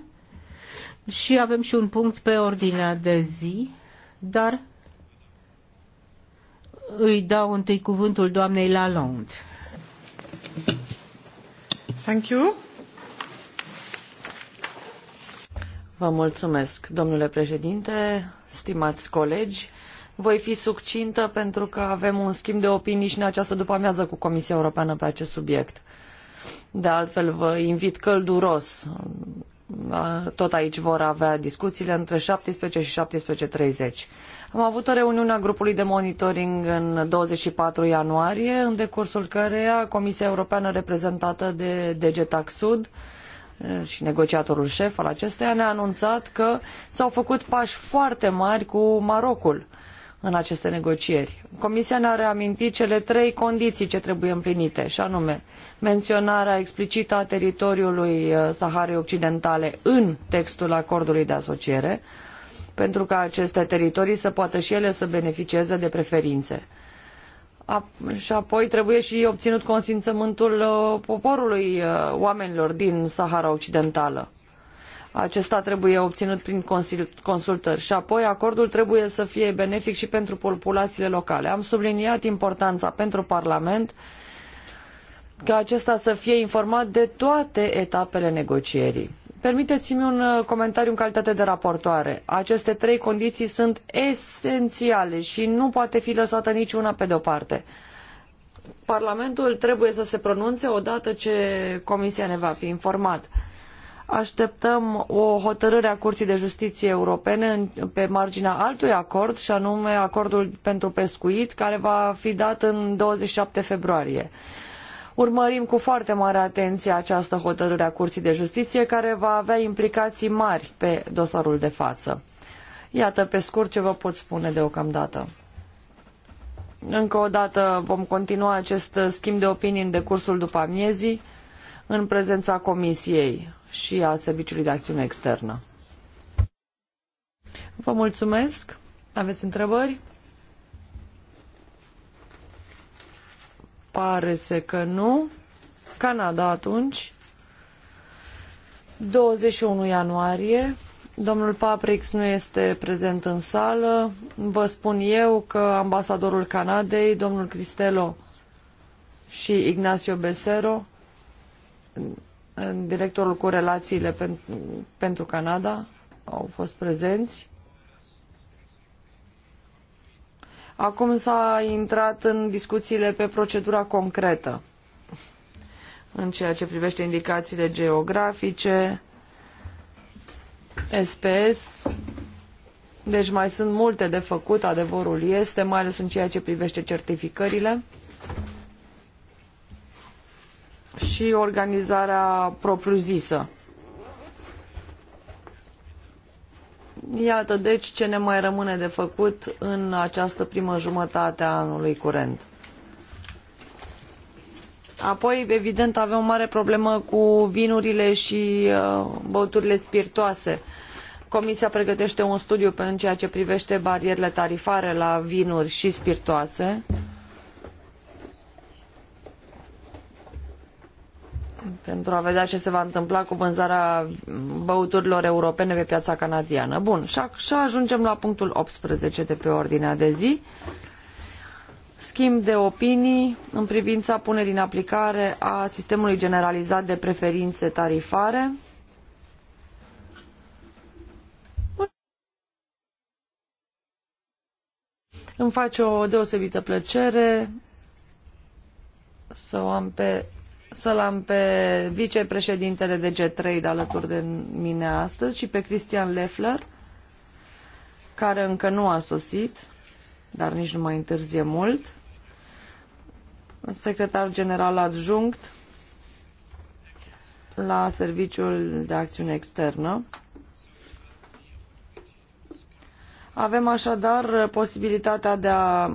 [SPEAKER 1] Și avem și un punct pe ordinea de zi, dar îi dau întâi cuvântul doamnei Lalonde.
[SPEAKER 3] Thank you. Vă mulțumesc, domnule președinte, stimați colegi. Voi fi succintă pentru că avem un schimb de opinii și în această după-amiază cu Comisia Europeană pe acest subiect. De altfel, vă invit călduros. Tot aici vor avea discuțiile între 17 și 17.30. Am avut o reuniune a grupului de monitoring în 24 ianuarie, în decursul căreia Comisia Europeană reprezentată de DG Taxud și negociatorul șef al acesteia ne-a anunțat că s-au făcut pași foarte mari cu Marocul în aceste negocieri. Comisia ne-a reamintit cele trei condiții ce trebuie împlinite, și anume menționarea explicită a teritoriului uh, Saharei Occidentale în textul acordului de asociere, pentru ca aceste teritorii să poată și ele să beneficieze de preferințe. A, și apoi trebuie și obținut consimțământul uh, poporului uh, oamenilor din Sahara Occidentală. Acesta trebuie obținut prin consultări și apoi acordul trebuie să fie benefic și pentru populațiile locale. Am subliniat importanța pentru Parlament ca acesta să fie informat de toate etapele negocierii. Permiteți-mi un uh, comentariu în calitate de raportoare. Aceste trei condiții sunt esențiale și nu poate fi lăsată niciuna pe deoparte. Parlamentul trebuie să se pronunțe odată ce Comisia ne va fi informat. Așteptăm o hotărâre a Curții de Justiție Europene pe marginea altui acord, și anume acordul pentru pescuit, care va fi dat în 27 februarie. Urmărim cu foarte mare atenție această hotărâre a Curții de Justiție, care va avea implicații mari pe dosarul de față. Iată, pe scurt, ce vă pot spune deocamdată. Încă o dată vom continua acest schimb de opinii în decursul după amiezii, în prezența Comisiei și a Serviciului de Acțiune Externă. Vă mulțumesc. Aveți întrebări? Pare se că nu. Canada atunci. 21 ianuarie. Domnul Paprix nu este prezent în sală. Vă spun eu că ambasadorul Canadei, domnul Cristelo și Ignacio Besero, directorul cu relațiile pentru Canada, au fost prezenți Acum s-a intrat în discuțiile pe procedura concretă în ceea ce privește indicațiile geografice, SPS. Deci mai sunt multe de făcut, adevărul este, mai ales în ceea ce privește certificările și organizarea propriu-zisă. Iată deci ce ne mai rămâne de făcut în această primă jumătate a anului curent. Apoi, evident, avem o mare problemă cu vinurile și uh, băuturile spiritoase. Comisia pregătește un studiu în ceea ce privește barierele tarifare la vinuri și spiritoase. pentru a vedea ce se va întâmpla cu vânzarea băuturilor europene pe piața canadiană. Bun, și așa ajungem la punctul 18 de pe ordinea de zi. Schimb de opinii în privința punerii în aplicare a sistemului generalizat de preferințe tarifare. Îmi face o deosebită plăcere să o am pe să-l am pe vicepreședintele de G3 de alături de mine astăzi și pe Cristian Leffler, care încă nu a sosit, dar nici nu mai întârzie mult, secretar general adjunct la Serviciul de Acțiune Externă. Avem așadar posibilitatea de a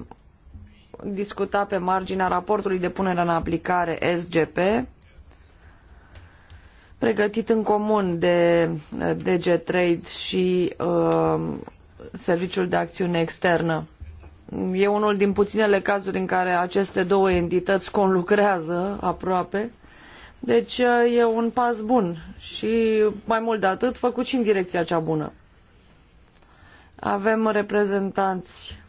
[SPEAKER 3] discuta pe marginea raportului de punere în aplicare SGP, pregătit în comun de uh, DG Trade și uh, Serviciul de Acțiune Externă. E unul din puținele cazuri în care aceste două entități conlucrează aproape. Deci uh, e un pas bun și mai mult de atât făcut și în direcția cea bună. Avem reprezentanți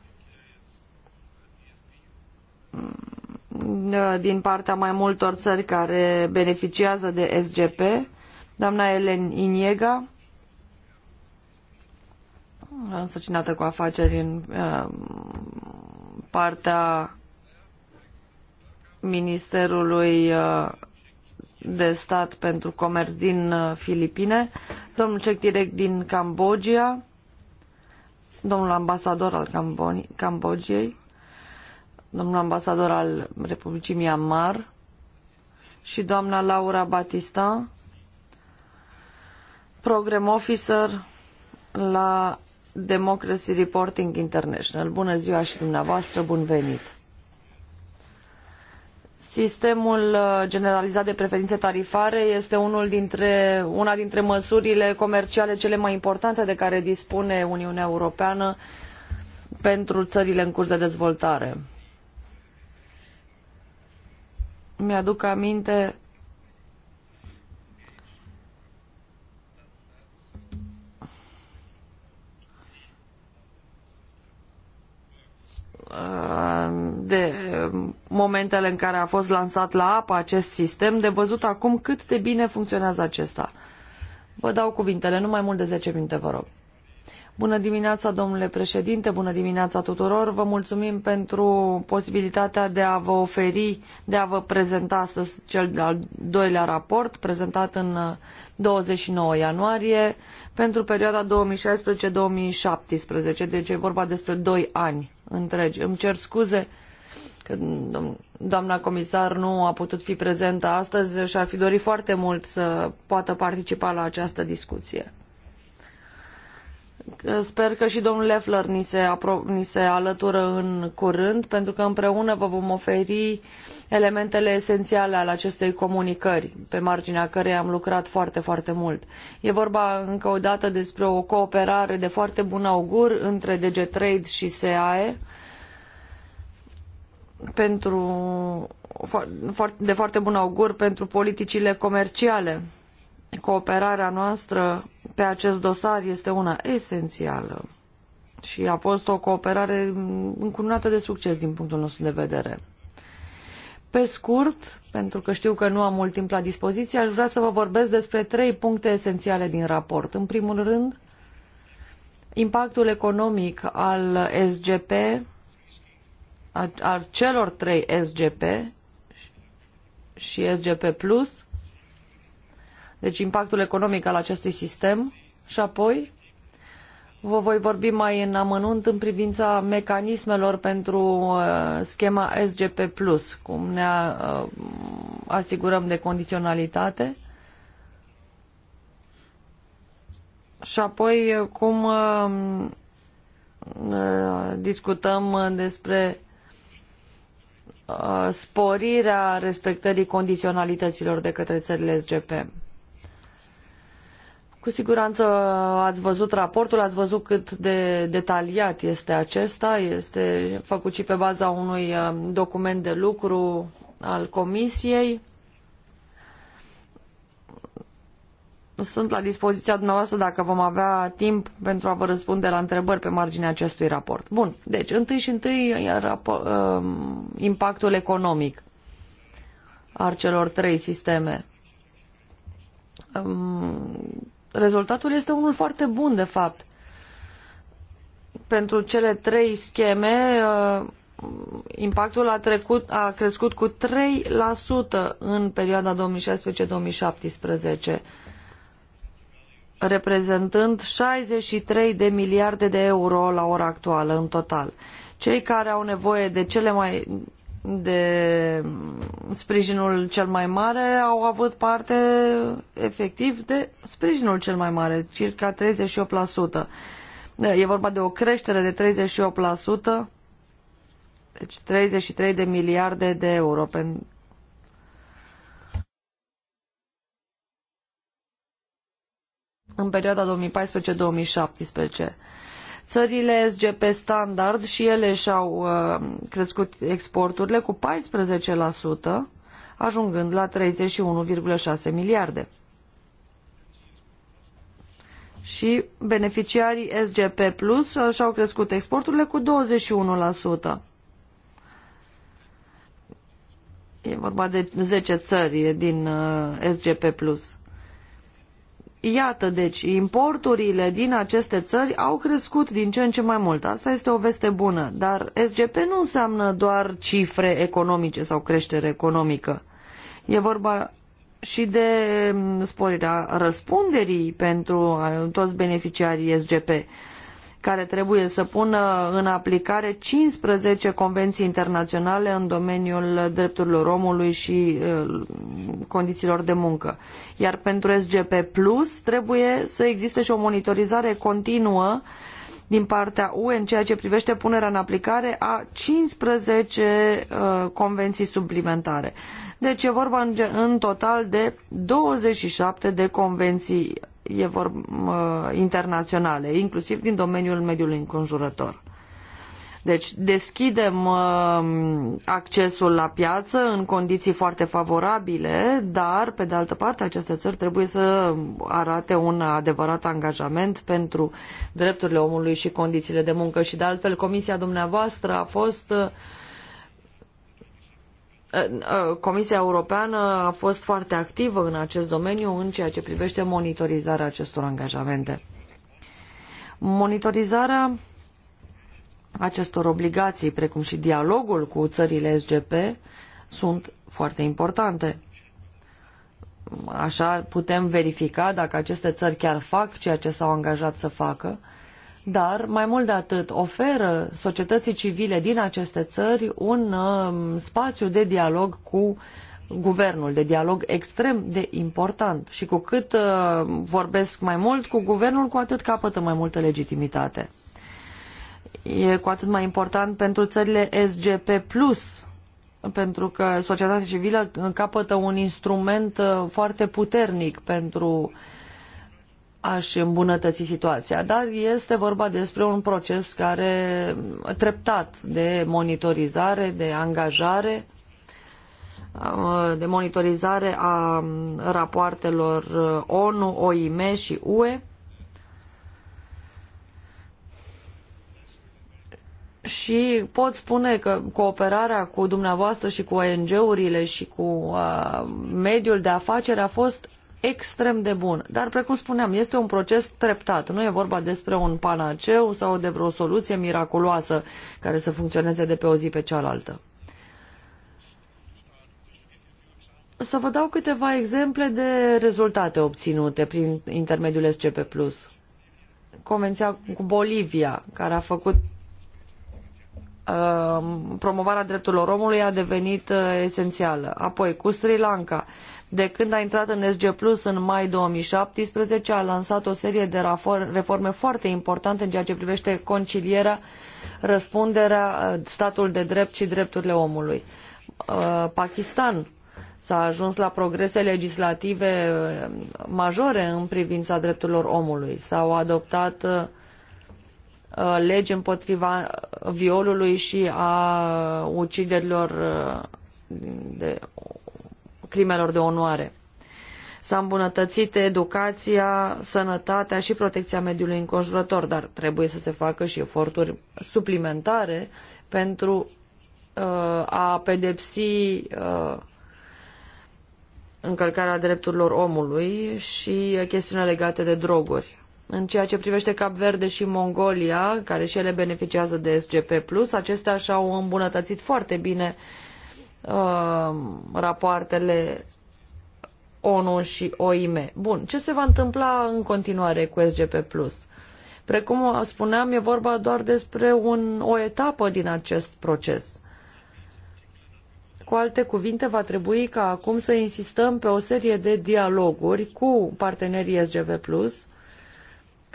[SPEAKER 3] Mm, din partea mai multor țări care beneficiază de SGP, doamna Elen Iniega, însăcinată cu afaceri în uh, partea Ministerului uh, de Stat pentru Comerț din uh, Filipine, domnul cec direct din Cambodgia, domnul ambasador al Cambo domnul ambasador al Republicii Myanmar și doamna Laura Batista, program officer la Democracy Reporting International. Bună ziua și dumneavoastră, bun venit! Sistemul uh, generalizat de preferințe tarifare este unul dintre, una dintre măsurile comerciale cele mai importante de care dispune Uniunea Europeană pentru țările în curs de dezvoltare. Mi-aduc aminte de momentele în care a fost lansat la apă acest sistem, de văzut acum cât de bine funcționează acesta. Vă dau cuvintele, nu mai mult de 10 minute, vă rog. Bună dimineața, domnule președinte, bună dimineața tuturor. Vă mulțumim pentru posibilitatea de a vă oferi, de a vă prezenta astăzi cel al doilea raport, prezentat în 29 uh, ianuarie, pentru perioada 2016-2017, deci e vorba despre doi ani întregi. Îmi cer scuze că doamna comisar nu a putut fi prezentă astăzi și ar fi dorit foarte mult să poată participa la această discuție. Sper că și domnul Leffler ni se, apro- ni se alătură în curând, pentru că împreună vă vom oferi elementele esențiale ale acestei comunicări, pe marginea căreia am lucrat foarte, foarte mult. E vorba încă o dată despre o cooperare de foarte bun augur între DG Trade și SAE pentru, de foarte bun augur pentru politicile comerciale. Cooperarea noastră pe acest dosar este una esențială și a fost o cooperare încununată de succes din punctul nostru de vedere. Pe scurt, pentru că știu că nu am mult timp la dispoziție, aș vrea să vă vorbesc despre trei puncte esențiale din raport. În primul rând, impactul economic al SGP, al celor trei SGP și SGP Plus, deci impactul economic al acestui sistem și apoi vă voi vorbi mai în amănunt în privința mecanismelor pentru uh, schema SGP+, cum ne uh, asigurăm de condiționalitate și apoi uh, cum discutăm despre sporirea respectării condiționalităților de către țările SGP. Cu siguranță ați văzut raportul, ați văzut cât de detaliat este acesta. Este făcut și pe baza unui um, document de lucru al Comisiei. Sunt la dispoziția dumneavoastră dacă vom avea timp pentru a vă răspunde la întrebări pe marginea acestui raport. Bun, deci întâi și întâi um, impactul economic al celor trei sisteme um, rezultatul este unul foarte bun, de fapt. Pentru cele trei scheme, uh, impactul a, trecut, a crescut cu 3% în perioada 2016-2017 reprezentând 63 de miliarde de euro la ora actuală în total. Cei care au nevoie de cele mai de sprijinul cel mai mare au avut parte efectiv de sprijinul cel mai mare, circa 38%. E vorba de o creștere de 38%, deci 33 de miliarde de euro în perioada 2014-2017. Țările SGP standard și ele și-au uh, crescut exporturile cu 14%, ajungând la 31,6 miliarde. Și beneficiarii SGP Plus și-au crescut exporturile cu 21%. E vorba de 10 țări din uh, SGP Plus. Iată, deci, importurile din aceste țări au crescut din ce în ce mai mult. Asta este o veste bună, dar SGP nu înseamnă doar cifre economice sau creștere economică. E vorba și de mm, sporirea răspunderii pentru uh, toți beneficiarii SGP care trebuie să pună în aplicare 15 convenții internaționale în domeniul drepturilor omului și condițiilor de muncă. Iar pentru SGP Plus trebuie să existe și o monitorizare continuă din partea UE în ceea ce privește punerea în aplicare a 15 uh, convenții suplimentare. Deci e vorba în, în total de 27 de convenții e vorba, internaționale, inclusiv din domeniul mediului înconjurător. Deci deschidem accesul la piață în condiții foarte favorabile, dar, pe de altă parte, aceste țări trebuie să arate un adevărat angajament pentru drepturile omului și condițiile de muncă. Și, de altfel, comisia dumneavoastră a fost uh, Uh, Comisia Europeană a fost foarte activă în acest domeniu în ceea ce privește monitorizarea acestor angajamente. Monitorizarea acestor obligații, precum și dialogul cu țările SGP, sunt foarte importante. Așa putem verifica dacă aceste țări chiar fac ceea ce s-au angajat să facă dar mai mult de atât oferă societății civile din aceste țări un uh, spațiu de dialog cu guvernul, de dialog extrem de important și cu cât uh, vorbesc mai mult cu guvernul, cu atât capătă mai multă legitimitate. E cu atât mai important pentru țările SGP+, pentru că societatea civilă capătă un instrument uh, foarte puternic pentru uh, a îmbunătăți situația, dar este vorba despre un proces care treptat de monitorizare, de angajare, de monitorizare a rapoartelor ONU, OIM și UE. și pot spune că cooperarea cu dumneavoastră și cu ONG-urile și cu uh, mediul de afaceri a fost extrem de bun. Dar, precum spuneam, este un proces treptat. Nu e vorba despre un panaceu sau de vreo soluție miraculoasă care să funcționeze de pe o zi pe cealaltă. Să vă dau câteva exemple de rezultate obținute prin intermediul SCP+. Convenția cu Bolivia, care a făcut uh, promovarea drepturilor omului a devenit uh, esențială. Apoi cu Sri Lanka, de când a intrat în SG Plus în mai 2017, a lansat o serie de reforme foarte importante în ceea ce privește concilierea, răspunderea, uh, statul de drept și drepturile omului. Uh, Pakistan s-a ajuns la progrese legislative uh, majore în privința drepturilor omului. S-au adoptat legi împotriva violului și a uciderilor de crimelor de onoare. S-a îmbunătățit educația, sănătatea și protecția mediului înconjurător, dar trebuie să se facă și eforturi suplimentare pentru uh, a pedepsi uh, încălcarea drepturilor omului și chestiunile legate de droguri. În ceea ce privește Cap Verde și Mongolia, care și ele beneficiază de SGP+, acestea și-au îmbunătățit foarte bine uh, Uh, rapoartele ONU și OIM. Bun, ce se va întâmpla în continuare cu SGP+. plus? Precum spuneam, e vorba doar despre un, o etapă din acest proces. Cu alte cuvinte, va trebui ca acum să insistăm pe o serie de dialoguri cu partenerii SGP Plus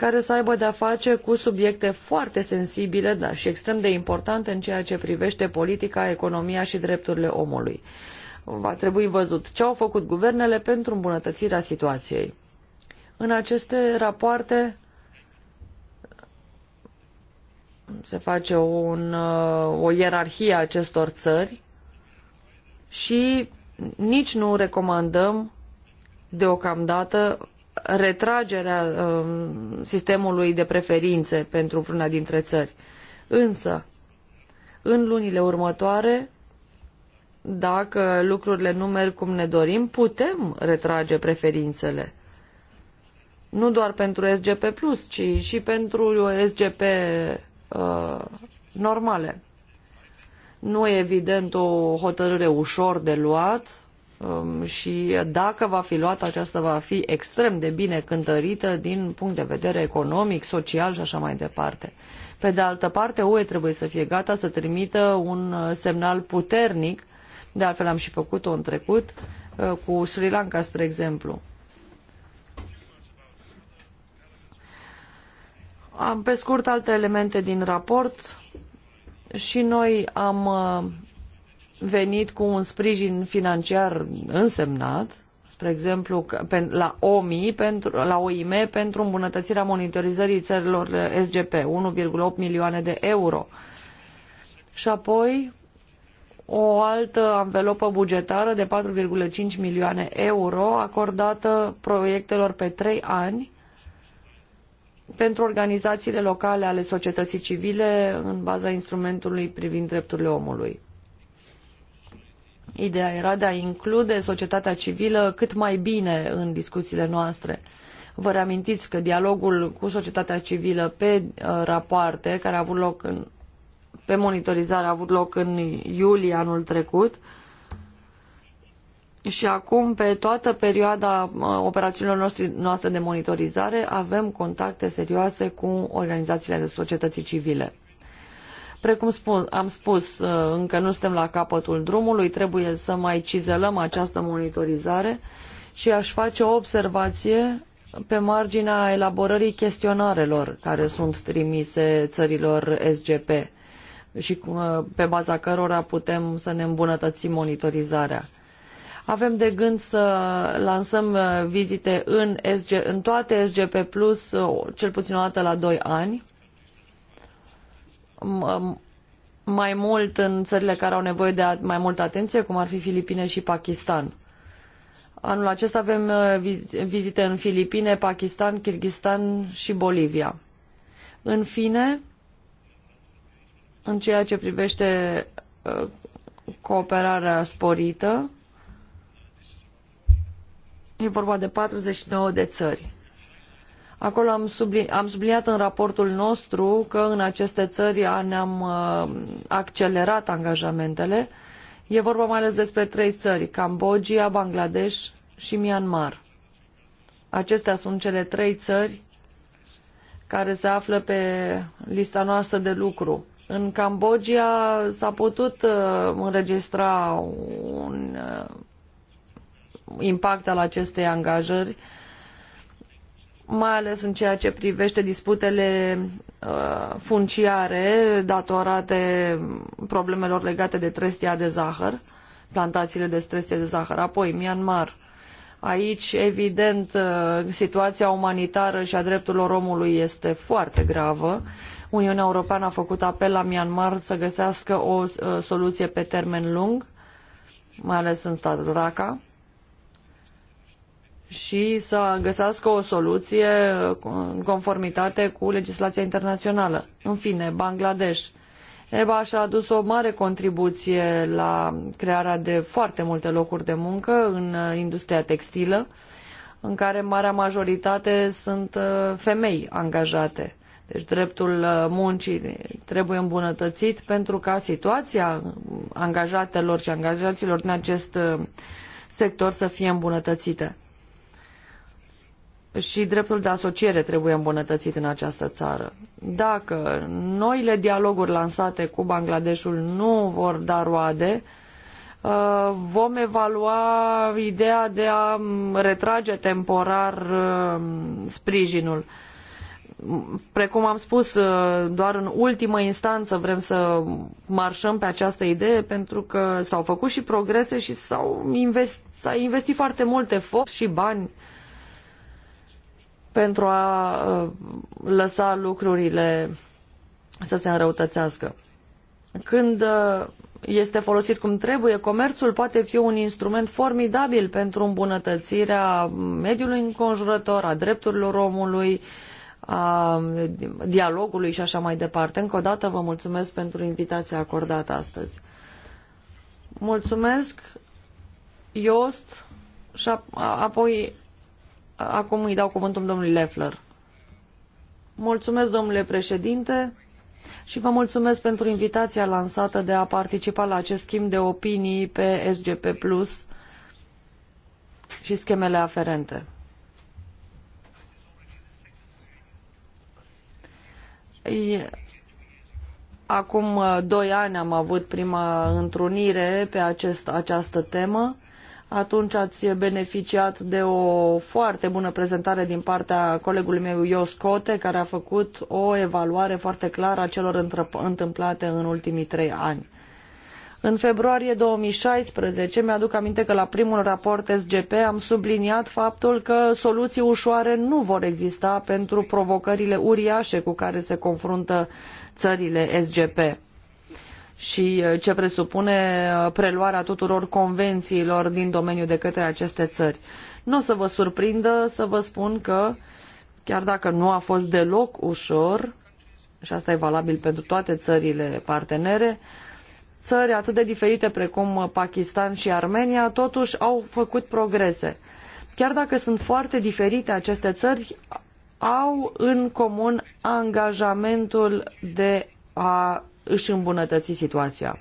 [SPEAKER 3] care să aibă de-a face cu subiecte foarte sensibile dar și extrem de importante în ceea ce privește politica, economia și drepturile omului. Va trebui văzut ce au făcut guvernele pentru îmbunătățirea situației. În aceste rapoarte se face un, uh, o ierarhie a acestor țări și nici nu recomandăm deocamdată retragerea um, sistemului de preferințe pentru vreuna dintre țări. Însă, în lunile următoare, dacă lucrurile nu merg cum ne dorim, putem retrage preferințele. Nu doar pentru SGP+, ci și pentru SGP uh, normale. Nu e evident o hotărâre ușor de luat, Um, și dacă va fi luată, aceasta va fi extrem de bine cântărită din punct de vedere economic, social și așa mai departe. Pe de altă parte, UE trebuie să fie gata să trimită un uh, semnal puternic, de altfel am și făcut-o în trecut, uh, cu Sri Lanka, spre exemplu. Am pe scurt alte elemente din raport și noi am uh, venit cu un sprijin financiar însemnat, spre exemplu la OMI, pentru, la OIM, pentru îmbunătățirea monitorizării țărilor SGP, 1,8 milioane de euro. Și apoi o altă anvelopă bugetară de 4,5 milioane euro acordată proiectelor pe trei ani pentru organizațiile locale ale societății civile în baza instrumentului privind drepturile omului. Ideea era de a include societatea civilă cât mai bine în discuțiile noastre. Vă reamintiți că dialogul cu societatea civilă pe uh, rapoarte, care a avut loc în, pe monitorizare, a avut loc în iulie anul trecut, și acum, pe toată perioada uh, operațiunilor noastre de monitorizare, avem contacte serioase cu organizațiile de societății civile. Precum spun, am spus, uh, încă nu suntem la capătul drumului, trebuie să mai cizelăm această monitorizare și aș face o observație pe marginea elaborării chestionarelor care sunt trimise țărilor SGP și uh, pe baza cărora putem să ne îmbunătățim monitorizarea. Avem de gând să lansăm uh, vizite în, SG, în toate SGP Plus, cel puțin o dată la doi ani, mai mult în țările care au nevoie de mai multă atenție, cum ar fi Filipine și Pakistan. Anul acesta avem uh, vizite în Filipine, Pakistan, Kirghistan și Bolivia. În fine, în ceea ce privește uh, cooperarea sporită, e vorba de 49 de țări. Acolo am, am subliniat în raportul nostru că în aceste țări ne-am uh, accelerat angajamentele. E vorba mai ales despre trei țări, Cambodgia, Bangladesh și Myanmar. Acestea sunt cele trei țări care se află pe lista noastră de lucru. În Cambodgia s-a putut uh, înregistra un uh, impact al acestei angajări mai ales în ceea ce privește disputele uh, funciare datorate problemelor legate de trestia de zahăr, plantațiile de trestie de zahăr, apoi Myanmar. Aici, evident, uh, situația umanitară și a drepturilor omului este foarte gravă. Uniunea Europeană a făcut apel la Myanmar să găsească o uh, soluție pe termen lung, mai ales în statul Rakhine și să găsească o soluție în conformitate cu legislația internațională. În fine, Bangladesh. EBA și-a adus o mare contribuție la crearea de foarte multe locuri de muncă în industria textilă, în care marea majoritate sunt uh, femei angajate. Deci dreptul uh, muncii trebuie îmbunătățit pentru ca situația angajatelor și angajaților din acest uh, sector să fie îmbunătățită și dreptul de asociere trebuie îmbunătățit în această țară. Dacă noile dialoguri lansate cu Bangladeshul nu vor da roade, uh, vom evalua ideea de a retrage temporar uh, sprijinul. Precum am spus, uh, doar în ultimă instanță vrem să marșăm pe această idee pentru că s-au făcut și progrese și s-au invest, s-a investit foarte mult efort și bani uh, pentru a ă, lăsa lucrurile să se înrăutățească. Când ă, este folosit cum trebuie, comerțul poate fi un instrument formidabil pentru îmbunătățirea mediului înconjurător, a drepturilor omului, a dialogului și așa mai departe. Încă o dată vă mulțumesc pentru invitația acordată astăzi. Mulțumesc, Iost, și apoi Acum îi dau cuvântul domnului Leffler. Mulțumesc, domnule președinte, și vă mulțumesc pentru invitația lansată de a participa la acest schimb de opinii pe SGP Plus și schemele aferente. Acum uh, doi ani am avut prima întrunire pe acest, această temă atunci ați beneficiat de o foarte bună prezentare din partea colegului meu Ios Cote, care a făcut o evaluare foarte clară a celor întâmplate în ultimii trei ani. În februarie 2016 mi-aduc aminte că la primul raport SGP am subliniat faptul că soluții ușoare nu vor exista pentru provocările uriașe cu care se confruntă țările SGP și uh, ce presupune uh, preluarea tuturor convențiilor din domeniu de către aceste țări. Nu o să vă surprindă să vă spun că, chiar dacă nu a fost deloc ușor, și asta e valabil pentru toate țările partenere, țări atât de diferite precum uh, Pakistan și Armenia, totuși au făcut progrese. Chiar dacă sunt foarte diferite aceste țări, au în comun angajamentul de a își îmbunătăți situația.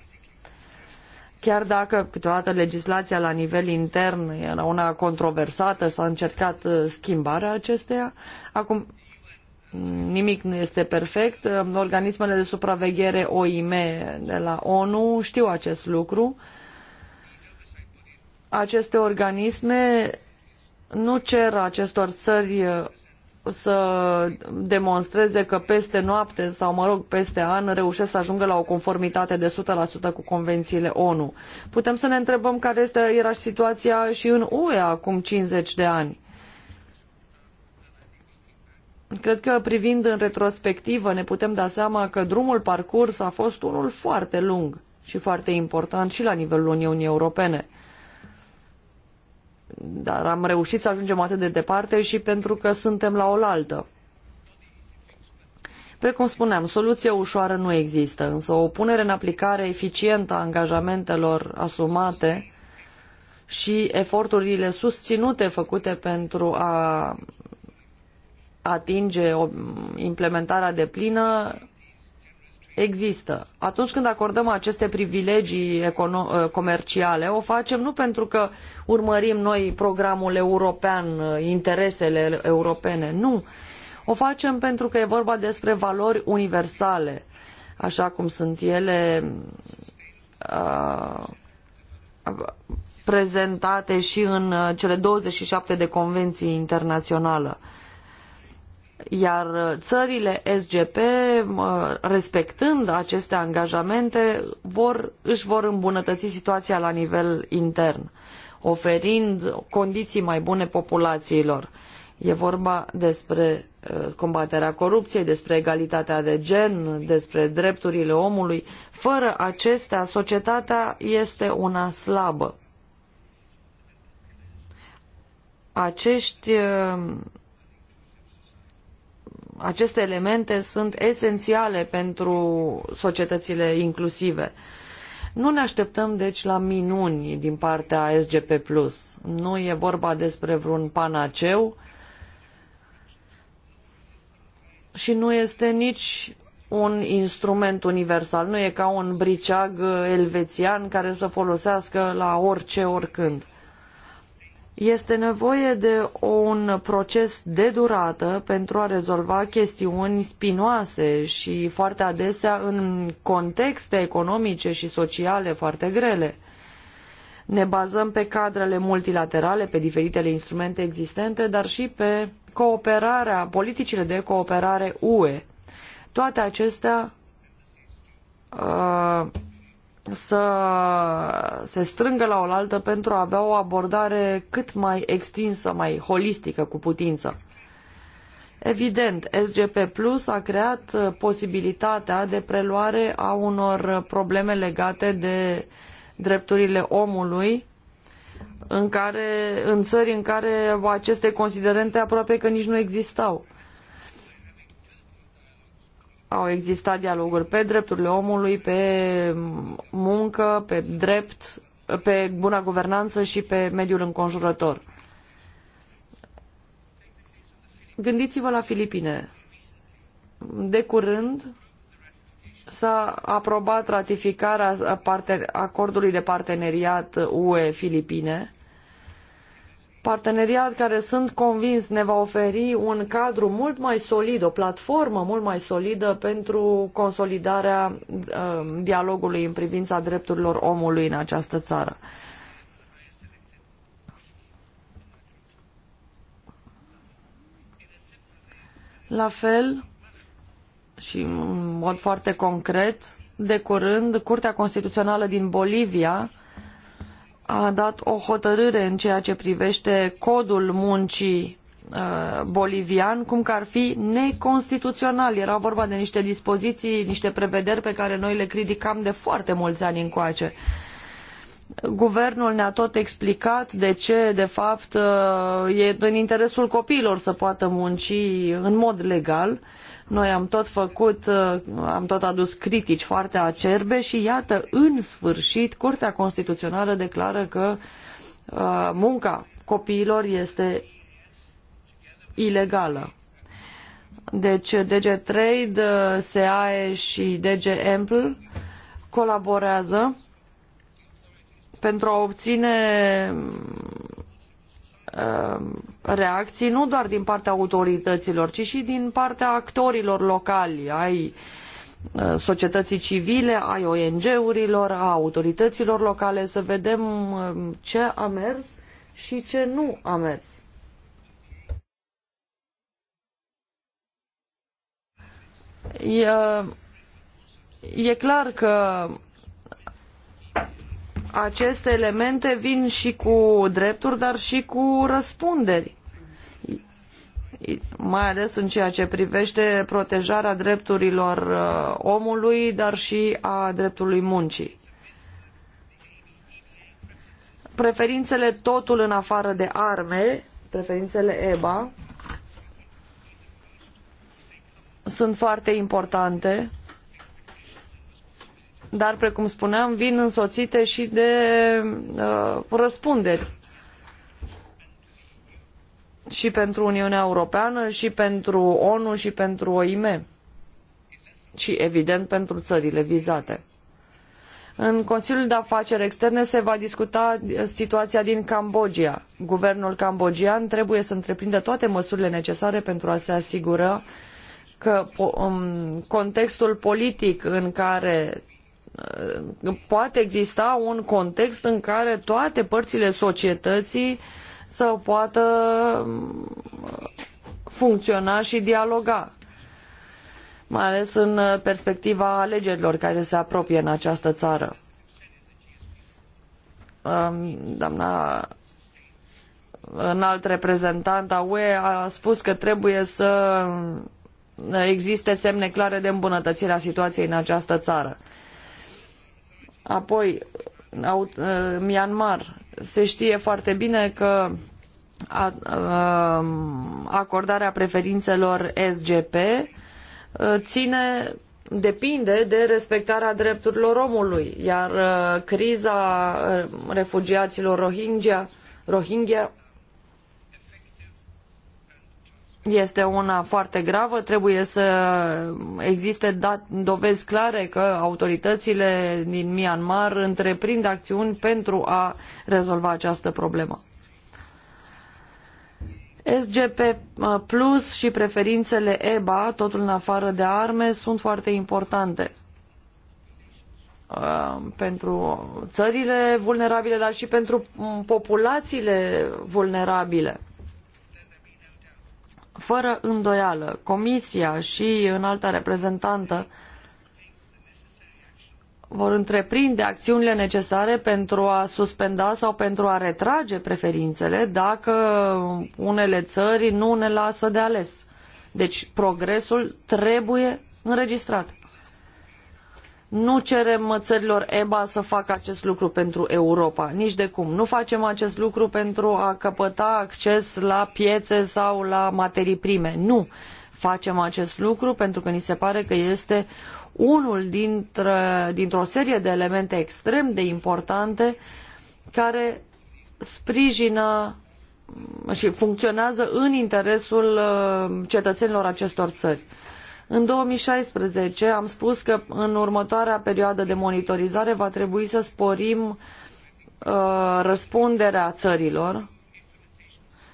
[SPEAKER 3] Chiar dacă câteodată legislația la nivel intern era una controversată, s-a încercat uh, schimbarea acesteia, acum nimic nu este perfect. Um, organismele de supraveghere OIM de la ONU știu acest lucru. Aceste organisme nu cer acestor țări uh, să demonstreze că peste noapte sau, mă rog, peste an reușesc să ajungă la o conformitate de 100% cu convențiile ONU. Putem să ne întrebăm care este, era situația și în UE acum 50 de ani. Cred că privind în retrospectivă ne putem da seama că drumul parcurs a fost unul foarte lung și foarte important și la nivelul Uniunii Europene dar am reușit să ajungem atât de departe și pentru că suntem la oaltă. Precum spuneam, soluția ușoară nu există, însă o punere în aplicare eficientă a angajamentelor asumate și eforturile susținute făcute pentru a atinge implementarea deplină există. Atunci când acordăm aceste privilegii eh, comerciale, o facem nu pentru că urmărim noi programul european, eh, interesele europene, nu. O facem pentru că e vorba despre valori universale, așa cum sunt ele uh, prezentate și în cele 27 de convenții internaționale. Uh, iar țările SGP, respectând aceste angajamente, vor, își vor îmbunătăți situația la nivel intern, oferind condiții mai bune populațiilor. E vorba despre uh, combaterea corupției, despre egalitatea de gen, despre drepturile omului. Fără acestea, societatea este una slabă. Acești uh, aceste elemente sunt esențiale pentru societățile inclusive. Nu ne așteptăm deci la minuni din partea SGP+. Nu e vorba despre vreun panaceu și nu este nici un instrument universal. Nu e ca un briceag elvețian care să folosească la orice, oricând. Este nevoie de un proces de durată pentru a rezolva chestiuni spinoase și foarte adesea în contexte economice și sociale foarte grele. Ne bazăm pe cadrele multilaterale, pe diferitele instrumente existente, dar și pe cooperarea, politicile de cooperare UE. Toate acestea uh, să se strângă la oaltă pentru a avea o abordare cât mai extinsă, mai holistică cu putință. Evident, SGP Plus a creat posibilitatea de preluare a unor probleme legate de drepturile omului în, care, în țări în care aceste considerente aproape că nici nu existau. Au existat dialoguri pe drepturile omului, pe muncă, pe drept, pe buna guvernanță și pe mediul înconjurător. Gândiți-vă la Filipine. De curând s-a aprobat ratificarea acordului de parteneriat UE-Filipine parteneriat care sunt convins ne va oferi un cadru mult mai solid, o platformă mult mai solidă pentru consolidarea uh, dialogului în privința drepturilor omului în această țară. La fel și în mod foarte concret, de curând, Curtea Constituțională din Bolivia a dat o hotărâre în ceea ce privește codul muncii uh, bolivian, cum că ar fi neconstituțional. Era vorba de niște dispoziții, niște prevederi pe care noi le criticam de foarte mulți ani încoace. Guvernul ne-a tot explicat de ce, de fapt, uh, e în interesul copiilor să poată munci în mod legal uh, noi am tot făcut, uh, am tot adus critici foarte acerbe și iată, în sfârșit, Curtea Constituțională declară că uh, munca copiilor este ilegală. Deci DG Trade, uh, SEAE și DG Ample colaborează pentru a obține Um, reacții nu doar din partea autorităților, ci și din partea actorilor locali, ai uh, societății civile, ai ONG-urilor, a autorităților locale, să vedem um, ce a mers și ce nu a mers. E, e clar că aceste elemente vin și cu drepturi, dar și cu răspunderi mai ales în ceea ce privește protejarea drepturilor uh, omului, dar și a dreptului muncii. Preferințele totul în afară de arme, preferințele EBA, sunt foarte importante dar, precum spuneam, vin însoțite și de uh, răspunderi și pentru Uniunea Europeană, și pentru ONU, și pentru OIM și, evident, pentru țările vizate. În Consiliul de Afaceri Externe se va discuta situația din Cambodgia. Guvernul cambogian trebuie să întreprindă toate măsurile necesare pentru a se asigura că um, contextul politic în care Uh, poate exista un context în care toate părțile societății să poată um, funcționa și dialoga, mai ales în perspectiva alegerilor care se apropie în această țară. Um, doamna alt reprezentant a UE a spus că trebuie să existe semne clare de îmbunătățire a situației în această țară. Apoi, uh, Myanmar. Se știe foarte bine că uh, acordarea preferințelor SGP uh, ține depinde de respectarea drepturilor omului, iar criza refugiaților Rohingya, Rohingya este una foarte gravă, trebuie să existe dat, dovezi clare că autoritățile din Myanmar întreprind acțiuni pentru a rezolva această problemă. SGP uh, Plus și preferințele EBA, totul în afară de arme, sunt foarte importante uh, pentru țările vulnerabile, dar și pentru mm, populațiile vulnerabile fără îndoială, Comisia și înalta reprezentantă vor întreprinde acțiunile necesare pentru a suspenda sau pentru a retrage preferințele dacă unele țări nu ne lasă de ales. Deci progresul trebuie înregistrat. Nu cerem țărilor EBA să facă acest lucru pentru Europa, nici de cum. Nu facem acest lucru pentru a căpăta acces la piețe sau la materii prime. Nu. Facem acest lucru pentru că ni se pare că este unul dintre, dintr-o serie de elemente extrem de importante care sprijină și funcționează în interesul uh, cetățenilor acestor țări. În 2016 am spus că în următoarea perioadă de monitorizare va trebui să sporim uh, răspunderea țărilor,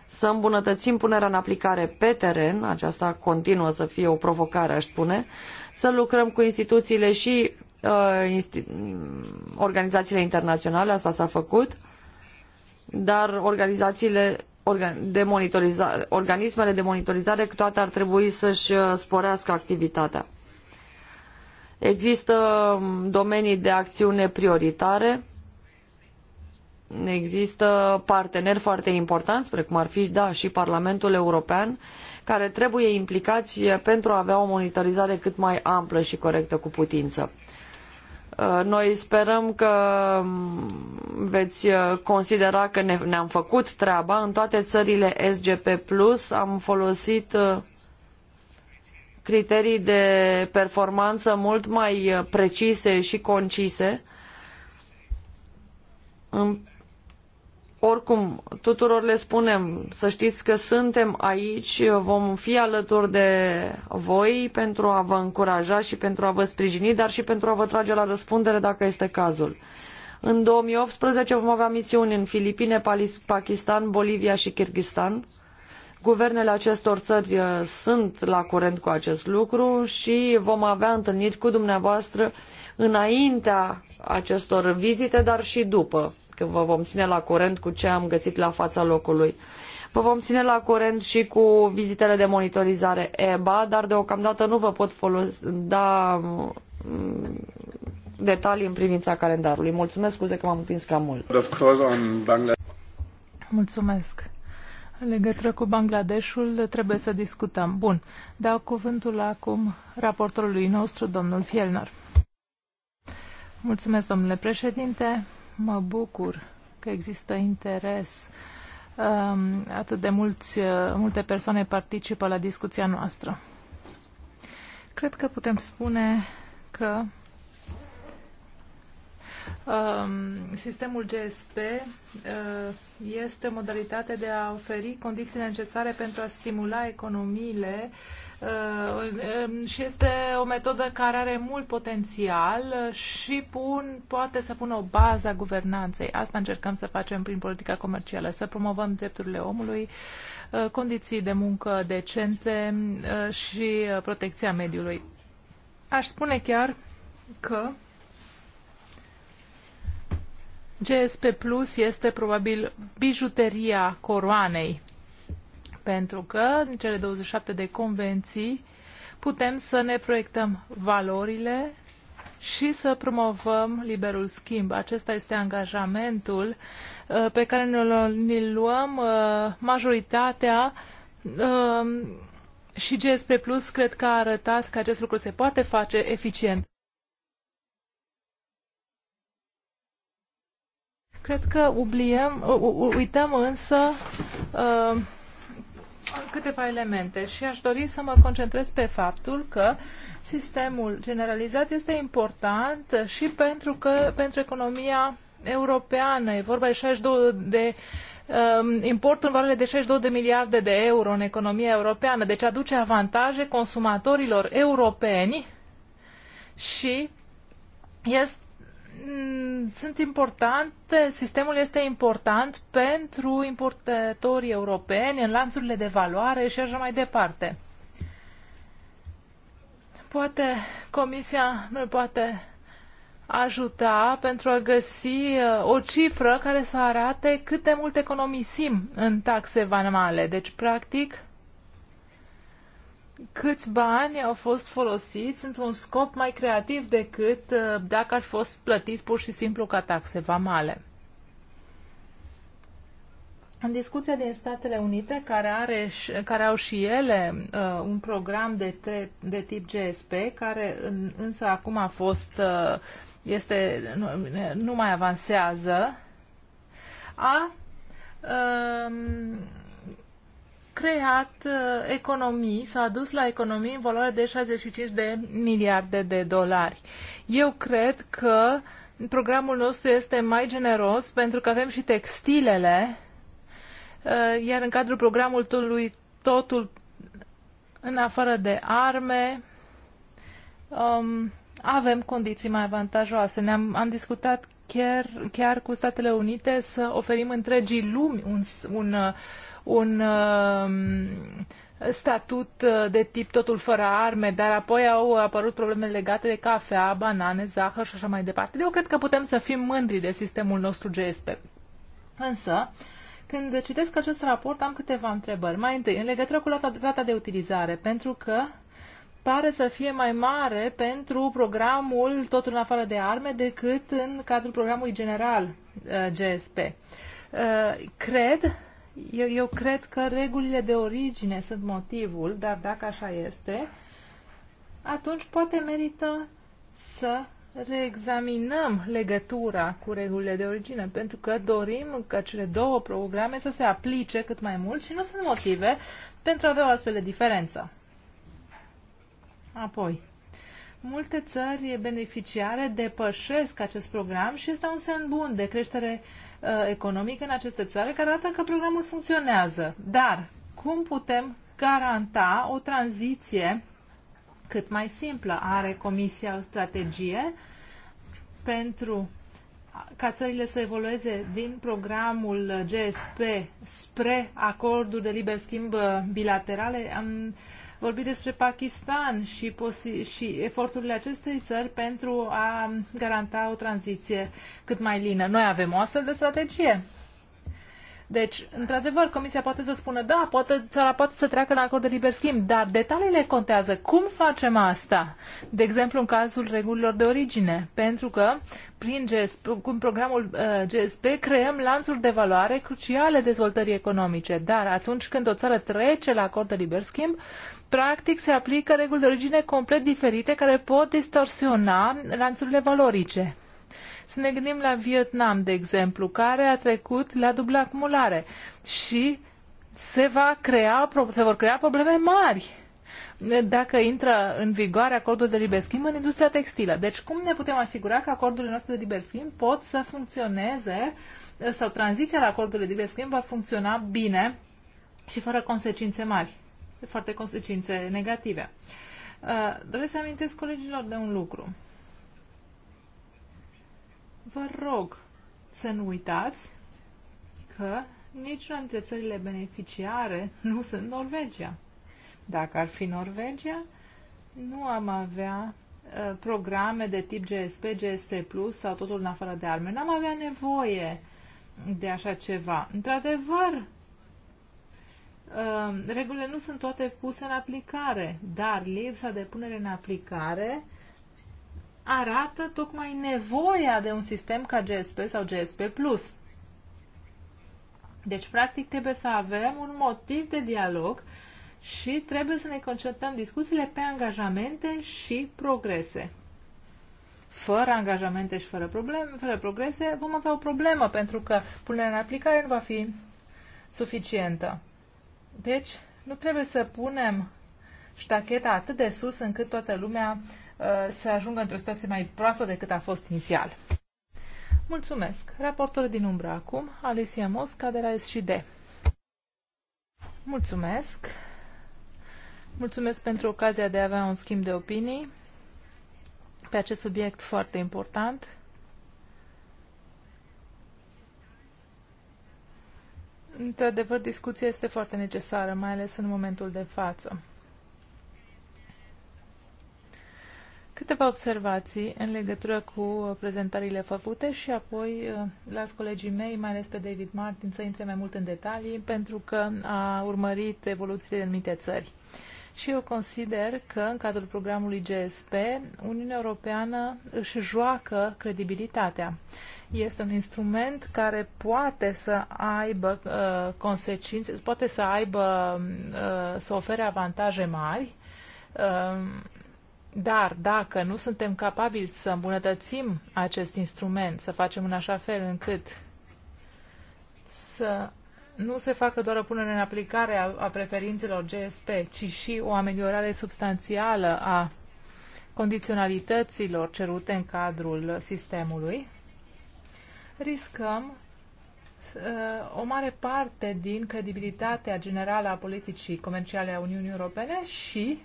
[SPEAKER 3] să îmbunătățim punerea în aplicare pe teren, aceasta continuă să fie o provocare, aș spune, să lucrăm cu instituțiile și uh, insti- mm, organizațiile internaționale, asta s-a făcut, dar organizațiile de monitorizare, organismele de monitorizare, toate ar trebui să-și uh, sporească activitatea. Există um, domenii de acțiune prioritare, există parteneri foarte importanți, precum ar fi, da, și Parlamentul European, care trebuie implicați uh, pentru a avea o monitorizare cât mai amplă și corectă cu putință. Uh, noi sperăm că um, veți uh, considera că ne-am făcut treaba. În toate țările SGP Plus am folosit uh, criterii de performanță mult mai precise și concise. În oricum, tuturor le spunem să știți că suntem aici, vom fi alături de voi pentru a vă încuraja și pentru a vă sprijini, dar și pentru a vă trage la răspundere dacă este cazul. În 2018 vom avea misiuni în Filipine, Pakistan, Bolivia și Kirghistan. Guvernele acestor țări uh, sunt la curent cu acest lucru și vom avea întâlniri cu dumneavoastră înaintea acestor vizite, dar și după că vă vom ține la curent cu ce am găsit la fața locului. Vă vom ține la curent și cu vizitele de monitorizare EBA, dar deocamdată nu vă pot folos, da mm, detalii în privința calendarului. Mulțumesc, scuze că m-am împins cam mult. Mulțumesc. În
[SPEAKER 2] legătură cu Bangladeshul trebuie să discutăm. Bun, dau cuvântul acum raportorului nostru, domnul Fielner. Mulțumesc, domnule președinte. Mă bucur că există interes. Um, atât de mulți, uh, multe persoane participă la discuția noastră. Cred că putem spune că um, sistemul GSP uh, este modalitatea de a oferi condiții necesare pentru a stimula economiile Uh, um, și este o metodă care are mult potențial și pun, poate să pună o bază a guvernanței. Asta încercăm să facem prin politica comercială, să promovăm drepturile omului, uh, condiții de muncă decente uh, și protecția mediului. Aș spune chiar că GSP Plus este probabil bijuteria coroanei pentru că în cele 27 de convenții putem să ne proiectăm valorile și să promovăm liberul schimb. Acesta este angajamentul uh, pe care ne luăm uh, majoritatea uh, și GSP Plus cred că a arătat că acest lucru se poate face eficient. Cred că ubliem, uităm însă uh, câteva elemente și aș dori să mă concentrez pe faptul că sistemul generalizat este important și pentru că pentru economia europeană e vorba de 62 de um, importul în valoare de 62 de miliarde de euro în economia europeană, deci aduce avantaje consumatorilor europeni și este Mm, sunt importante, sistemul este important pentru importatorii europeni în lanțurile de valoare și așa mai departe. Poate Comisia ne poate ajuta pentru a găsi uh, o cifră care să arate cât de mult economisim în taxe vanmale. Deci, practic, câți bani au fost folosiți într-un scop mai creativ decât uh, dacă ar fost plătiți pur și simplu ca taxe vamale. În discuția din Statele Unite, care, are, care au și ele uh, un program de, te, de tip GSP, care în, însă acum a fost, uh, este, nu, nu mai avansează, a uh, creat uh, economii, s-a dus la economii în valoare de 65 de miliarde de dolari. Eu cred că programul nostru este mai generos pentru că avem și textilele, uh, iar în cadrul programului totul în afară de arme, um, avem condiții mai avantajoase. Ne-am am discutat chiar, chiar cu Statele Unite să oferim întregii lumi un, un uh, un um, statut uh, de tip totul fără arme, dar apoi au apărut probleme legate de cafea, banane, zahăr și așa mai departe. Eu cred că putem să fim mândri de sistemul nostru GSP. Însă, când citesc acest raport, am câteva întrebări. Mai întâi, în legătură cu rata de utilizare, pentru că pare să fie mai mare pentru programul Totul în afară de arme decât în cadrul programului general uh, GSP. Uh, cred eu, eu cred că regulile de origine sunt motivul, dar dacă așa este, atunci poate merită să reexaminăm legătura cu regulile de origine, pentru că dorim ca cele două programe să se aplice cât mai mult și nu sunt motive pentru a avea o astfel de diferență. Apoi, Multe țări beneficiare depășesc acest program și este un semn bun de creștere uh, economică în aceste țări, care arată că programul funcționează. Dar cum putem garanta o tranziție cât mai simplă? Are Comisia o strategie pentru ca țările să evolueze din programul GSP spre acorduri de liber schimb uh, bilaterale? Am, vorbit despre Pakistan și, și eforturile acestei țări pentru a garanta o tranziție cât mai lină. Noi avem o astfel de strategie. Deci, într-adevăr, Comisia poate să spună, da, poate, țara poate să treacă la acord de liber schimb, dar detaliile contează. Cum facem asta? De exemplu, în cazul regulilor de origine, pentru că prin GSP, cu programul uh, GSP creăm lanțuri de valoare cruciale dezvoltării economice, dar atunci când o țară trece la acord de liber schimb, uh, practic se aplică reguli de origine complet diferite care pot distorsiona lanțurile valorice. Să ne gândim la Vietnam, de exemplu, care a trecut la dublă acumulare și se, va crea, se vor crea probleme mari dacă intră în vigoare acordul de liber schimb în industria textilă. Deci cum ne putem asigura că acordurile noastre de liber schimb pot să funcționeze sau tranziția la acordurile de liber schimb va funcționa bine și fără consecințe mari? foarte consecințe negative. Uh, doresc să amintesc colegilor de un lucru. Vă rog să nu uitați că niciuna dintre țările beneficiare [laughs] nu sunt Norvegia. Dacă ar fi Norvegia, nu am avea uh, programe de tip GSP, GSP Plus sau totul în afară de arme. N-am avea nevoie de așa ceva. Într-adevăr, Um, regulile nu sunt toate puse în aplicare, dar lipsa de punere în aplicare arată tocmai nevoia de un sistem ca GSP sau GSP+. Deci, practic, trebuie să avem un motiv de dialog și trebuie să ne concentrăm discuțiile pe angajamente și progrese. Fără angajamente și fără, probleme, fără progrese vom avea o problemă, pentru că punerea în aplicare nu va fi suficientă. Deci, nu trebuie să punem ștacheta atât de sus încât toată lumea uh, să ajungă într-o situație mai proastă decât a fost inițial. Mulțumesc. Raportorul din umbră acum, Alicia Mosca de la SCD. Mulțumesc. Mulțumesc pentru ocazia de a avea un schimb de opinii pe acest subiect foarte important Într-adevăr, discuția este foarte necesară, mai ales în momentul de față. Câteva observații în legătură cu uh, prezentările făcute și apoi uh, las colegii mei, mai ales pe David Martin, să intre mai mult în detalii pentru că a urmărit evoluțiile în anumite țări. Și eu consider că, în cadrul programului GSP, Uniunea Europeană își joacă credibilitatea. Este un instrument care poate să aibă uh, consecințe, poate să aibă, uh, să ofere avantaje mari, uh, dar dacă nu suntem capabili să îmbunătățim acest instrument, să facem în așa fel încât să nu se facă doar o punere în aplicare a, a preferințelor GSP, ci și o ameliorare substanțială a condiționalităților cerute în cadrul sistemului, riscăm uh, o mare parte din credibilitatea generală a politicii comerciale a Uniunii Europene și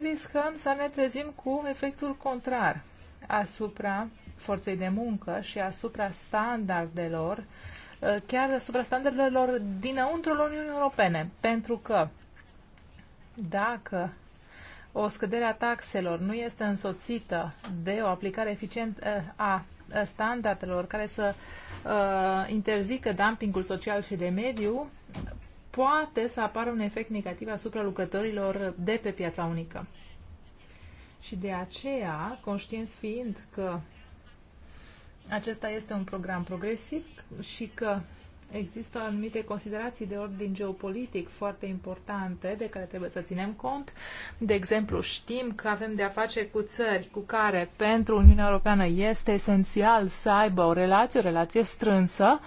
[SPEAKER 2] riscăm să ne trezim cu efectul contrar asupra forței de muncă și asupra standardelor Uh, chiar asupra standardelor dinăuntru Uniunii Europene. Pentru că dacă o scădere a taxelor nu este însoțită de o aplicare eficientă uh, a standardelor care să uh, interzică dumpingul social și de mediu, poate să apară un efect negativ asupra lucrătorilor de pe piața unică. Și de aceea, conștienți fiind că acesta este un program progresiv și că există anumite considerații de ordin geopolitic foarte importante de care trebuie să ținem cont. De exemplu, știm că avem de a face cu țări cu care pentru Uniunea Europeană este esențial să aibă o relație, o relație strânsă, uh,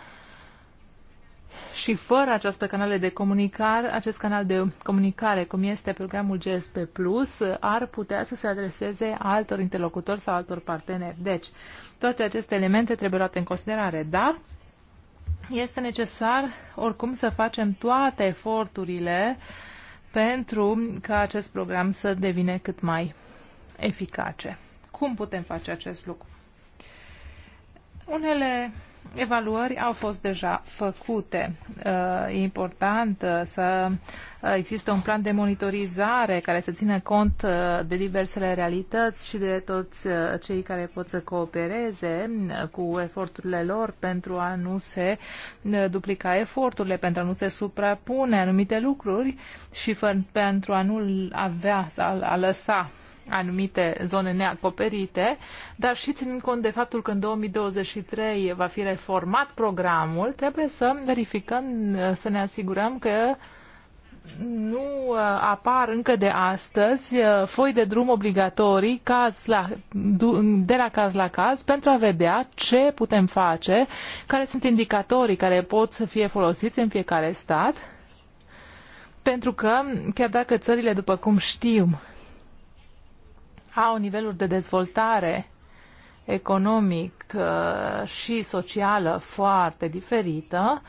[SPEAKER 2] și fără această canale de comunicare, acest canal de comunicare, cum este programul GSP+, Plus, ar putea să se adreseze altor interlocutori sau altor parteneri. Deci, toate aceste elemente trebuie luate în considerare, dar este necesar oricum să facem toate eforturile pentru ca acest program să devine cât mai eficace. Cum putem face acest lucru? Unele evaluări au fost deja făcute. E uh, important uh, să uh, există un plan de monitorizare care să țină cont de diversele realități și de toți cei care pot să coopereze cu eforturile lor pentru a nu se duplica eforturile, pentru a nu se suprapune anumite lucruri și pentru a nu avea, a lăsa anumite zone neacoperite, dar și ținând cont de faptul că în 2023 va fi reformat programul, trebuie să verificăm, să ne asigurăm că nu uh, apar încă de astăzi uh, foi de drum obligatorii caz la, de la caz la caz pentru a vedea ce putem face, care sunt indicatorii care pot să fie folosiți în fiecare stat, pentru că chiar dacă țările, după cum știm, au niveluri de dezvoltare economic uh, și socială foarte diferită,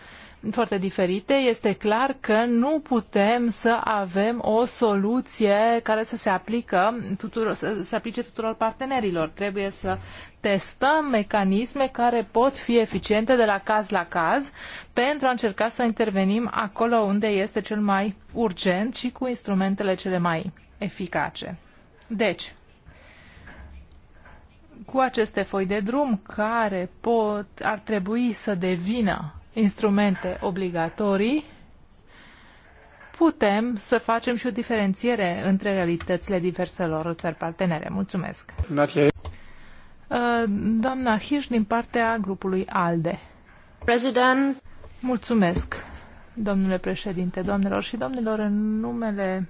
[SPEAKER 2] foarte diferite, este clar că nu putem să avem o soluție care să se, aplică tuturor, să se aplice tuturor partenerilor. Trebuie să testăm mecanisme care pot fi eficiente de la caz la caz pentru a încerca să intervenim acolo unde este cel mai urgent și cu instrumentele cele mai eficace. Deci, cu aceste foi de drum care pot, ar trebui să devină instrumente obligatorii, putem să facem și o diferențiere între realitățile diverselor țări partenere. Mulțumesc! Uh, doamna Hirsch din partea grupului ALDE. President. Mulțumesc, domnule președinte, doamnelor și domnilor, în numele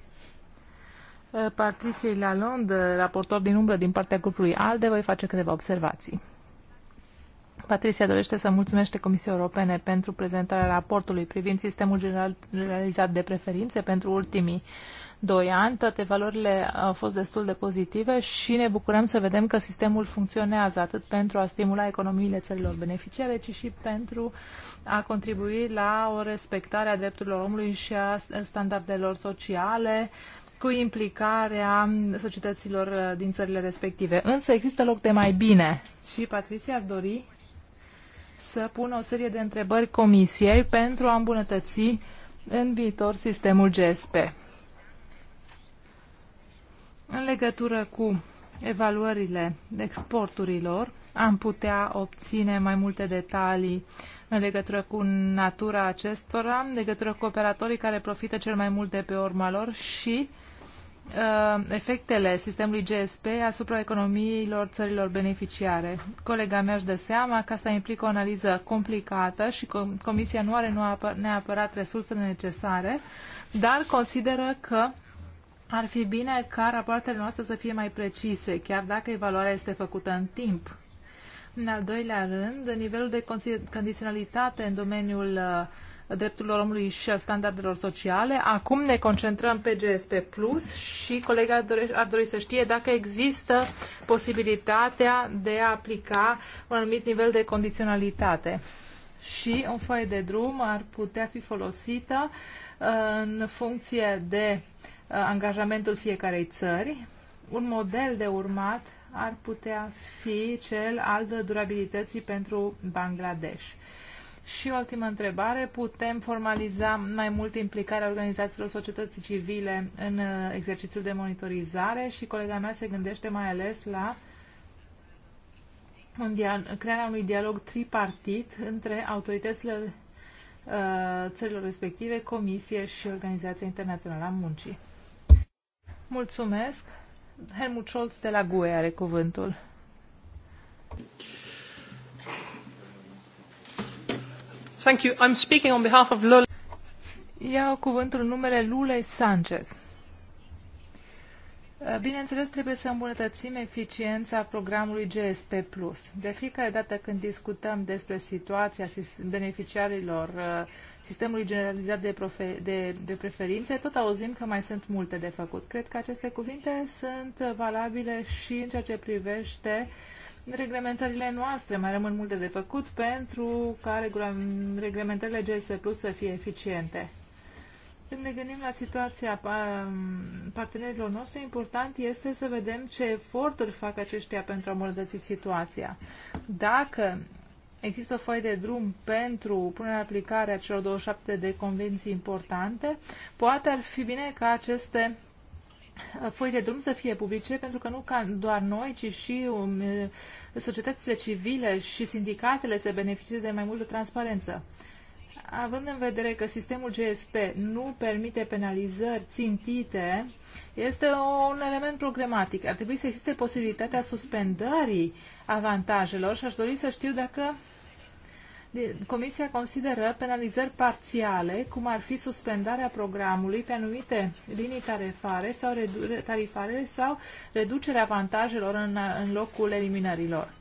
[SPEAKER 2] Eh, Patriciei Lalonde, raportor din umbră din partea grupului ALDE, voi face câteva observații. Patricia dorește să mulțumește Comisiei Europene pentru prezentarea raportului privind sistemul generalizat de preferințe pentru ultimii doi ani. Toate valorile au fost destul de pozitive și ne bucurăm să vedem că sistemul funcționează atât pentru a stimula economiile țărilor beneficiare, ci și pentru a contribui la o respectare a drepturilor omului și a standardelor sociale, uh, cu implicarea societăților uh, din țările respective. Însă există loc de mai bine și Patricia ar dori să pună o serie de întrebări comisiei pentru a îmbunătăți în viitor sistemul GSP. În legătură cu evaluările exporturilor, am putea obține mai multe detalii în legătură cu natura acestora, în legătură cu operatorii care profită cel mai mult de pe urma lor și uh, Uh, efectele sistemului GSP asupra economiilor țărilor beneficiare. Colega mea își dă seama că asta implică o analiză complicată și Comisia nu are neapărat resursele necesare, dar consideră că ar fi bine ca rapoartele noastre să fie mai precise, chiar dacă evaluarea este făcută în timp. În al doilea rând, nivelul de condiționalitate în domeniul uh, drepturilor omului și a standardelor sociale. Acum ne concentrăm pe GSP Plus și colega ar dori să știe dacă există posibilitatea de a aplica un anumit nivel de condiționalitate. Și o foaie de drum ar putea fi folosită uh, în funcție de uh, angajamentul fiecarei țări. Un model de urmat ar putea fi cel al durabilității pentru Bangladesh. Și o ultimă întrebare, putem formaliza mai mult implicarea organizațiilor societății civile în uh, exercițiul de monitorizare și colega mea se gândește mai ales la un crearea unui dialog tripartit între autoritățile uh, țărilor respective, Comisie și Organizația Internațională a Muncii. Mulțumesc! Helmut Scholz de la GUE are cuvântul. Thank you. I'm speaking on behalf of Lula. Iau cuvântul în numele Lulei Sanchez. Eh, bineînțeles, trebuie să îmbunătățim eficiența programului GSP+. De fiecare dată când discutăm despre situația beneficiarilor eh, sistemului generalizat de, profe- de, de preferințe, tot auzim că mai sunt multe de făcut. Cred că aceste cuvinte sunt valabile și în ceea ce privește uh, reglementările noastre. Mai rămân multe de făcut pentru ca reglementările GSP Plus să fie eficiente. Când ne gândim la situația um, partenerilor noștri, important este să vedem ce eforturi fac aceștia pentru a îmbunătăți situația. Dacă Există foaie de drum pentru punerea aplicare a celor 27 de convenții importante. Poate ar fi bine ca aceste foi de drum să fie publice, pentru că nu ca doar noi, ci și um, societățile civile și sindicatele se beneficie de mai multă transparență. Având în vedere că sistemul GSP nu permite penalizări țintite, este un element problematic. Ar trebui să existe posibilitatea suspendării avantajelor și aș dori să știu dacă Comisia consideră penalizări parțiale, cum ar fi suspendarea programului pe anumite linii tarifare sau, redu- tarifare sau reducerea avantajelor în, în locul eliminărilor.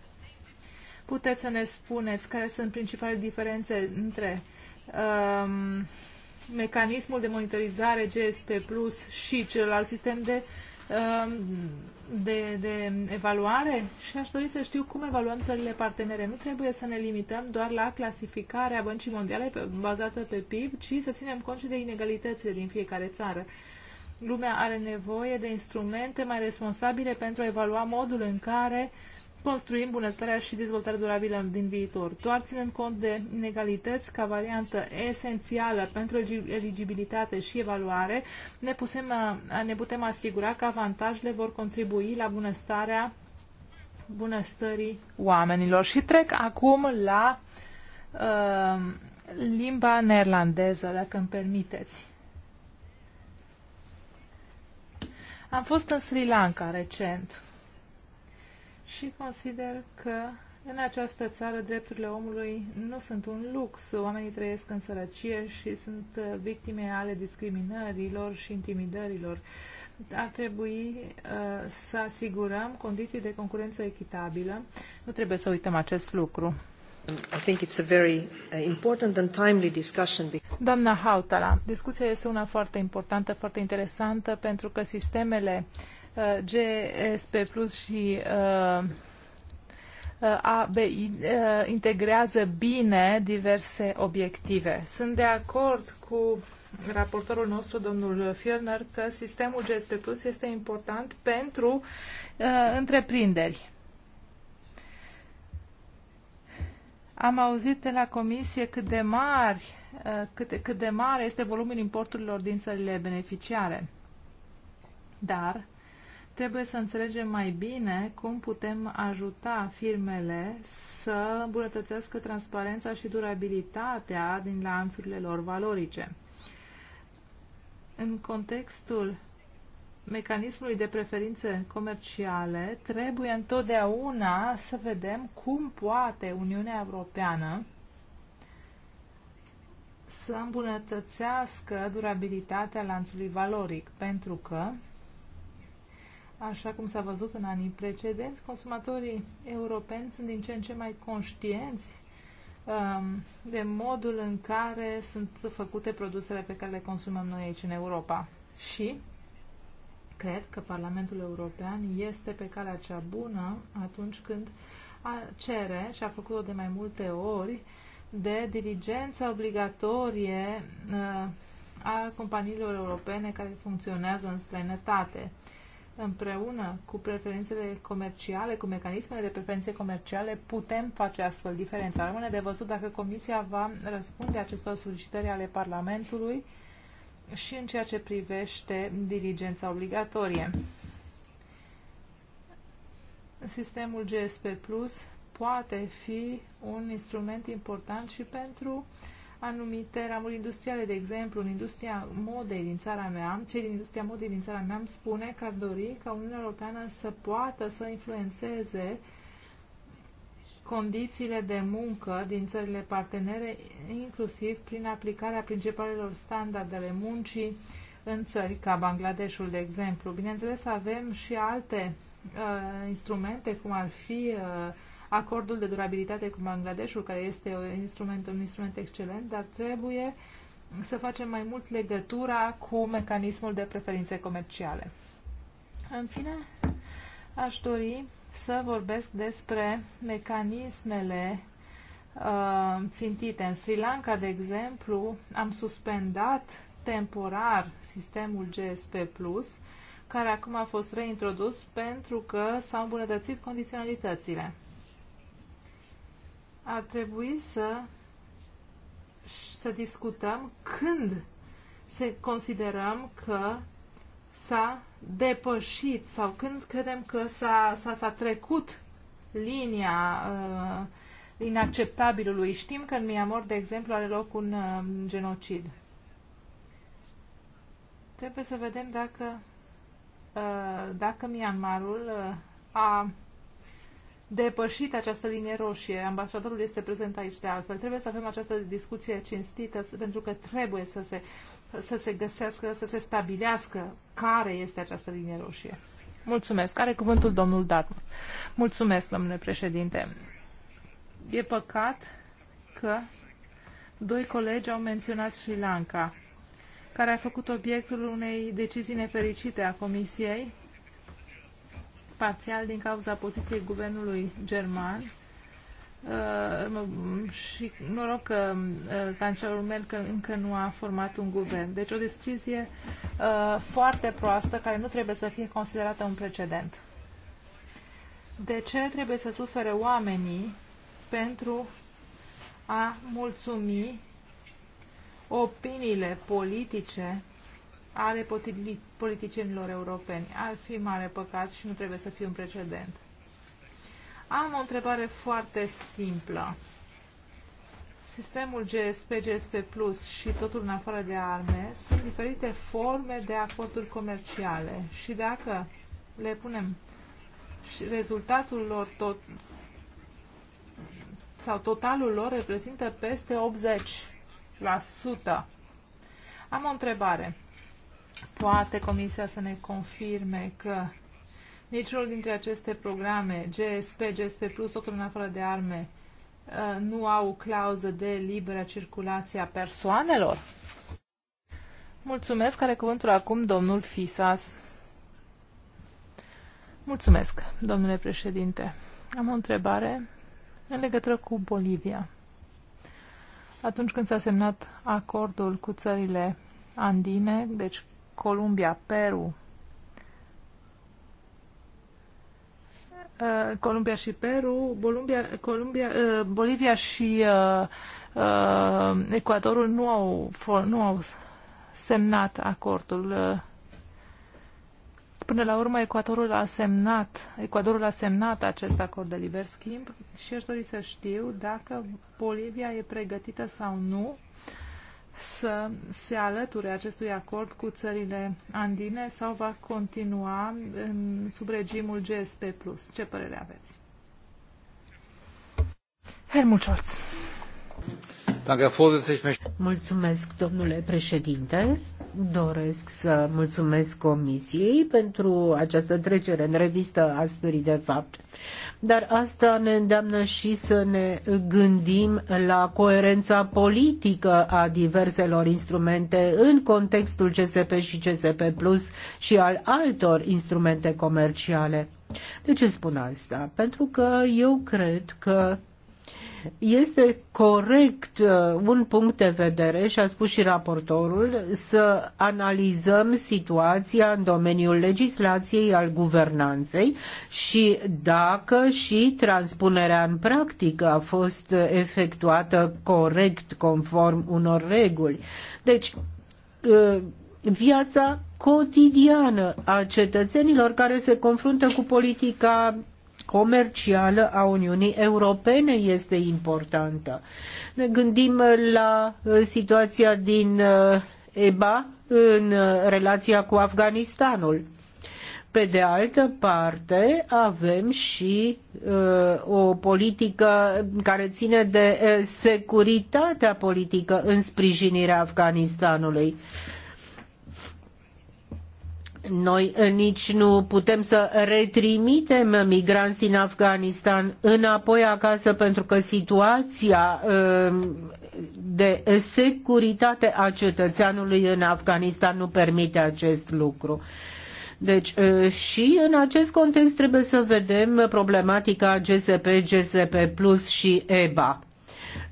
[SPEAKER 2] Puteți să ne spuneți care sunt principalele diferențe între um, mecanismul de monitorizare GSP Plus și celălalt sistem de Ehm, de, de evaluare și aș dori să știu cum evaluăm țările partenere. Nu trebuie să ne limităm doar la clasificarea băncii mondiale bazată pe PIB, ci să ținem cont și de inegalitățile din fiecare țară. Lumea are nevoie de instrumente mai responsabile pentru a evalua modul în care uh, construim bunăstarea și dezvoltarea durabilă din viitor, doar ținând cont de inegalități ca variantă esențială pentru eligibilitate și evaluare, ne, pusem, ne putem asigura că avantajele vor contribui la bunăstarea bunăstării oamenilor. Și trec acum la uh, limba neerlandeză, dacă îmi permiteți. Am fost în Sri Lanka recent și consider că în această țară drepturile omului nu sunt un lux. Oamenii trăiesc în sărăcie și sunt uh, victime ale discriminărilor și intimidărilor. Ar trebui uh, să asigurăm condiții de concurență echitabilă. Nu trebuie să uităm acest lucru. I
[SPEAKER 1] think it's a very uh, important and timely discussion.
[SPEAKER 2] Doamna Hautala, discuția este una foarte importantă, foarte interesantă, pentru că sistemele uh, GSP Plus și uh, uh, ABI uh, integrează bine diverse obiective. Sunt de acord cu raportorul nostru, domnul Fielner, că sistemul GSP Plus este important pentru uh, întreprinderi. Am auzit de la comisie cât de mari, cât, cât de mare este volumul importurilor din țările beneficiare. Dar Trebuie să înțelegem mai bine cum putem ajuta firmele să îmbunătățească transparența și durabilitatea din lanțurile lor valorice. În contextul mecanismului de preferințe comerciale, trebuie întotdeauna să vedem cum poate Uniunea Europeană să îmbunătățească durabilitatea lanțului valoric, pentru că Așa cum s-a văzut în anii precedenți, consumatorii europeni sunt din ce în ce mai conștienți um, de modul în care sunt făcute produsele pe care le consumăm noi aici în Europa. Și cred că Parlamentul European este pe calea cea bună atunci când a cere și a făcut-o de mai multe ori de diligența obligatorie uh, a companiilor europene care funcționează în străinătate. Uh, împreună cu preferințele comerciale, cu mecanismele de preferințe comerciale, putem face astfel diferența. Rămâne de văzut dacă Comisia va răspunde acestor solicitări ale Parlamentului și în ceea ce privește diligența obligatorie. Sistemul GSP Plus poate fi un instrument important și pentru uh, anumite ramuri industriale, de exemplu, în industria modei din țara mea, cei din industria modei din țara mea îmi spune că ar dori ca Uniunea Europeană să poată să influențeze condițiile de muncă din țările partenere, inclusiv prin aplicarea principalelor standarde ale muncii în țări ca Bangladeshul, de exemplu. Bineînțeles, avem și alte uh, instrumente, cum ar fi uh, acordul de durabilitate cu Bangladeshul, care este un instrument, un instrument excelent, dar trebuie să facem mai mult legătura cu mecanismul de preferințe comerciale. În fine, aș dori să vorbesc despre mecanismele uh, țintite. În Sri Lanka, de exemplu, am suspendat temporar sistemul GSP+, care acum a fost reintrodus pentru că s-au îmbunătățit condiționalitățile ar trebui să, să discutăm când se considerăm că s-a depășit sau când credem că s-a, s-a, s-a trecut linia uh, inacceptabilului. Știm că în Miamor, de exemplu, are loc un uh, genocid. Trebuie să vedem dacă, uh, dacă Myanmarul uh, a depășit această linie roșie. Ambasadorul este prezent aici de altfel. Trebuie să avem această discuție cinstită pentru că trebuie să se, să se găsească, să se stabilească care este această linie roșie. Mulțumesc. Are cuvântul domnul Dartmouth. Mulțumesc, domnule președinte. E păcat că doi colegi au menționat Sri Lanka, care a făcut obiectul unei decizii nefericite a Comisiei parțial din cauza poziției guvernului german uh, și noroc că uh, cancelarul Merkel încă nu a format un guvern. Deci o decizie uh, foarte proastă care nu trebuie să fie considerată un precedent. De ce trebuie să sufere oamenii pentru a mulțumi opiniile politice ale politicienilor europeni. Ar fi mare păcat și nu trebuie să fie un precedent. Am o întrebare foarte simplă. Sistemul GSP, GSP Plus și totul în afară de arme sunt diferite forme de acorduri comerciale și dacă le punem și rezultatul lor tot sau totalul lor reprezintă peste 80%. Am o întrebare poate Comisia să ne confirme că niciunul dintre aceste programe, GSP, GSP+, totul în afară de arme, uh, nu au clauză de liberă circulație a persoanelor? Mulțumesc. Are cuvântul acum domnul Fisas. Mulțumesc, domnule președinte. Am o întrebare în legătură cu Bolivia. Atunci când s-a semnat acordul cu țările andine, deci Columbia, Peru. Uh, Columbia și Peru, Bolivia, Columbia, uh, Bolivia și uh, uh, Ecuadorul nu au, nu au semnat acordul. Uh, Până la urmă, Ecuadorul a semnat, Ecuadorul a semnat acest acord de liber schimb și aș dori să știu dacă Bolivia e pregătită sau nu să se alăture acestui acord cu țările andine sau va continua în, sub regimul GSP+.
[SPEAKER 1] Ce părere aveți?
[SPEAKER 2] Helmut Scholz.
[SPEAKER 1] Mulțumesc, domnule președinte doresc să mulțumesc Comisiei pentru această trecere în revistă a stării de fapt. Dar asta ne îndeamnă și să ne gândim la coerența politică a diverselor instrumente în contextul CSP și CSP Plus și al altor instrumente comerciale. De ce spun asta? Pentru că eu cred că este corect uh, un punct de vedere, și a spus și raportorul, să analizăm situația în domeniul legislației al guvernanței și dacă și transpunerea în practică a fost efectuată corect, conform unor reguli. Deci, uh, viața cotidiană a cetățenilor care se confruntă cu politica comercială a Uniunii Europene este importantă. Ne gândim la uh, situația din uh, EBA în uh, relația cu Afganistanul. Pe de altă parte, avem și uh, o politică care ține de uh, securitatea politică în sprijinirea Afganistanului. Uh, noi eh, nici nu putem să retrimitem migranți din Afganistan înapoi acasă pentru că situația eh, de securitate a cetățeanului în Afganistan nu permite acest lucru. Deci eh, și în acest context trebuie să vedem problematica GSP, GSP Plus și EBA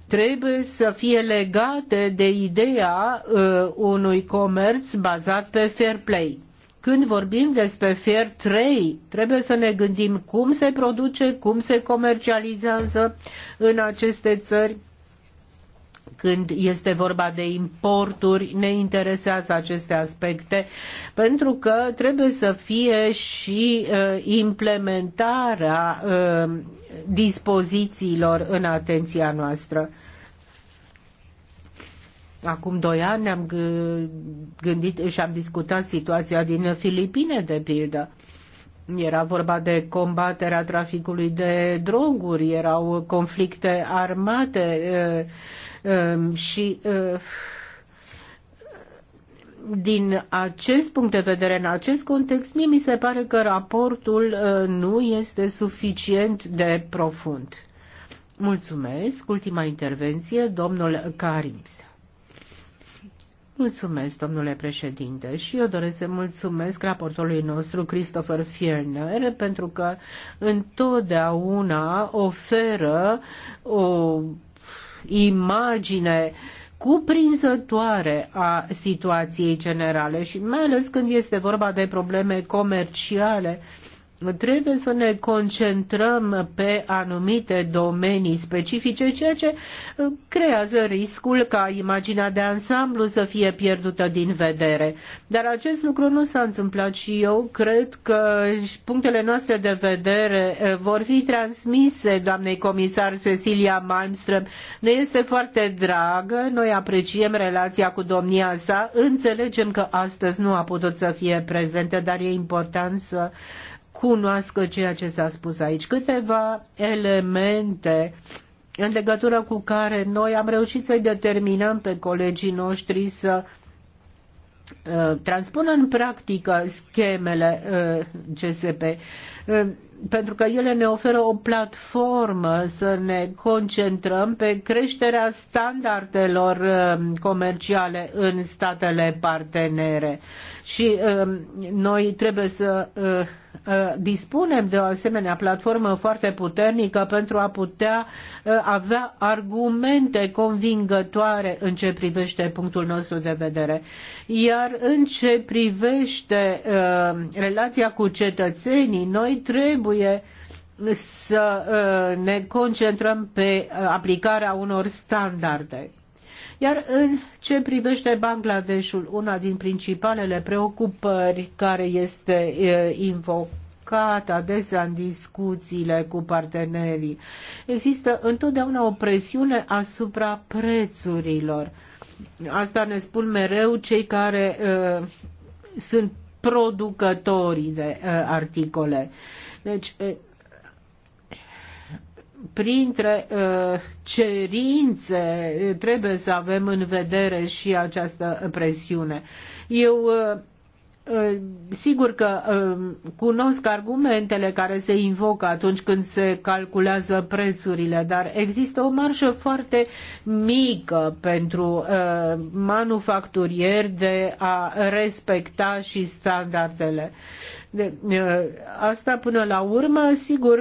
[SPEAKER 1] trebuie să fie legate de ideea uh, unui comerț bazat pe fair play. Când vorbim despre Fair Trade, trebuie să ne gândim cum se produce, cum se comercializează în aceste țări. Când este vorba de importuri, ne interesează aceste aspecte, pentru că trebuie să fie și uh, implementarea uh, dispozițiilor în atenția noastră. Acum doi ani ne-am gândit și am discutat situația din Filipine, de pildă. Era vorba de combaterea traficului de droguri, erau conflicte armate și din acest punct de vedere, în acest context, mie mi se pare că raportul nu este suficient de profund. Mulțumesc. Ultima intervenție, domnul Carims. Mulțumesc, domnule președinte, și eu doresc să mulțumesc raportorului nostru, Christopher Fierner, pentru că întotdeauna oferă o imagine cuprinzătoare a situației generale și mai ales când este vorba de probleme comerciale uh, trebuie să ne concentrăm pe anumite domenii specifice, ceea ce uh, creează riscul ca imaginea de ansamblu să fie pierdută din vedere. Dar acest lucru nu s-a întâmplat și eu cred că punctele noastre de vedere uh, vor fi transmise doamnei comisar Cecilia Malmström. Ne este foarte dragă, noi apreciem relația cu domnia sa, înțelegem că astăzi nu a putut să fie prezentă, dar e important să cunoască ceea ce s-a spus aici. Câteva elemente în legătură cu care noi am reușit să-i determinăm pe colegii noștri să uh, transpună în practică schemele uh, CSP, uh, pentru că ele ne oferă o platformă să ne concentrăm pe creșterea standardelor comerciale în statele partenere. Și noi trebuie să Uh, dispunem de o asemenea platformă foarte puternică pentru a putea uh, avea argumente convingătoare în ce privește punctul nostru de vedere. Iar în ce privește uh, relația cu cetățenii, noi trebuie să ne concentrăm pe aplicarea unor standarde. Iar în ce privește Bangladeshul, una din principalele preocupări care este invocată, adesea în discuțiile cu partenerii. Există întotdeauna o presiune asupra prețurilor. Asta ne spun mereu cei care uh, sunt producătorii de uh, articole. Deci, uh, printre uh, cerințe trebuie să avem în vedere și această presiune. Eu uh, Uh, sigur că uh, cunosc argumentele care se invocă atunci când se calculează prețurile, dar există o marjă foarte mică pentru uh, manufacturieri de a respecta și standardele. De, asta până la urmă, sigur,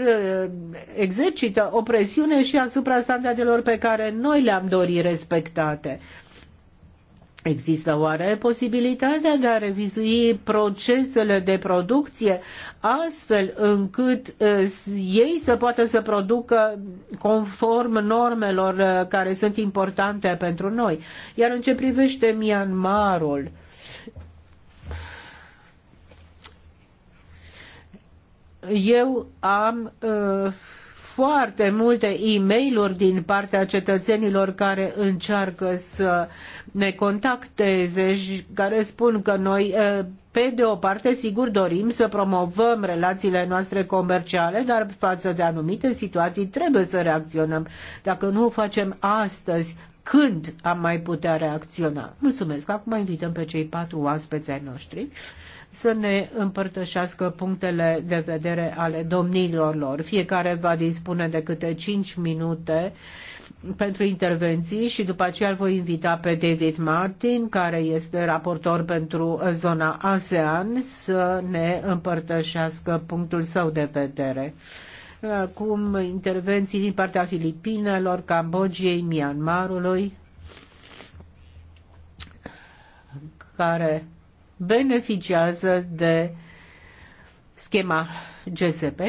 [SPEAKER 1] exercită o presiune și asupra standardelor pe care noi le-am dorit respectate. Există oare posibilitatea de a revizui procesele de producție astfel încât uh, ei să poată să producă conform normelor uh, care sunt importante pentru noi? Iar în ce privește Myanmarul, eu am uh, foarte multe e mail din partea cetățenilor care încearcă să ne contacteze și care spun că noi pe de o parte, sigur, dorim să promovăm relațiile noastre comerciale, dar față de anumite situații trebuie să reacționăm. Dacă nu o facem astăzi, când am mai putea reacționa? Mulțumesc. Acum invităm pe cei patru oaspeți ai noștri să ne împărtășească punctele de vedere ale domnilor lor. Fiecare va dispune de câte 5 minute pentru intervenții și după aceea îl voi invita pe David Martin, care este raportor pentru zona ASEAN, să ne împărtășească punctul său de vedere. Acum intervenții din partea Filipinelor, Cambodgiei, Myanmarului, care beneficiază de schema GSP.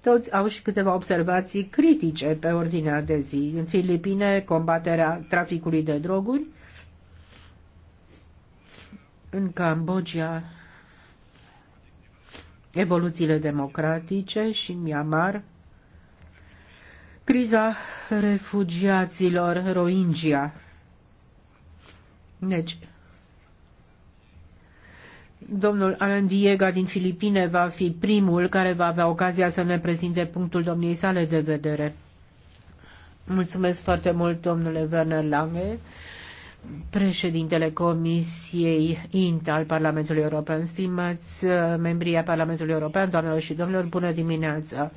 [SPEAKER 1] Toți au și câteva observații critice pe ordinea de zi. În Filipine, combaterea traficului de droguri. În Cambodgia, evoluțiile democratice și în Myanmar, criza refugiaților Rohingya. Deci, Domnul Alan Diega din Filipine va fi primul care va avea ocazia să ne prezinte punctul domniei sale de vedere. Mulțumesc foarte mult, domnule Werner Lange, președintele Comisiei INT al Parlamentului European. Stimați uh, membrii a Parlamentului European, doamnelor și domnilor, bună dimineața!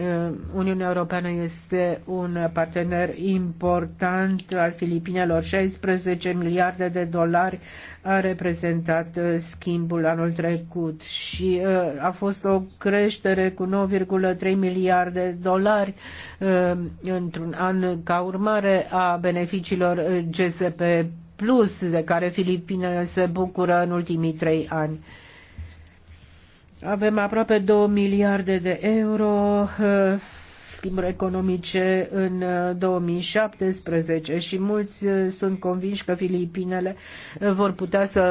[SPEAKER 1] Eh, Uniunea Europeană este un partener important al Filipinelor. 16 miliarde de dolari a reprezentat eh, schimbul anul trecut și eh, a fost o creștere cu 9,3 miliarde de dolari într-un an ca urmare a beneficiilor GSP Plus de care Filipinele se bucură în ultimii trei ani. Avem aproape 2 miliarde de euro eh, schimburi economice în 2017 eh, și mulți eh, sunt convinși că Filipinele vor putea să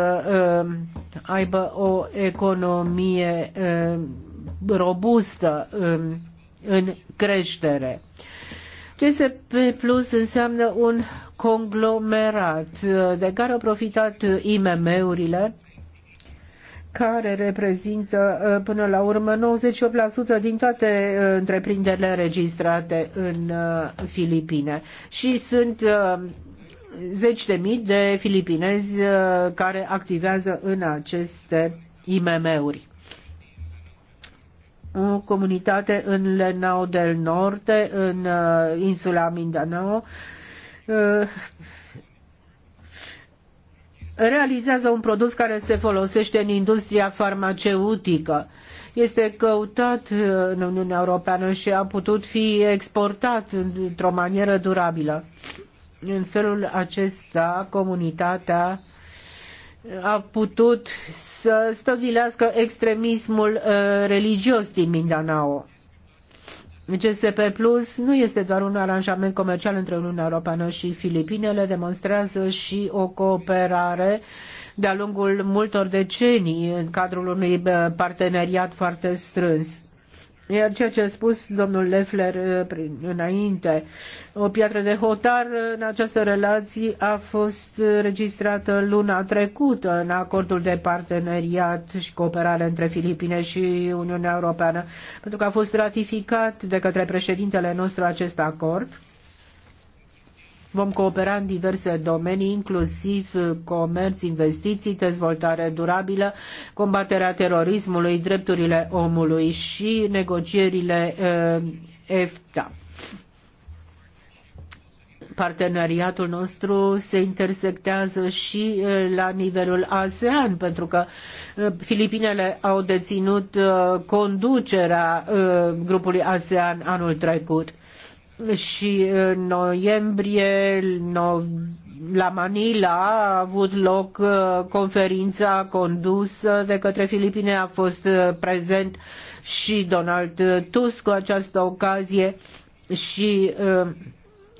[SPEAKER 1] aibă o economie robustă în creștere. GSP Plus înseamnă un conglomerat de care au profitat IMM-urile care reprezintă uh, până la urmă 98% din toate uh, întreprinderile registrate în uh, Filipine. Și sunt zeci de mii de filipinezi care activează în aceste IMM-uri. O comunitate în Lenau del Norte, în insula Mindanao, realizează un produs care se folosește în industria farmaceutică. Este căutat uh, în Uniunea Europeană și a putut fi exportat într-o manieră durabilă. În felul acesta, comunitatea a putut să stăvilească extremismul uh, religios din Mindanao. GSP Plus nu este doar un aranjament comercial între Uniunea Europeană și Filipinele, demonstrează și o cooperare de-a lungul multor decenii în cadrul unui uh, parteneriat foarte strâns. Iar ceea ce a spus domnul Leffler uh, prin, înainte, o piatră de hotar uh, în această relație a fost uh, registrată luna trecută în acordul de parteneriat și cooperare între Filipine și Uniunea Europeană, pentru că a fost ratificat de către președintele nostru acest acord Vom coopera în diverse domenii, inclusiv comerț, investiții, dezvoltare durabilă, combaterea terorismului, drepturile omului și negocierile uh, EFTA parteneriatul nostru se intersectează și uh, la nivelul ASEAN, pentru că uh, Filipinele au deținut conducerea grupului ASEAN anul trecut și în noiembrie no, la Manila a avut loc uh, conferința condusă de către Filipine, a fost uh, prezent și Donald Tusk cu această ocazie și uh,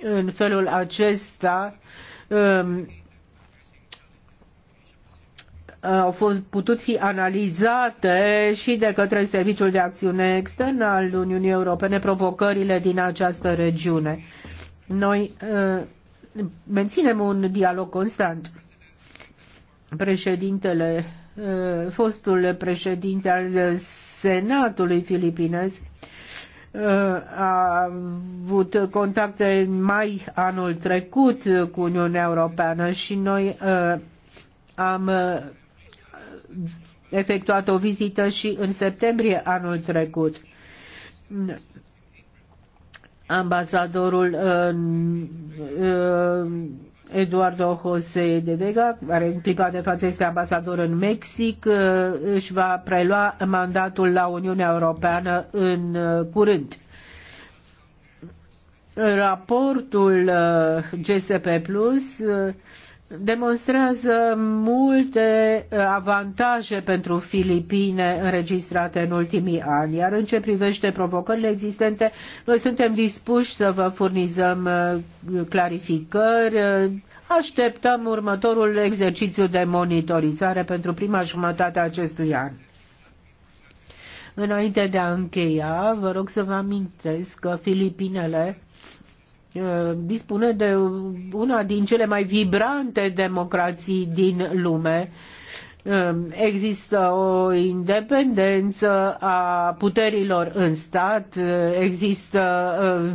[SPEAKER 1] în felul acesta um, Uh, au fost putut fi analizate și de către Serviciul de Acțiune Externă al Uniunii Europene provocările din această regiune. Noi uh, menținem un dialog constant. Președintele, uh, fostul președinte al Senatului filipinez, a avut contacte mai anul trecut cu Uniunea Europeană și noi am efectuat o vizită și în septembrie anul trecut. Ambasadorul uh, uh, Eduardo José de Vega, care în clipa de față este ambasador în Mexic, uh, își va prelua mandatul la Uniunea Europeană în curând. Raportul GSP Plus demonstrează multe uh, avantaje pentru Filipine înregistrate în ultimii ani, iar în ce privește provocările existente, noi suntem dispuși să vă furnizăm uh, clarificări, uh, așteptăm următorul exercițiu de monitorizare pentru prima jumătate a acestui an. Înainte de a încheia, vă rog să vă amintesc că Filipinele Uh, dispune de una din cele mai vibrante democrații din lume. Uh, există o independență a puterilor în stat, uh, există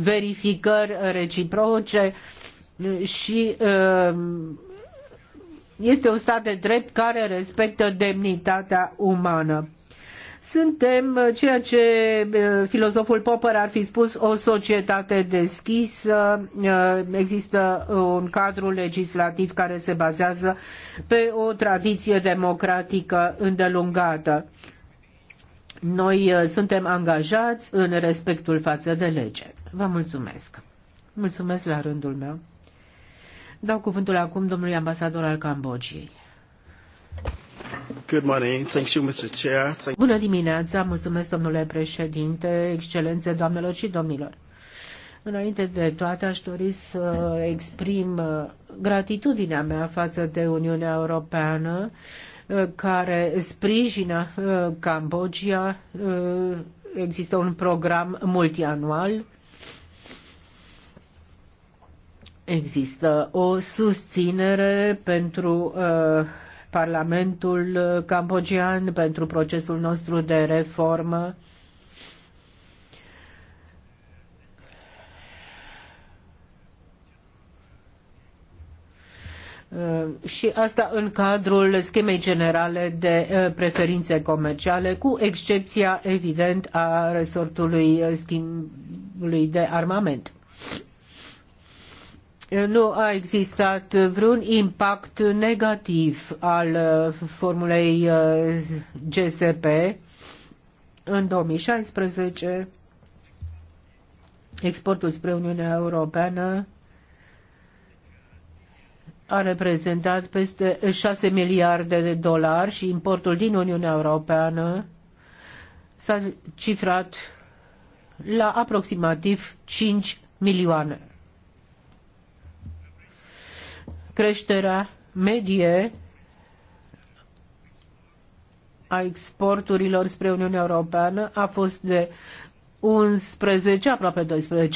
[SPEAKER 1] verificări reciproce și este un stat de drept care respectă demnitatea umană. Suntem uh, ceea ce uh, filozoful Popper ar fi spus o societate deschisă, uh, există un cadru legislativ care se bazează pe o tradiție democratică îndelungată. Noi suntem angajați în respectul față de lege. Vă mulțumesc. Mulțumesc la rândul meu. Dau cuvântul acum domnului ambasador al Cambodgiei. Good morning. Thank you, Mr. Chair. Thank Bună dimineața, mulțumesc domnule președinte, excelențe doamnelor și domnilor. Înainte de toate, aș dori să exprim uh, gratitudinea mea față de Uniunea Europeană uh, care sprijină uh, Cambodgia. Există un program multianual Există o susținere pentru uh, Parlamentul uh, cambogian pentru procesul nostru de reformă. Uh, și asta în cadrul schemei generale de uh, preferințe comerciale, cu excepția, evident, a resortului schimbului de armament nu a existat vreun impact negativ al uh, formulei uh, GSP în 2016 exportul spre Uniunea Europeană a reprezentat peste 6 miliarde de dolari și importul din Uniunea Europeană s-a cifrat la aproximativ 5 milioane creșterea medie a exporturilor spre Uniunea Europeană a fost de 11, aproape 12%,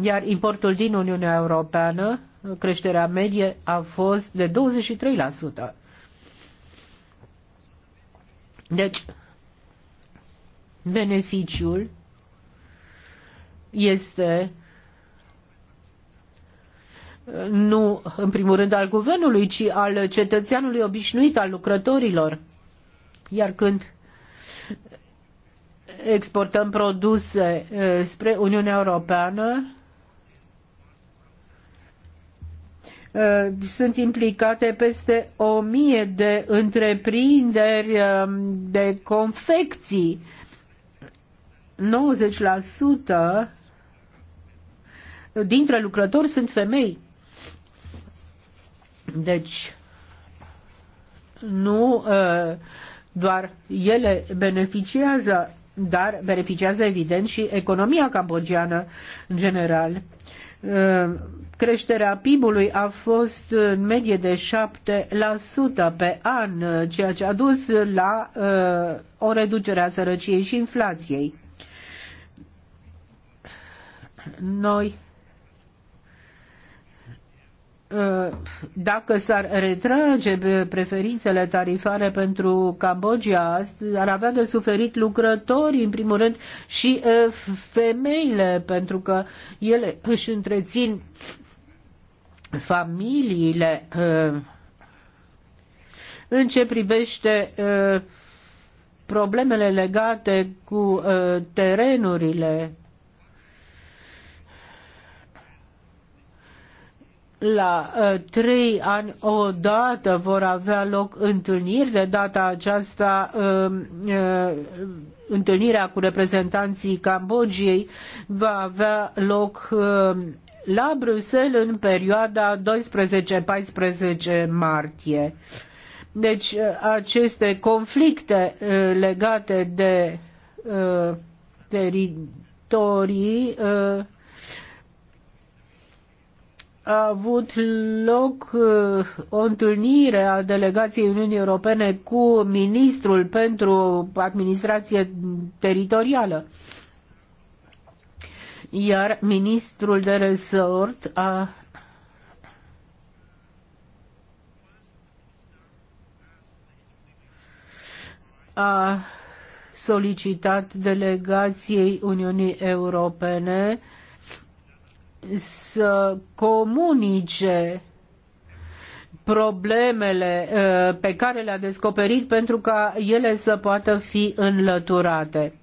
[SPEAKER 1] iar importul din Uniunea Europeană, creșterea medie, a fost de 23%. Deci, beneficiul este nu în primul rând al guvernului, ci al cetățeanului obișnuit, al lucrătorilor. Iar când exportăm produse spre Uniunea Europeană, sunt implicate peste o mie de întreprinderi de confecții. 90% dintre lucrători sunt femei. Deci, nu uh, doar ele beneficiază, dar beneficiază evident și economia cambogiană în general. Uh, creșterea PIB-ului a fost în medie de 7% pe an, uh, ceea ce a dus la o reducere a sărăciei și inflației. Noi dacă s-ar retrage preferințele tarifare pentru Cambodgia, ar avea de suferit lucrătorii, în primul rând, și femeile, pentru că ele își întrețin familiile. În ce privește problemele legate cu terenurile la ă, trei ani o dată vor avea loc întâlniri, de data aceasta ă, ă, întâlnirea cu reprezentanții Cambodgiei va avea loc la Bruxelles în perioada 12-14 martie. Deci aceste conflicte legate de teritorii a avut loc uh, o întâlnire a delegației Uniunii Europene cu ministrul pentru administrație teritorială. Iar ministrul de resort a a solicitat delegației Uniunii Europene să comunice problemele uh, pe care le-a descoperit pentru ca ele să poată fi înlăturate.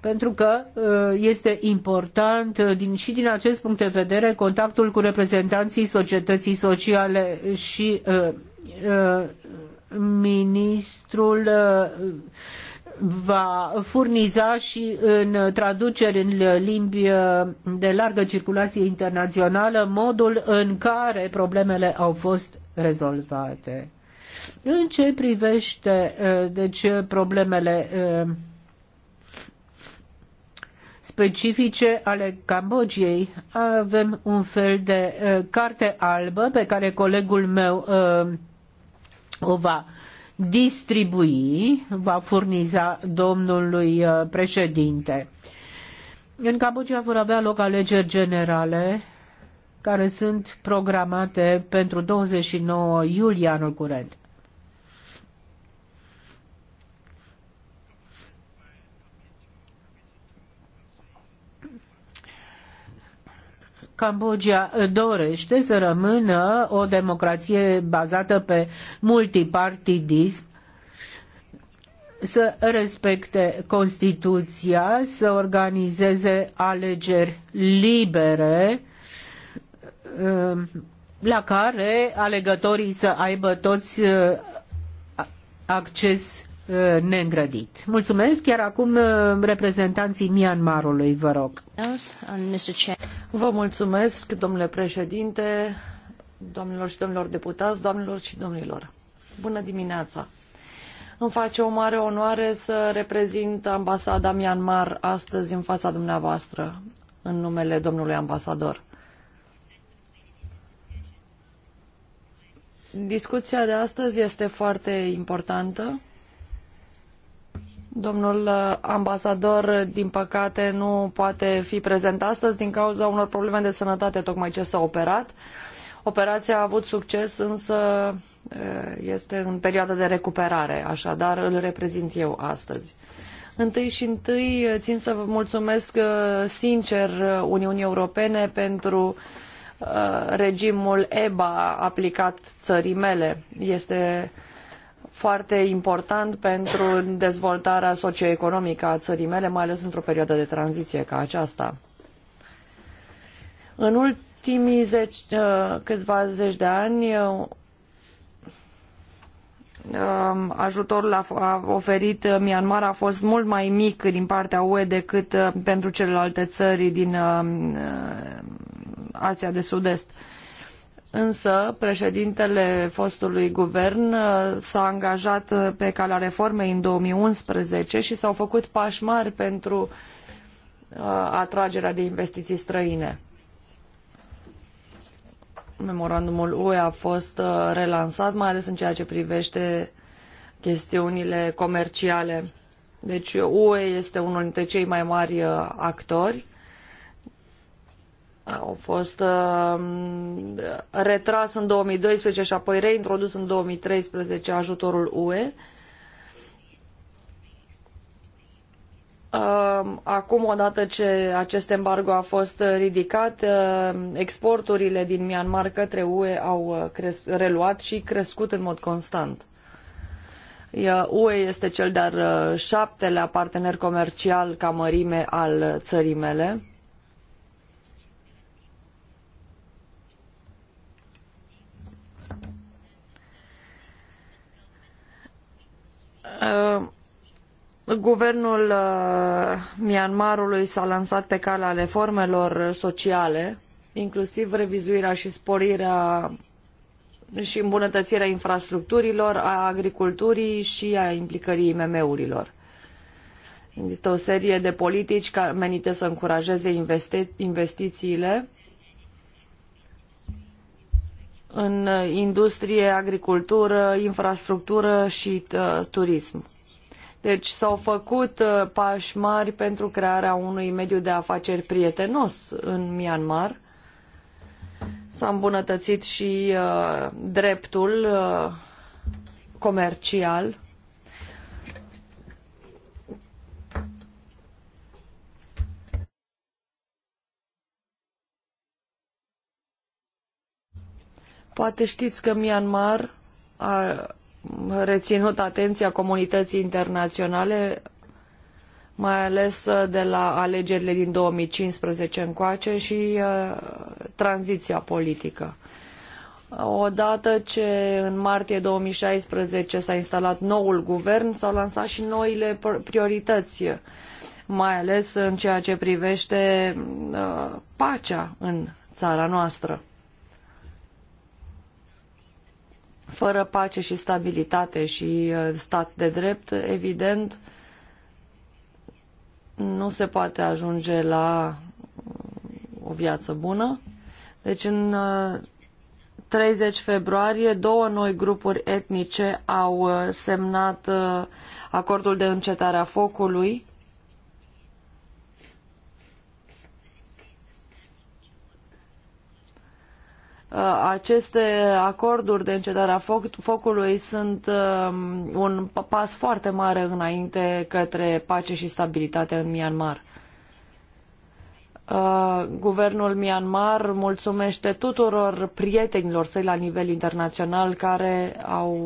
[SPEAKER 1] Pentru că uh, este important uh, din, și din acest punct de vedere contactul cu reprezentanții societății sociale și ministrul va furniza și în traduceri în limbi uh, de largă circulație internațională modul în care problemele au fost rezolvate. În ce privește uh, deci problemele uh, specifice ale Cambodgiei. Avem un fel de carte albă pe care colegul meu o va distribui, va furniza domnului uh, președinte. În Cambodgia vor avea loc alegeri generale care sunt programate pentru 29 iulie anul curent. Cambodgia dorește să rămână o democrație bazată pe multipartidism, să respecte Constituția, să organizeze alegeri libere, um, la care alegătorii să aibă toți uh, acces Uh, neîngrădit. Mulțumesc, iar acum
[SPEAKER 3] uh, reprezentanții Myanmarului, vă rog. Vă mulțumesc, domnule președinte, domnilor și domnilor deputați, doamnelor și domnilor. Bună dimineața! Îmi face o mare onoare să reprezint ambasada Myanmar astăzi în fața dumneavoastră, în numele domnului ambasador. Discuția de astăzi este foarte importantă Domnul uh, ambasador, din păcate, nu poate fi prezent astăzi din cauza unor probleme de sănătate tocmai ce s-a operat. Operația a avut succes, însă uh, este în perioadă de recuperare, așadar îl reprezint eu astăzi. Întâi și întâi uh, țin să vă mulțumesc sincer Uniunii Europene pentru regimul EBA aplicat țării mele. Este foarte important pentru dezvoltarea socioeconomică a țării mele, mai ales într-o perioadă de tranziție ca aceasta. În ultimii zeci, uh, câțiva zeci de ani, um, ajutorul oferit Myanmar a fost mult mai mic din partea UE decât uh, pentru celelalte țări din um, uh, Asia de Sud-Est. Însă, președintele fostului guvern uh, s-a angajat uh, pe calea reformei în 2011 și s-au făcut pași mari pentru uh, atragerea de investiții străine. Memorandumul UE a fost relansat, mai ales în ceea ce privește chestiunile comerciale. Deci UE este unul dintre cei mai mari actori au fost uh, retras în 2012 și apoi reintrodus în 2013 ajutorul UE. Uh, acum, odată ce acest embargo a fost ridicat, uh, exporturile din Myanmar către UE au uh, reluat și crescut în mod constant. UE este cel de-al șaptelea partener comercial ca mărime al țării mele Uh, guvernul uh, Myanmarului s-a lansat pe calea reformelor sociale, inclusiv revizuirea și sporirea și îmbunătățirea infrastructurilor, a agriculturii și a implicării IMM-urilor. Există o serie de politici menite să încurajeze investi- investițiile în industrie, agricultură, infrastructură și uh, turism. Deci s-au făcut uh, pași mari pentru crearea unui mediu de afaceri prietenos în Myanmar. S-a îmbunătățit și uh, dreptul comercial Poate știți că Myanmar a reținut atenția comunității internaționale, mai ales uh, de la alegerile din 2015 încoace și uh, tranziția politică. Odată ce în martie 2016 s-a instalat noul guvern, s-au lansat și noile priorități, mai ales în ceea ce privește uh, pacea în țara noastră. Fără pace și stabilitate și uh, stat de drept, evident, nu se poate ajunge la uh, o viață bună. Deci în 30 uh, februarie, două noi grupuri etnice au semnat acordul de încetare a focului Uh, aceste acorduri de încetare a foc, focului sunt um, un pas foarte mare înainte către pace și stabilitate în Myanmar. Uh, guvernul Myanmar mulțumește tuturor prietenilor săi la nivel internațional care au,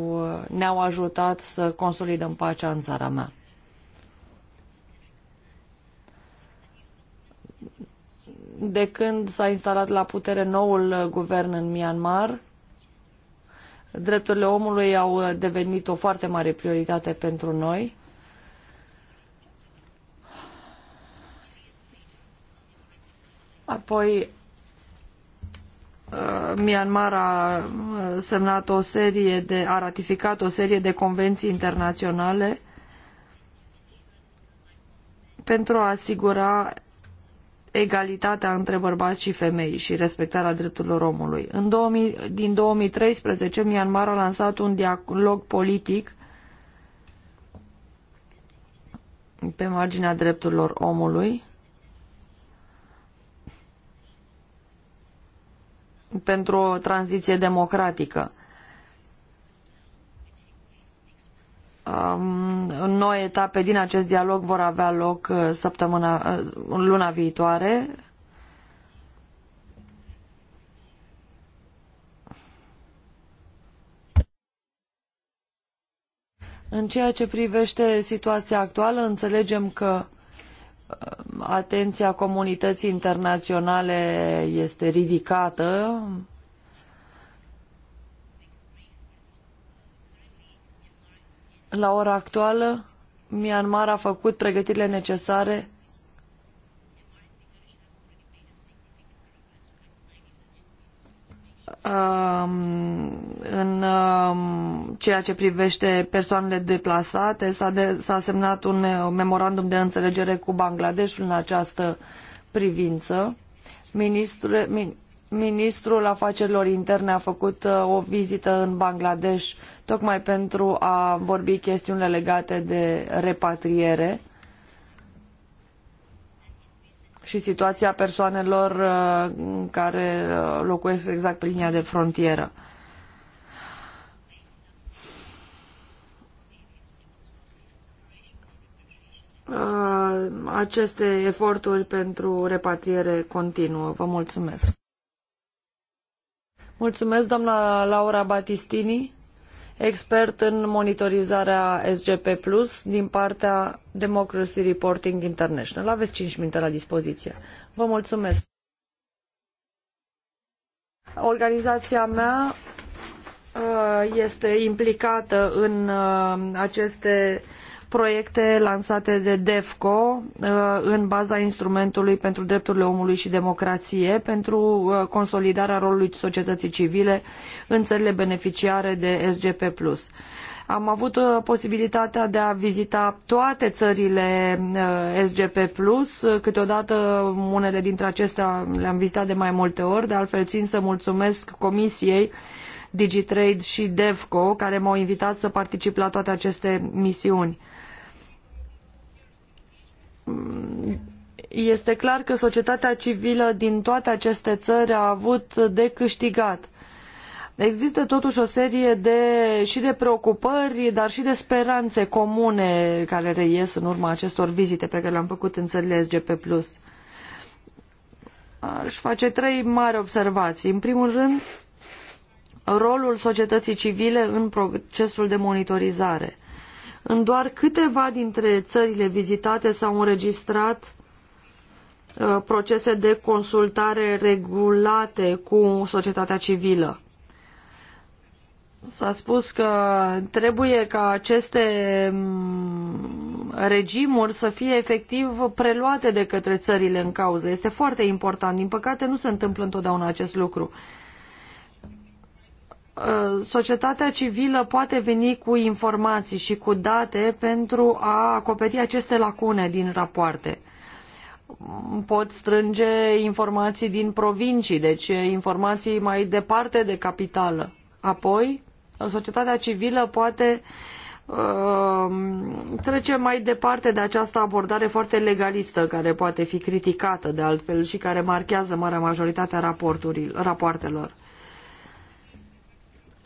[SPEAKER 3] uh, ne-au ajutat să consolidăm pacea în țara mea. de când s-a instalat la putere noul guvern în Myanmar, drepturile omului au devenit o foarte mare prioritate pentru noi. Apoi, uh, Myanmar a uh, semnat o serie de, a ratificat o serie de convenții internaționale pentru a asigura egalitatea între bărbați și femei și respectarea drepturilor omului. În 2000, din 2013, Myanmar a lansat un dialog politic pe marginea drepturilor omului pentru o tranziție democratică. Um, noi etape din acest dialog vor avea loc uh, săptămâna, uh, luna viitoare. În ceea ce privește situația actuală, înțelegem că um, atenția comunității internaționale este ridicată La ora actuală, Myanmar a făcut pregătirile necesare în ceea ce privește persoanele deplasate. S-a, de, semnat un memorandum de înțelegere cu Bangladeshul în această privință. Ministrul, min, ministrul afacerilor interne a făcut uh, o vizită în Bangladesh tocmai pentru a vorbi chestiunile legate de repatriere și situația persoanelor uh, care uh, locuiesc exact pe linia de frontieră. Aceste eforturi pentru repatriere continuă. Vă mulțumesc. Mulțumesc, doamna Laura Battistini, expert în monitorizarea SGP Plus din partea Democracy Reporting International. Aveți 5 minute la dispoziție. Vă mulțumesc. Organizația mea uh, este implicată în uh, aceste proiecte lansate de DEFCO uh, în baza instrumentului pentru drepturile omului și democrație pentru uh, consolidarea rolului societății civile în țările beneficiare de SGP+. Am avut uh, posibilitatea de a vizita toate țările SGP+, câteodată unele dintre acestea le-am vizitat de mai multe ori, de altfel țin să mulțumesc Comisiei DigiTrade și DevCo, care m-au invitat să particip la toate aceste misiuni este clar că societatea civilă din toate aceste țări a avut de câștigat. Există totuși o serie de, și de preocupări, dar și de speranțe comune care reies în urma acestor vizite pe care le-am făcut în țările SGP+. Aș face trei mari observații. În primul rând, rolul societății civile în procesul de monitorizare. În doar câteva dintre țările vizitate s-au înregistrat uh, procese de consultare regulate cu societatea civilă. S-a spus că trebuie ca aceste mm, regimuri să fie efectiv preluate de către țările în cauză. Este foarte important. Din păcate nu se întâmplă întotdeauna acest lucru. Uh, societatea civilă poate veni cu informații și cu date pentru a acoperi aceste lacune din rapoarte. Pot strânge informații din provincii, deci informații mai departe de capitală. Apoi, societatea civilă poate uh, trece mai departe de această abordare foarte legalistă care poate fi criticată de altfel și care marchează marea majoritate a raporturilor, rapoartelor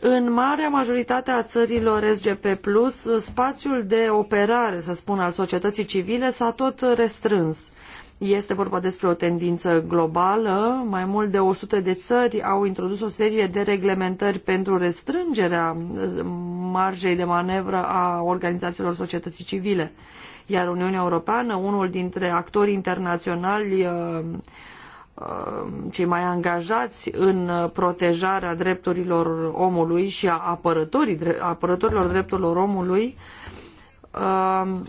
[SPEAKER 3] în marea majoritate a țărilor SGP+, Plus, spațiul de operare, să spun, al societății civile s-a tot restrâns. Este vorba despre o tendință globală. Mai mult de 100 de țări au introdus o serie de reglementări pentru restrângerea eh, marjei de manevră a organizațiilor societății civile. Iar Uniunea Europeană, unul dintre actorii internaționali eh, Um, cei mai angajați în protejarea drepturilor omului și a apărătorii, apărătorilor drepturilor omului um,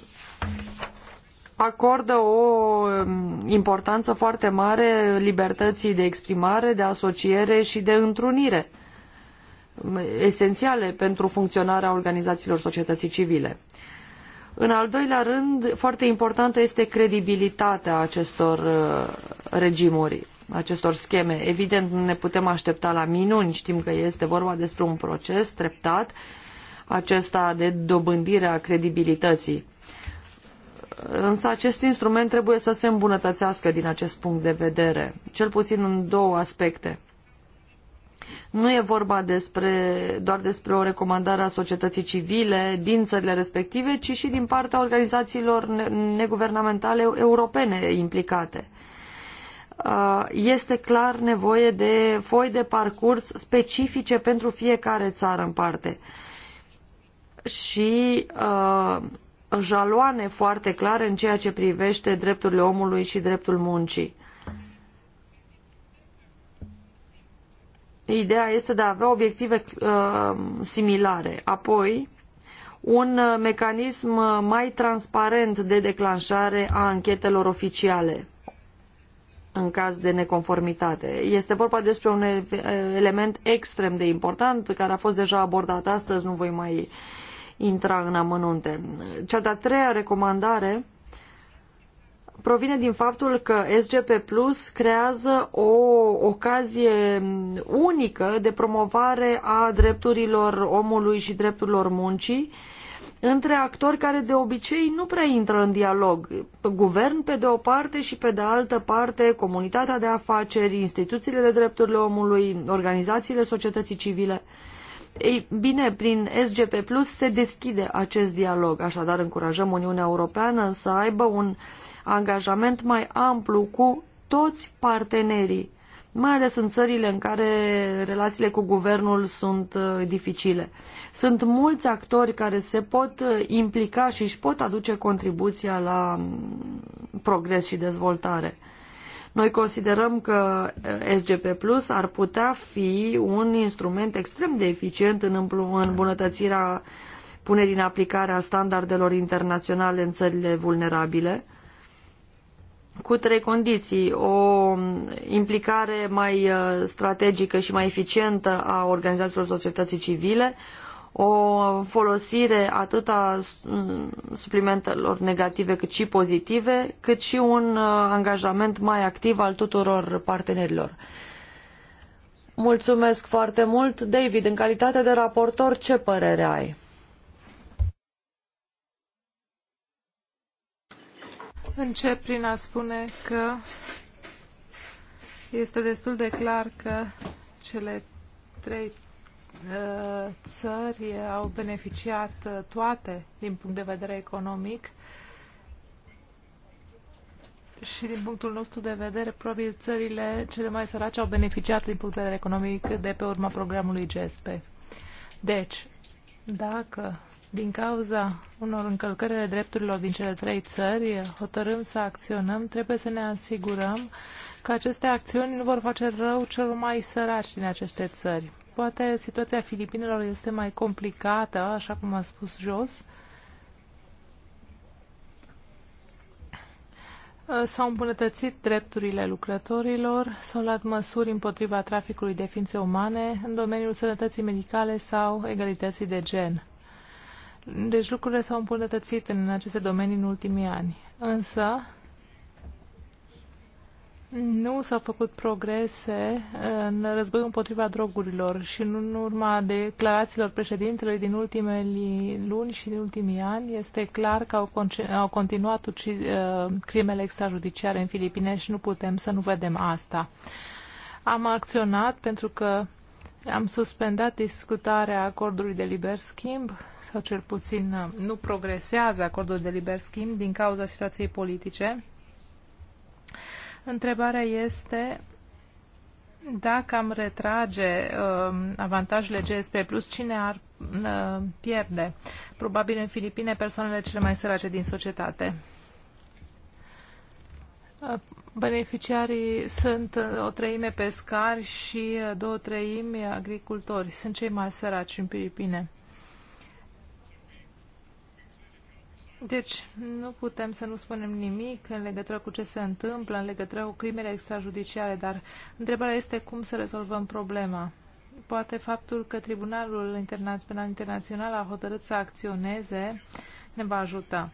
[SPEAKER 3] acordă o um, importanță foarte mare libertății de exprimare, de asociere și de întrunire esențiale pentru funcționarea organizațiilor societății civile. În al doilea rând, foarte importantă este credibilitatea acestor uh, regimuri, acestor scheme. Evident, nu ne putem aștepta la minuni, știm că este vorba despre un proces treptat, acesta de dobândire a credibilității. Însă acest instrument trebuie să se îmbunătățească din acest punct de vedere, cel puțin în două aspecte. Nu e vorba despre, doar despre o recomandare a societății civile din țările respective, ci și din partea organizațiilor neguvernamentale europene implicate. Uh, este clar nevoie de foi de parcurs specifice pentru fiecare țară în parte și uh, jaloane foarte clare în ceea ce privește drepturile omului și dreptul muncii Ideea este de a avea obiective uh, similare. Apoi, un uh, mecanism uh, mai transparent de declanșare a anchetelor oficiale în caz de neconformitate. Este vorba despre un uh, element extrem de important care a fost deja abordat astăzi, nu voi mai intra în amănunte. Cea de-a treia recomandare provine din faptul că SGP Plus creează o ocazie unică de promovare a drepturilor omului și drepturilor muncii între actori care de obicei nu prea intră în dialog. Guvern pe de o parte și pe de altă parte comunitatea de afaceri, instituțiile de drepturile omului, organizațiile societății civile. Ei bine, prin SGP Plus se deschide acest dialog, așadar încurajăm Uniunea Europeană să aibă un uh, angajament mai amplu cu toți partenerii, mai ales în țările în care relațiile cu guvernul sunt uh, dificile. Sunt mulți actori care se pot uh, implica și își pot aduce contribuția la mm, progres și dezvoltare. Noi considerăm că uh, SGP Plus ar putea fi un instrument extrem de eficient în îmbunătățirea punerii în aplicare a standardelor internaționale în țările vulnerabile cu trei condiții. O implicare mai uh, strategică și mai eficientă a organizațiilor societății civile, o folosire atât a mm, suplimentelor negative cât și pozitive, cât și un uh, angajament mai activ al tuturor partenerilor. Mulțumesc foarte mult. David, în calitate de raportor, ce părere ai?
[SPEAKER 2] Încep prin a spune că este destul de clar că cele trei uh, țări au beneficiat uh, toate din punct de vedere economic și din punctul nostru de vedere, probabil țările cele mai sărace au beneficiat din punct de vedere economic de pe urma programului GSP. Deci, dacă din cauza unor încălcări ale drepturilor din cele trei țări hotărâm să acționăm, trebuie să ne asigurăm că aceste acțiuni nu vor face rău celor mai săraci din aceste țări. Poate situația Filipinelor este mai complicată, așa cum a spus jos. S-au îmbunătățit drepturile lucrătorilor, s-au luat măsuri împotriva traficului de ființe umane în domeniul sănătății medicale sau egalității de gen. Deci lucrurile s-au îmbunătățit în aceste domenii în ultimii ani. Însă, nu s-au făcut progrese în războiul împotriva drogurilor și în urma declarațiilor președintelui din ultimele luni și din ultimii ani este clar că au, au continuat uci, uh, crimele extrajudiciare în Filipine și nu putem să nu vedem asta. Am acționat pentru că am suspendat discutarea acordului de liber schimb sau cel puțin uh, nu progresează acordul de liber schimb din cauza situației politice. Întrebarea este dacă am retrage uh, avantajele GSP Plus, cine ar uh, pierde? Probabil în Filipine persoanele cele mai sărace din societate. Uh, beneficiarii sunt uh, o treime pescari și uh, două treimi agricultori. Sunt cei mai săraci în Filipine. Deci, nu putem să nu spunem nimic în legătură cu ce se întâmplă, în legătură cu crimele extrajudiciare, dar întrebarea este cum să rezolvăm problema. Poate faptul că Tribunalul Penal Internațional a hotărât să acționeze ne va ajuta.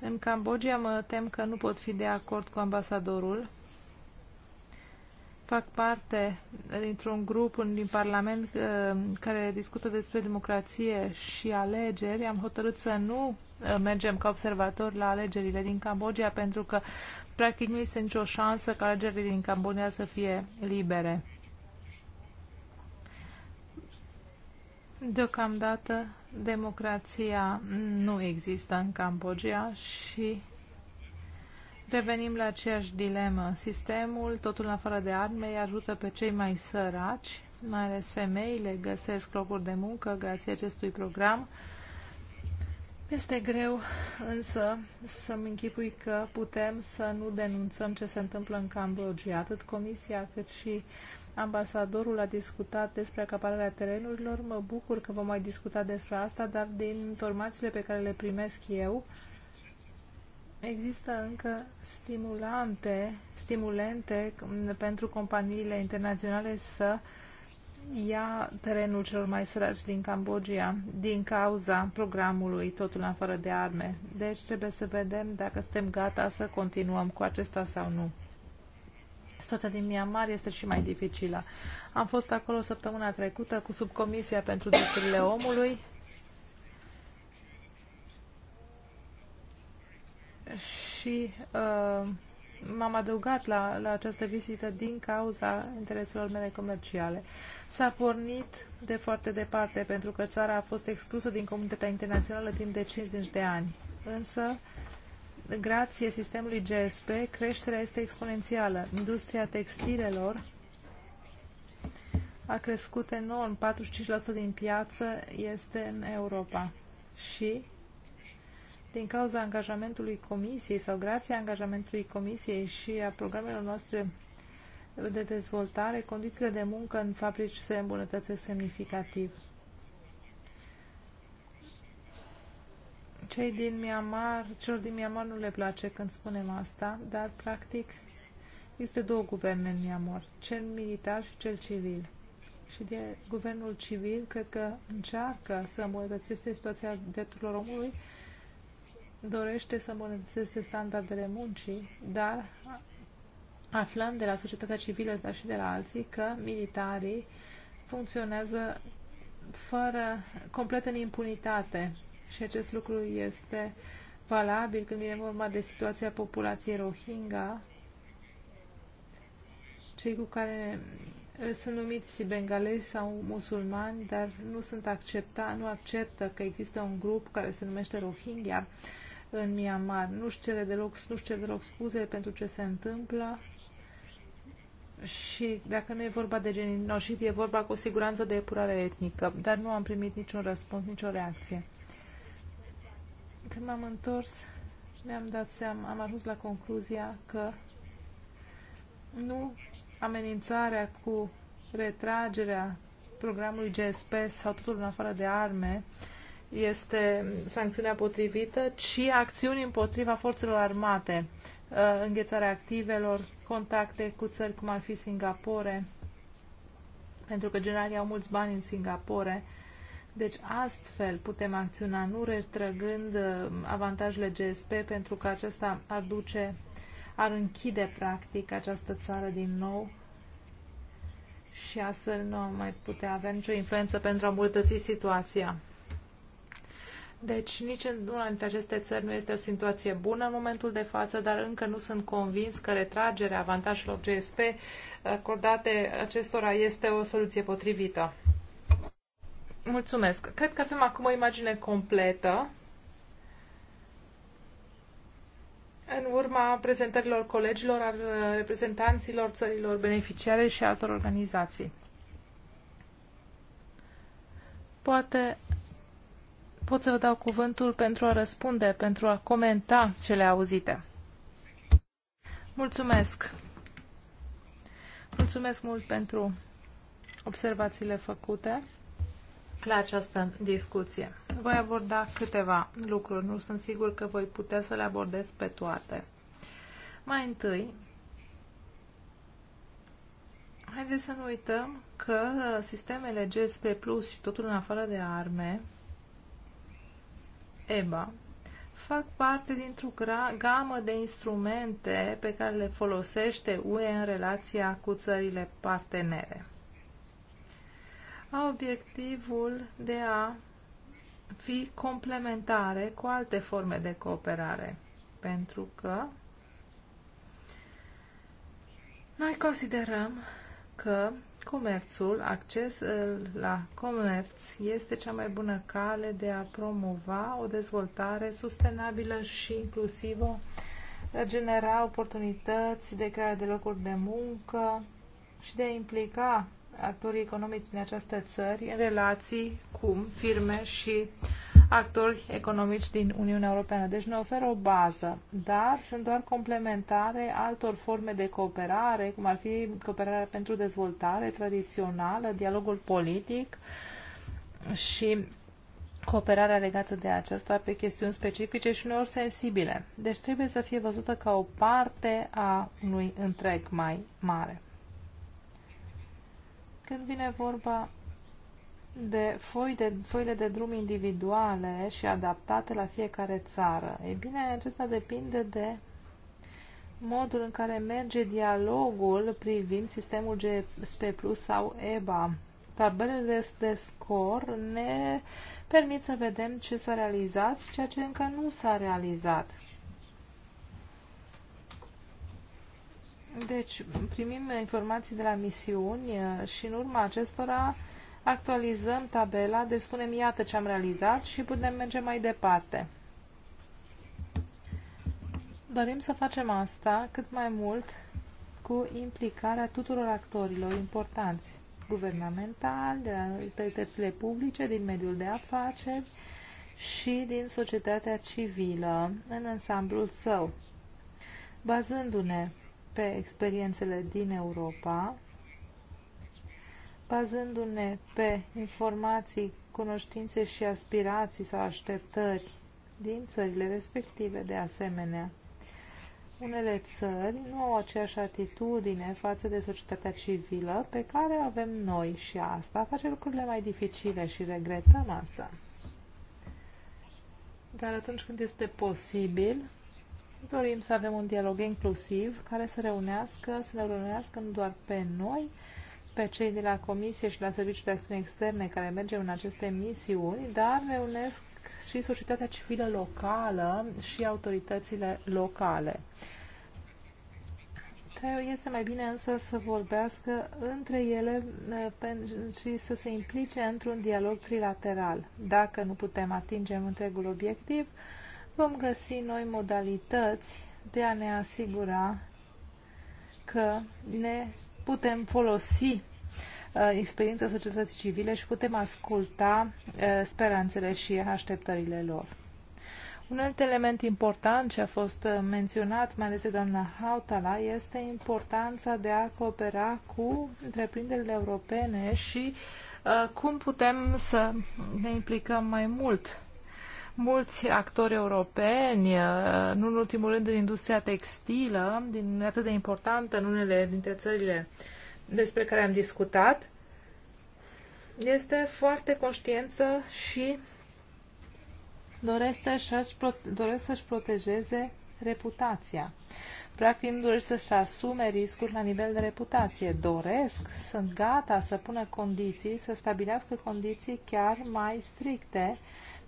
[SPEAKER 2] În Cambodgia mă tem că nu pot fi de acord cu ambasadorul. Fac parte dintr-un grup din Parlament uh, care discută despre democrație și alegeri. Am hotărât să nu mergem ca observatori la alegerile din Cambodgia pentru că practic nu este nicio șansă ca alegerile din Cambodgia să fie libere. Deocamdată democrația nu există în Cambodgia și revenim la aceeași dilemă. Sistemul, totul în afară de arme, îi ajută pe cei mai săraci, mai ales femeile, găsesc locuri de muncă grație acestui program este greu însă să-mi închipui că putem să nu denunțăm ce se întâmplă în Cambodgia. Atât Comisia cât și ambasadorul a discutat despre acapararea terenurilor. Mă bucur că vom mai discuta despre asta, dar din informațiile pe care le primesc eu, Există încă stimulante, stimulente pentru companiile internaționale să uh, ia terenul celor mai săraci din Cambodgia din cauza programului Totul în fără de arme. Deci trebuie să vedem dacă suntem gata să continuăm cu acesta sau nu. Situația din Myanmar este și mai dificilă. Am fost acolo săptămâna trecută cu subcomisia pentru drepturile omului și uh, m-am adăugat la, la această vizită din cauza intereselor mele comerciale. S-a pornit de foarte departe pentru că țara a fost exclusă din comunitatea internațională timp de 50 de ani. Însă, grație sistemului GSP, creșterea este exponențială. Industria textilelor a crescut enorm, 45% din piață este în Europa și din cauza angajamentului Comisiei sau grația angajamentului Comisiei și a programelor noastre de dezvoltare, condițiile de muncă în fabrici se îmbunătățesc semnificativ. Cei din Myanmar, celor din Myanmar nu le place când spunem asta, dar practic este două guverne în Myanmar, cel militar și cel civil. Și de guvernul civil cred că încearcă să îmbunătățească situația drepturilor omului, dorește să îmbunătățeze standardele muncii, dar aflăm de la societatea civilă, dar și de la alții, că militarii funcționează fără complet în impunitate și acest lucru este valabil când vine vorba de situația populației Rohingya, cei cu care eh, sunt numiți bengalezi sau musulmani, dar nu sunt accepta, nu acceptă că există un grup care se numește Rohingya în Myanmar. Nu-și cere deloc, nu-și cere deloc scuze pentru ce se întâmplă. Și dacă nu e vorba de genocid, e vorba cu siguranță de epurare etnică, dar nu am primit niciun răspuns, nicio reacție. Când m-am întors, mi-am dat seama, am ajuns la concluzia că nu amenințarea cu retragerea programului GSP sau totul în afară de arme uh, este sancțiunea potrivită, ci acțiuni împotriva forțelor armate, uh, înghețarea activelor, contacte cu țări cum ar fi Singapore, pentru că generalii au mulți bani în Singapore. Deci astfel putem acționa, nu retrăgând uh, avantajele GSP, pentru că acesta ar duce, ar închide practic această țară din nou și astfel nu mai putea avea nicio influență pentru a îmbunătăți situația. Deci nici în una dintre aceste țări nu este o situație bună în momentul de față, dar încă nu sunt convins că retragerea avantajelor GSP acordate acestora este o soluție potrivită. Mulțumesc. Cred că avem acum o imagine completă. În urma prezentărilor colegilor, al reprezentanților țărilor beneficiare și altor organizații. Poate pot să vă dau cuvântul pentru a răspunde, pentru a comenta cele auzite. Mulțumesc! Mulțumesc mult pentru observațiile făcute la această discuție. Voi aborda câteva lucruri, nu sunt sigur că voi putea să le abordez pe toate. Mai întâi, haideți să nu uităm că sistemele GSP Plus și totul în afară de arme EBA fac parte dintr-o gamă de instrumente pe care le folosește UE în relația cu țările partenere. Au obiectivul de a fi complementare cu alte forme de cooperare, pentru că noi considerăm că comerțul, accesul uh, la comerț este cea mai bună cale de a promova o dezvoltare sustenabilă și inclusivă, de a genera oportunități de creare de locuri de muncă și de a implica actorii economici din această țări în relații cu firme și uh, actori economici din Uniunea Europeană. Deci ne oferă o bază, dar sunt doar complementare altor forme de cooperare, cum ar fi cooperarea pentru dezvoltare tradițională, dialogul politic și cooperarea legată de aceasta pe chestiuni specifice și uneori sensibile. Deci trebuie să fie văzută ca o parte a unui întreg mai mare. Când vine vorba de, foi de foile de drum individuale și adaptate la fiecare țară. Ei bine, acesta depinde de modul în care merge dialogul privind sistemul GSP Plus sau EBA. Tabelele de scor ne permit să vedem ce s-a realizat și ceea ce încă nu s-a realizat. Deci, primim informații de la misiuni și în urma acestora actualizăm tabela, deci spunem iată ce am realizat și putem merge mai departe. Dorim să facem asta cât mai mult cu implicarea tuturor actorilor importanți, guvernamentali, de la autoritățile publice, din mediul de afaceri și din societatea civilă în ansamblul său. Bazându-ne pe experiențele din Europa, bazându-ne pe informații, cunoștințe și aspirații sau așteptări din țările respective, de asemenea. Unele țări nu au aceeași atitudine față de societatea civilă pe care o avem noi și asta face lucrurile mai dificile și regretăm asta. Dar atunci când este posibil, dorim să avem un dialog inclusiv care să reunească, să ne reunească nu doar pe noi, pe cei de la Comisie și la Serviciul de Acțiune Externe care merge în aceste misiuni, dar reunesc și societatea civilă locală și autoritățile locale. Este mai bine însă să vorbească între ele eh, și să se implice într-un dialog trilateral. Dacă nu putem atinge întregul obiectiv, vom găsi noi modalități de a ne asigura că ne putem folosi uh, experiența societății civile și putem asculta uh, speranțele și așteptările lor. Un alt element important ce a fost uh, menționat, mai ales de doamna Hautala, este importanța de a coopera cu întreprinderile europene și uh, cum putem să ne implicăm mai mult mulți actori europeni, uh, nu în ultimul rând în industria textilă, din atât de importantă în unele dintre țările despre care am discutat, este foarte conștiență și dorește să-și, doresc să-și protejeze reputația. Practic nu doresc să-și asume riscuri la nivel de reputație. Doresc, sunt gata să pună condiții, să stabilească condiții chiar mai stricte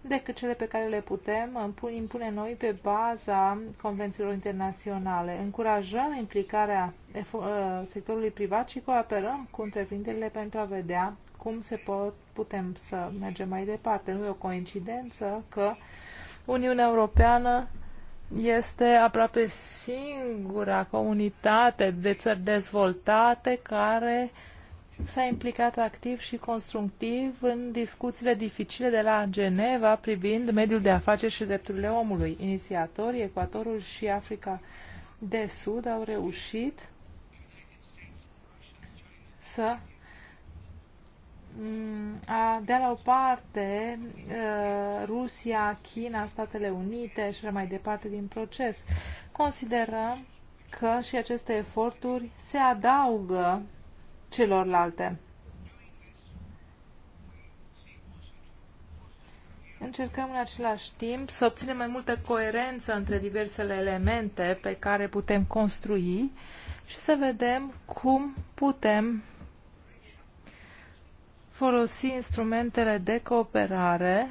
[SPEAKER 2] decât cele pe care le putem impune noi pe baza convențiilor internaționale. Încurajăm implicarea ă, sectorului privat și cooperăm cu întreprinderile pentru a vedea cum se pot, putem să mergem mai departe. Nu e o coincidență că Uniunea Europeană este aproape singura comunitate de țări dezvoltate care uh, s-a implicat activ și constructiv în discuțiile dificile de la Geneva privind mediul de afaceri și drepturile omului. Inițiatorii, Ecuatorul și Africa de Sud au reușit să mm, a dea la o parte Rusia, China, Statele Unite și mai departe din proces. Considerăm că și aceste eforturi se adaugă celorlalte. Încercăm în același timp să obținem mai multă coerență între diversele elemente pe care putem construi și să vedem cum putem folosi instrumentele de cooperare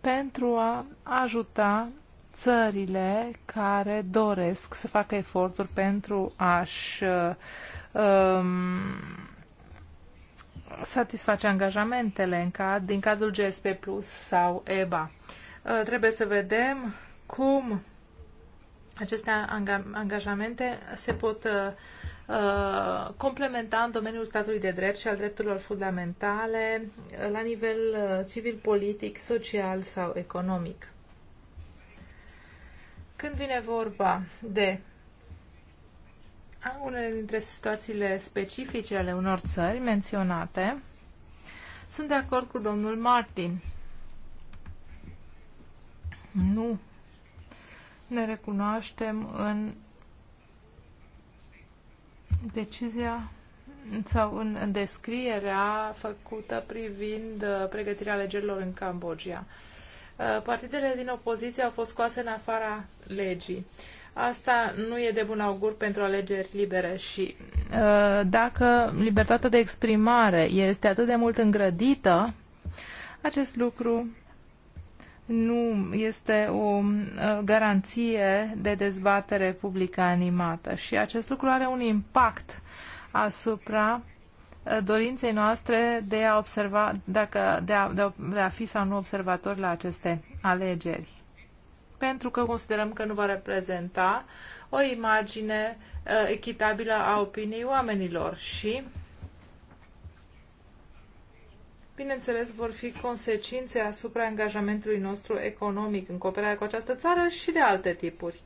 [SPEAKER 2] pentru a ajuta țările care doresc să facă eforturi pentru a-și uh, Um, satisface angajamentele în cad, din cadrul GSP Plus sau EBA. Uh, trebuie să vedem cum aceste angajamente se pot uh, uh, complementa în domeniul statului de drept și al drepturilor fundamentale la nivel uh, civil, politic, social sau economic. Când vine vorba de unele dintre situațiile specifice ale unor țări menționate sunt de acord cu domnul Martin. Nu ne recunoaștem în decizia sau în descrierea făcută privind uh, pregătirea alegerilor în Cambodgia. Uh, partidele din opoziție au fost scoase în afara legii. Asta nu e de bun augur pentru alegeri libere și uh, dacă libertatea de exprimare este atât de mult îngrădită, acest lucru nu este o uh, garanție de dezbatere publică animată și acest lucru are un impact asupra uh, dorinței noastre de a observa, dacă, de, a, de, a, de a fi sau nu observator la aceste alegeri pentru că considerăm că nu va reprezenta o imagine uh, echitabilă a opiniei oamenilor și bineînțeles, vor fi consecințe asupra angajamentului nostru economic în cooperare cu această țară și de alte tipuri.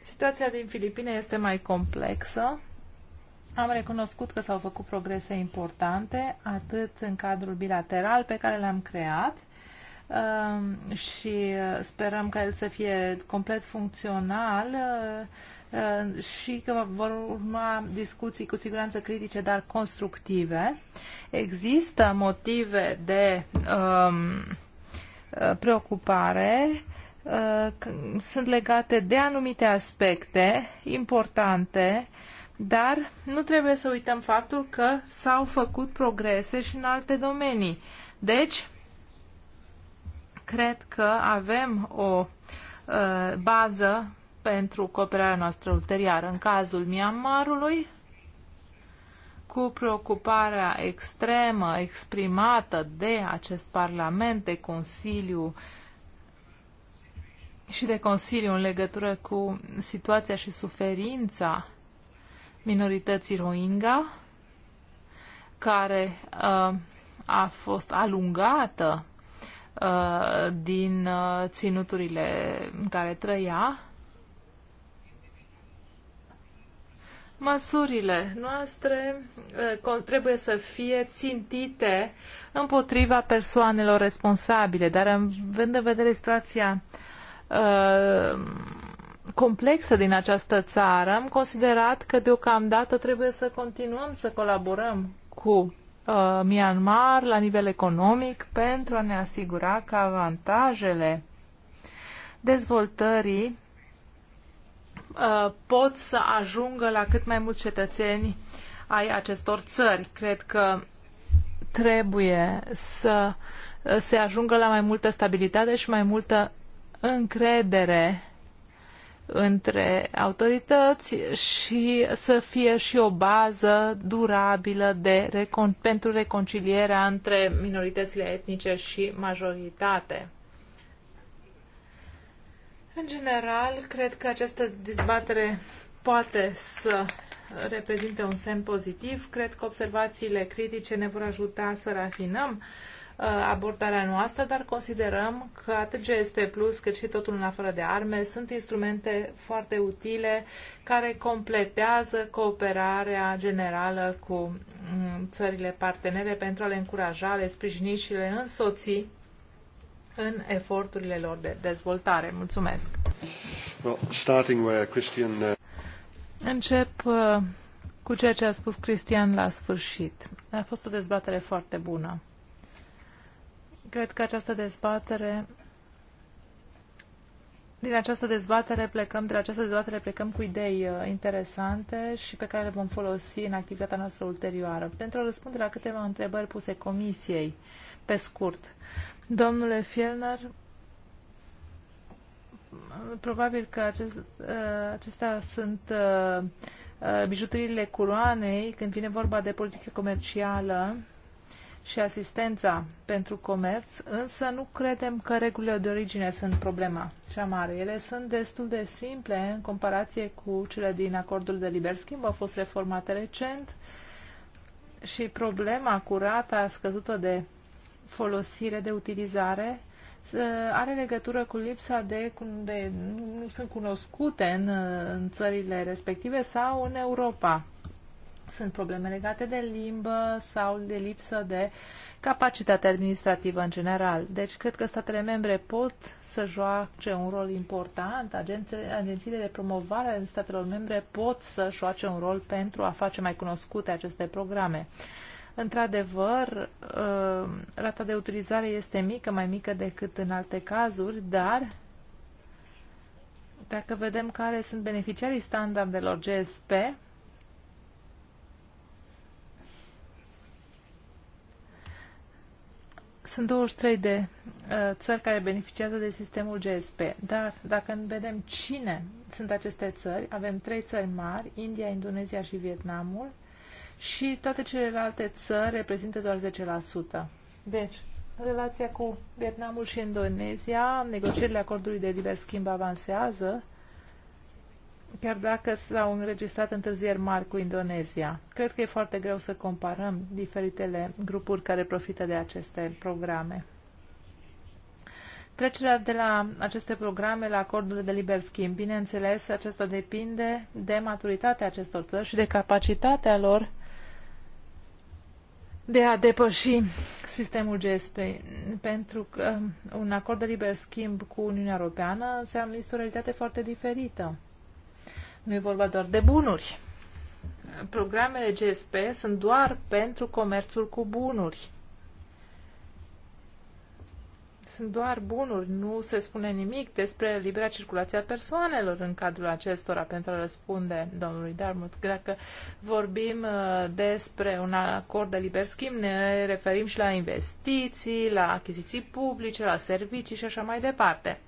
[SPEAKER 2] Situația din Filipine este mai complexă. Am recunoscut că s-au făcut progrese importante, atât în cadrul bilateral pe care l-am creat, și uh, sperăm ca el să fie complet funcțional uh, uh, și că vor urma discuții cu siguranță critice, dar constructive. Există motive de um, preocupare uh, sunt legate de anumite aspecte importante, dar nu trebuie să uităm faptul că s-au făcut progrese și în alte domenii. Deci, cred că avem o uh, bază pentru cooperarea noastră ulterioară. În cazul Myanmarului, cu preocuparea extremă exprimată de acest Parlament, de Consiliu și de Consiliu în legătură cu situația și suferința minorității Rohingya, care uh, a fost alungată Uh, din uh, ținuturile în care trăia. Măsurile noastre uh, trebuie să fie țintite împotriva persoanelor responsabile, dar având în vedere situația complexă din această țară, am considerat că deocamdată trebuie să continuăm să colaborăm cu uh, Myanmar la nivel economic pentru a ne asigura că avantajele dezvoltării uh, pot să ajungă la cât mai mulți cetățeni ai acestor țări. Cred că trebuie să uh, se ajungă la mai multă stabilitate și mai multă încredere între autorități și să fie și o bază durabilă de recon- pentru reconcilierea între minoritățile etnice și majoritate. În general, cred că această dezbatere poate să reprezinte un semn pozitiv. Cred că observațiile critice ne vor ajuta să rafinăm uh, Uh, abordarea noastră, dar considerăm că atât GSP Plus cât și totul în afară de arme sunt instrumente foarte utile care completează cooperarea generală cu mm, țările partenere pentru a le încuraja, le sprijini și le însoți în eforturile lor de dezvoltare. Mulțumesc!
[SPEAKER 1] Uh,
[SPEAKER 2] Încep uh, cu ceea ce a spus Cristian la sfârșit. A fost o dezbatere foarte bună. Cred că această dezbatere din această dezbatere plecăm, de la această dezbatere plecăm cu idei uh, interesante și pe care le vom folosi în activitatea noastră ulterioară. Pentru a răspunde la câteva întrebări puse comisiei, pe scurt. Domnule Fielner, probabil că acest, uh, acestea sunt uh, uh bijuteriile curoanei când vine vorba de politică comercială și asistența pentru comerț, însă nu credem că regulile de origine sunt problema cea mare. Ele sunt destul de simple în comparație cu cele din acordul de liber schimb, au fost reformate recent și problema cu rata scăzută de folosire, de utilizare, ă, are legătură cu lipsa de, de nu sunt cunoscute în, în țările respective sau în Europa. Sunt probleme legate de limbă sau de lipsă de capacitate administrativă în general. Deci cred că statele membre pot să joace un rol important, agențiile de promovare în statelor membre pot să joace un rol pentru a face mai cunoscute aceste programe. Într-adevăr, uh, rata de utilizare este mică, mai mică decât în alte cazuri, dar dacă vedem care sunt beneficiarii standardelor GSP, Sunt 23 de uh, țări care beneficiază de sistemul GSP, dar dacă vedem cine sunt aceste țări, avem trei țări mari, India, Indonezia și Vietnamul, și toate celelalte țări reprezintă doar 10%. Deci, relația cu Vietnamul și Indonezia, negocierile acordului de liber schimb avansează, chiar dacă s-au înregistrat întârzieri mari cu Indonezia. Cred că e foarte greu să comparăm diferitele grupuri care profită de aceste programe. Trecerea de la aceste programe la acordurile de liber schimb, bineînțeles, acesta depinde de maturitatea acestor țări și de capacitatea lor de a depăși sistemul GSP, pentru că um, un acord de liber schimb cu Uniunea Europeană înseamnă o realitate foarte diferită. Nu e vorba doar de bunuri. Programele GSP sunt doar pentru comerțul cu bunuri. Sunt doar bunuri, nu se spune nimic despre libera circulație a persoanelor în cadrul acestora pentru a răspunde domnului Darmut. Dacă vorbim uh, despre un acord de liber schimb, ne referim și la investiții, la achiziții publice, la servicii și așa mai departe.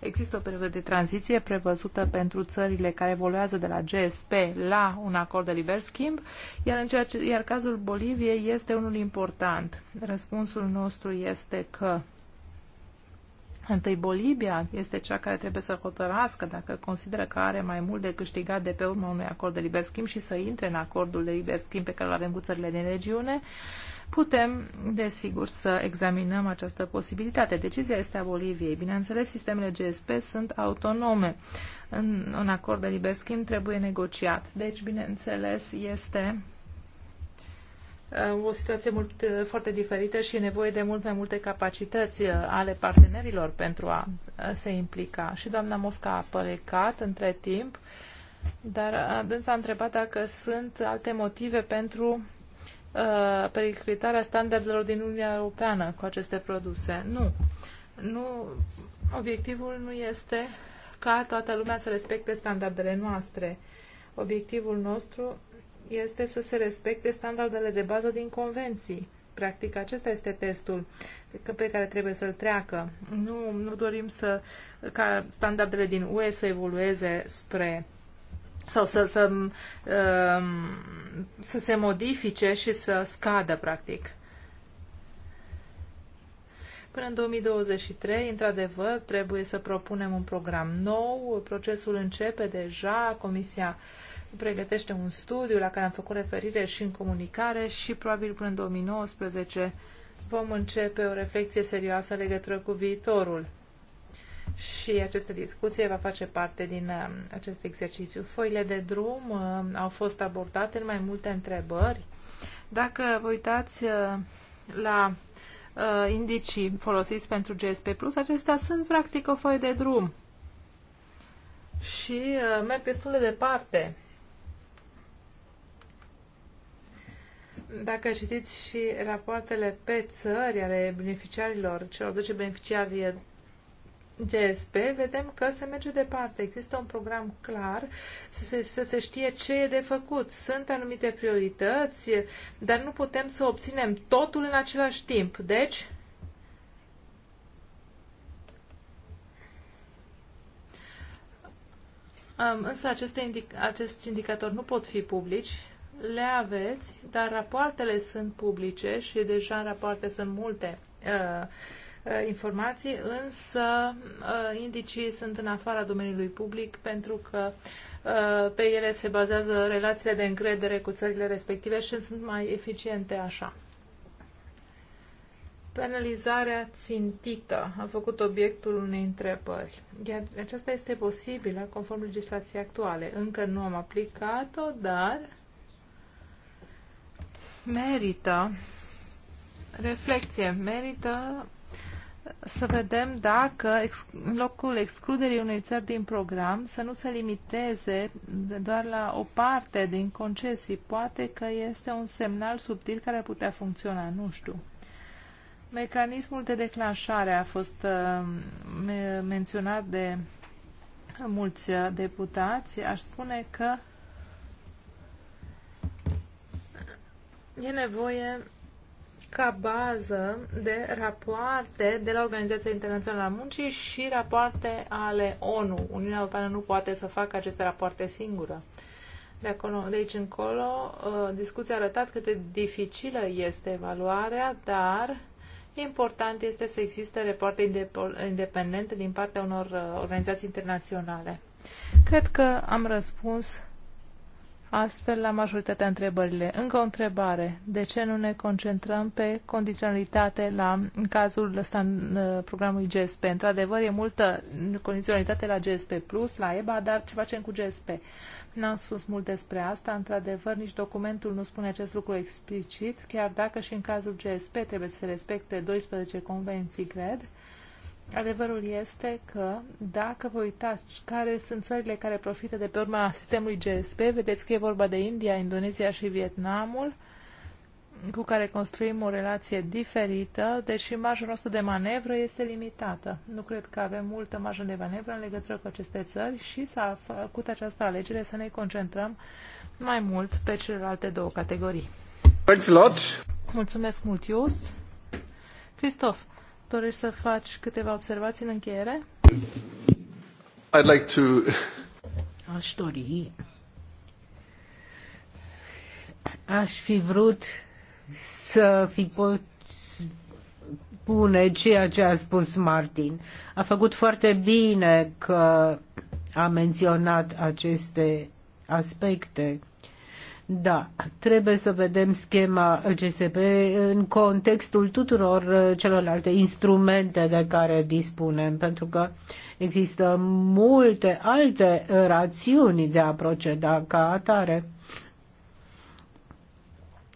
[SPEAKER 2] Există o perioadă de tranziție prevăzută pentru țările care evoluează de la GSP la un acord de liber schimb, iar, în ceea ce, iar cazul Boliviei este unul important. Răspunsul nostru este că Întâi, Bolivia este cea care trebuie să hotărască dacă consideră că are mai mult de câștigat de pe urma unui acord de liber schimb și să intre în acordul de liber schimb pe care îl avem cu țările din regiune putem, desigur, să examinăm această posibilitate. Decizia este a Boliviei. Bineînțeles, sistemele GSP sunt autonome. În, un acord de liber schimb trebuie negociat. Deci, bineînțeles, este uh, o situație mult, uh, foarte diferită și e nevoie de mult mai multe capacități uh, ale partenerilor pentru a se implica. Și doamna Mosca a părecat între timp, dar dânsa a întrebat dacă sunt alte motive pentru Uh, periclitarea standardelor din Uniunea Europeană cu aceste produse. Nu. nu. Obiectivul nu este ca toată lumea să respecte standardele noastre. Obiectivul nostru este să se respecte standardele de bază din convenții. Practic, acesta este testul pe care trebuie să-l treacă. Nu, nu dorim să, ca standardele din UE să evolueze spre sau să, să, um, să se modifice și să scadă, practic. Până în 2023, într-adevăr, trebuie să propunem un program nou. Procesul începe deja, Comisia pregătește un studiu la care am făcut referire și în comunicare și probabil până în 2019 vom începe o reflexie serioasă legătură cu viitorul și această discuție va face parte din um, acest exercițiu. Foile de drum um, au fost abordate în mai multe întrebări. Dacă vă uitați uh, la uh, indicii folosiți pentru GSP+, acestea sunt practic o foie de drum și uh, merg destul de departe. Dacă citiți și rapoartele pe țări ale beneficiarilor, celor 10 beneficiari GSP, vedem că se merge departe. Există un program clar să se, să se știe ce e de făcut. Sunt anumite priorități, dar nu putem să obținem totul în același timp. Deci, însă aceste indic- acest indicatori nu pot fi publici, le aveți, dar rapoartele sunt publice și deja în rapoarte sunt multe uh, Uh, informații, însă uh, indicii sunt în afara domeniului public pentru că uh, pe ele se bazează relațiile de încredere cu țările respective și sunt mai eficiente așa. Penalizarea țintită a făcut obiectul unei întrebări, iar aceasta este posibilă conform legislației actuale. Încă nu am aplicat-o, dar merită reflexie, merită să vedem dacă în locul excluderii unei țări din program să nu se limiteze doar la o parte din concesii. Poate că este un semnal subtil care ar putea funcționa, nu știu. Mecanismul de declanșare a fost uh, menționat de mulți uh, deputați. Aș spune că e nevoie ca bază de rapoarte de la Organizația Internațională a Muncii și rapoarte ale ONU. Uniunea Europeană nu poate să facă aceste rapoarte singură. De, acolo, de aici încolo, uh, discuția a arătat cât de dificilă este evaluarea, dar important este să existe rapoarte independente din partea unor uh, organizații internaționale. Cred că am răspuns astfel la majoritatea întrebările. Încă o întrebare. De ce nu ne concentrăm pe condiționalitate la, în cazul ăsta, în, uh, programului GSP? Într-adevăr, e multă condiționalitate la GSP+, Plus, la EBA, dar ce facem cu GSP? N-am spus mult despre asta. Într-adevăr, nici documentul nu spune acest lucru explicit, chiar dacă și în cazul GSP trebuie să se respecte 12 convenții, cred. Adevărul este că, dacă vă uitați care sunt țările care profită de pe urma sistemului GSP, vedeți că e vorba de India, Indonezia și Vietnamul, cu care construim o relație diferită, deși marja noastră de manevră este limitată. Nu cred că avem multă marjă de manevră în legătură cu aceste țări și s-a făcut această alegere să ne concentrăm mai mult pe celelalte două categorii. Thanks a lot. Mulțumesc mult, Just. Christoph, Dorești să faci câteva observații în încheiere? I'd like to... Aș
[SPEAKER 1] dori. Aș fi vrut să fi pot pune ceea ce a spus Martin. A făcut foarte bine că a menționat aceste aspecte. Da, trebuie să vedem schema GSP în contextul tuturor uh, celorlalte instrumente de care dispunem, pentru că există multe alte uh, rațiuni de a proceda ca atare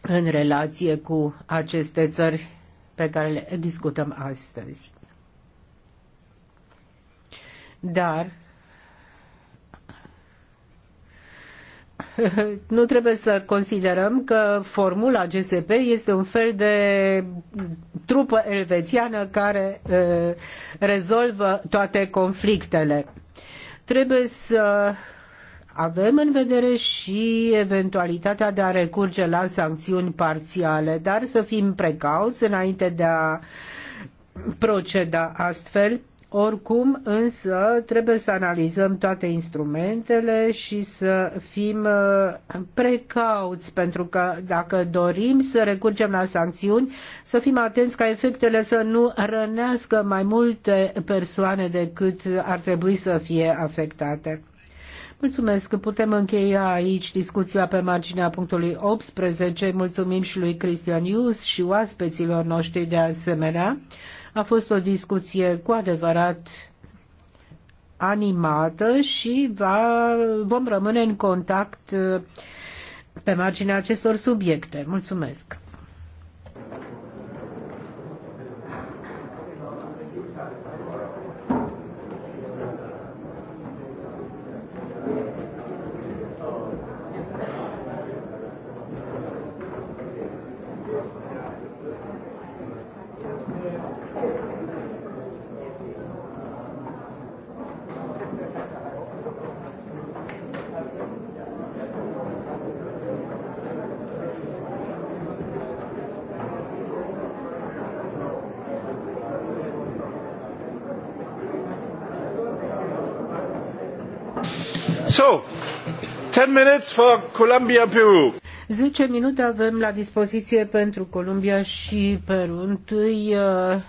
[SPEAKER 1] în relație cu aceste țări pe care le discutăm astăzi. Dar nu trebuie să considerăm că formula GSP este un fel de trupă elvețiană care rezolvă toate conflictele. Trebuie să avem în vedere și eventualitatea de a recurge la sancțiuni parțiale, dar să fim precauți înainte de a proceda astfel oricum, însă, trebuie să analizăm toate instrumentele și să fim uh, precauți, pentru că dacă dorim să recurgem la sancțiuni, să fim atenți ca efectele să nu rănească mai multe persoane decât ar trebui să fie afectate. Mulțumesc. că Putem încheia aici discuția pe marginea punctului 18. Mulțumim și lui Cristian Ius și oaspeților noștri de asemenea. A fost o discuție cu adevărat animată și va, vom rămâne în contact uh, pe marginea acestor subiecte. Mulțumesc! 10 minutes for Colombia Peru. 10 minute avem la dispoziție pentru Columbia și Peru. Întâi uh,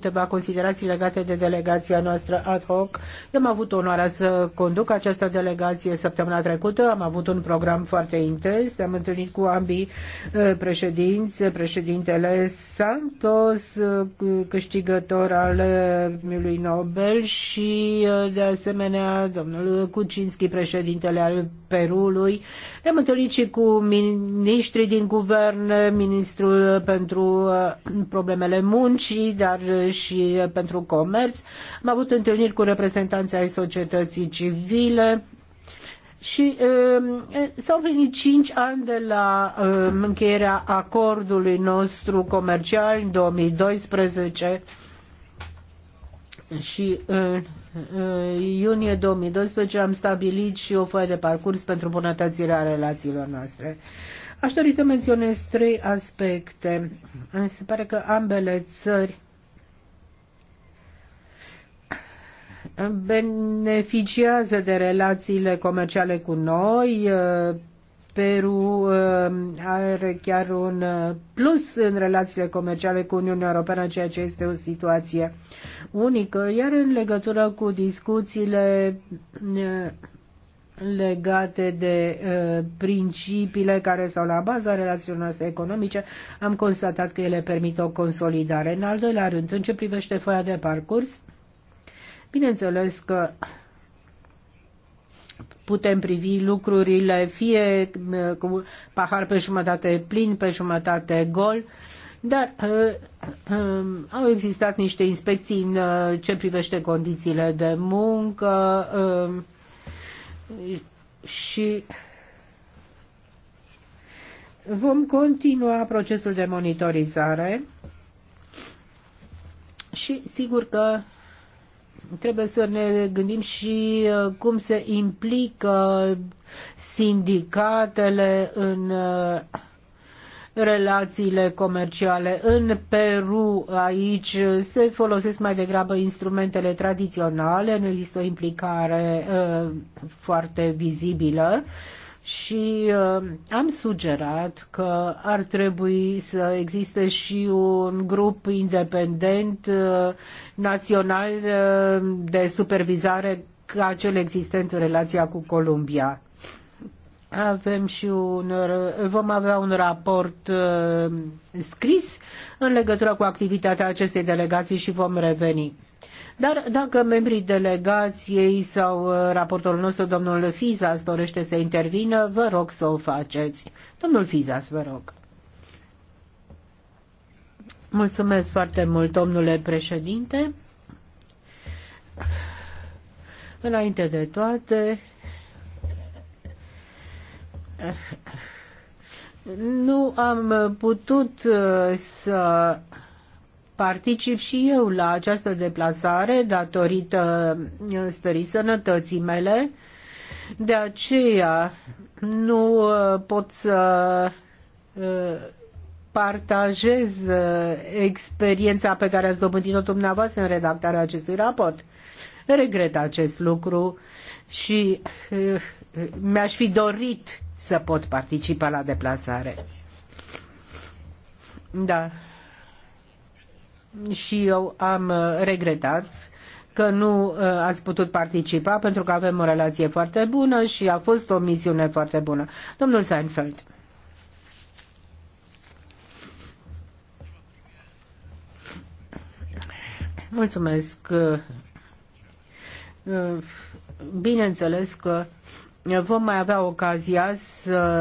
[SPEAKER 1] câteva considerații legate de delegația noastră ad hoc. Eu am avut onoarea să conduc această delegație săptămâna trecută, am avut un program foarte intens, am întâlnit cu ambii uh, președinți, președintele Santos, uh, câștigător al uh, lui Nobel și de asemenea domnul Kuczynski, președintele al Perului. Ne-am întâlnit și cu ministrii din guvern, ministrul pentru problemele muncii, dar și eh, pentru comerț. Am avut întâlniri cu reprezentanții ai societății civile și eh, s-au venit cinci ani de la eh, încheierea acordului nostru comercial în 2012 și în iunie 2012 am stabilit și o foaie de parcurs pentru bunătățirea relațiilor noastre. Aș dori să menționez trei aspecte. Se pare că ambele țări beneficiază de relațiile comerciale cu noi. Peru um, are chiar un uh, plus în relațiile comerciale cu Uniunea Europeană, ceea ce este o situație unică. Iar în legătură cu discuțiile uh, legate de uh, principiile care stau la baza relațiilor noastre economice, am constatat că ele permit o consolidare. În al doilea rând, în ce privește foaia de parcurs, Bineînțeles că putem privi lucrurile fie uh, cu pahar pe jumătate plin, pe jumătate gol, dar uh, uh, au existat niște inspecții în uh, ce privește condițiile de muncă uh, și vom continua procesul de monitorizare și sigur că trebuie să ne gândim și uh, cum se implică sindicatele în uh, relațiile comerciale. În Peru, aici, se folosesc mai degrabă instrumentele tradiționale, nu există o implicare uh, foarte vizibilă. Uh, și uh, am sugerat că ar trebui să existe și un grup independent uh, național uh, de supervizare ca cel existent în relația cu Columbia. Avem și un, vom avea un raport uh, scris în legătură cu activitatea acestei delegații și vom reveni. Dar dacă membrii delegației sau uh, raportorul nostru, domnul Fizas, dorește să intervină, vă rog să o faceți. Domnul Fizas, vă rog. Mulțumesc foarte mult, domnule președinte. Înainte de toate, nu am putut uh, să Particip și eu la această deplasare datorită uh, stării sănătății mele. De aceea nu uh, pot să uh, partajez experiența pe care ați dobândit-o dumneavoastră în redactarea acestui raport. Regret acest lucru și mi-aș fi dorit să pot participa la deplasare. Da, și eu am uh, regretat că nu uh, ați putut participa pentru că avem o relație foarte bună și a fost o misiune foarte bună. Domnul Seinfeld. Mulțumesc. Uh, bineînțeles că vom mai avea ocazia să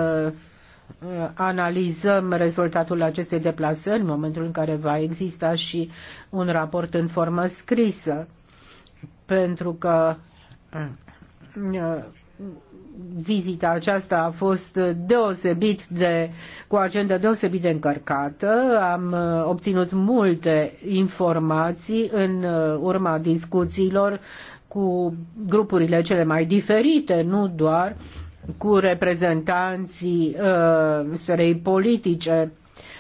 [SPEAKER 1] Uh, analizăm rezultatul acestei deplasări în momentul în care va exista și un raport în formă scrisă, pentru că uh, vizita aceasta a fost deosebit de, cu o agendă deosebit de încărcată. Am uh, obținut multe informații în urma discuțiilor cu grupurile cele mai diferite, nu doar uh, cu reprezentanții uh, sferei politice,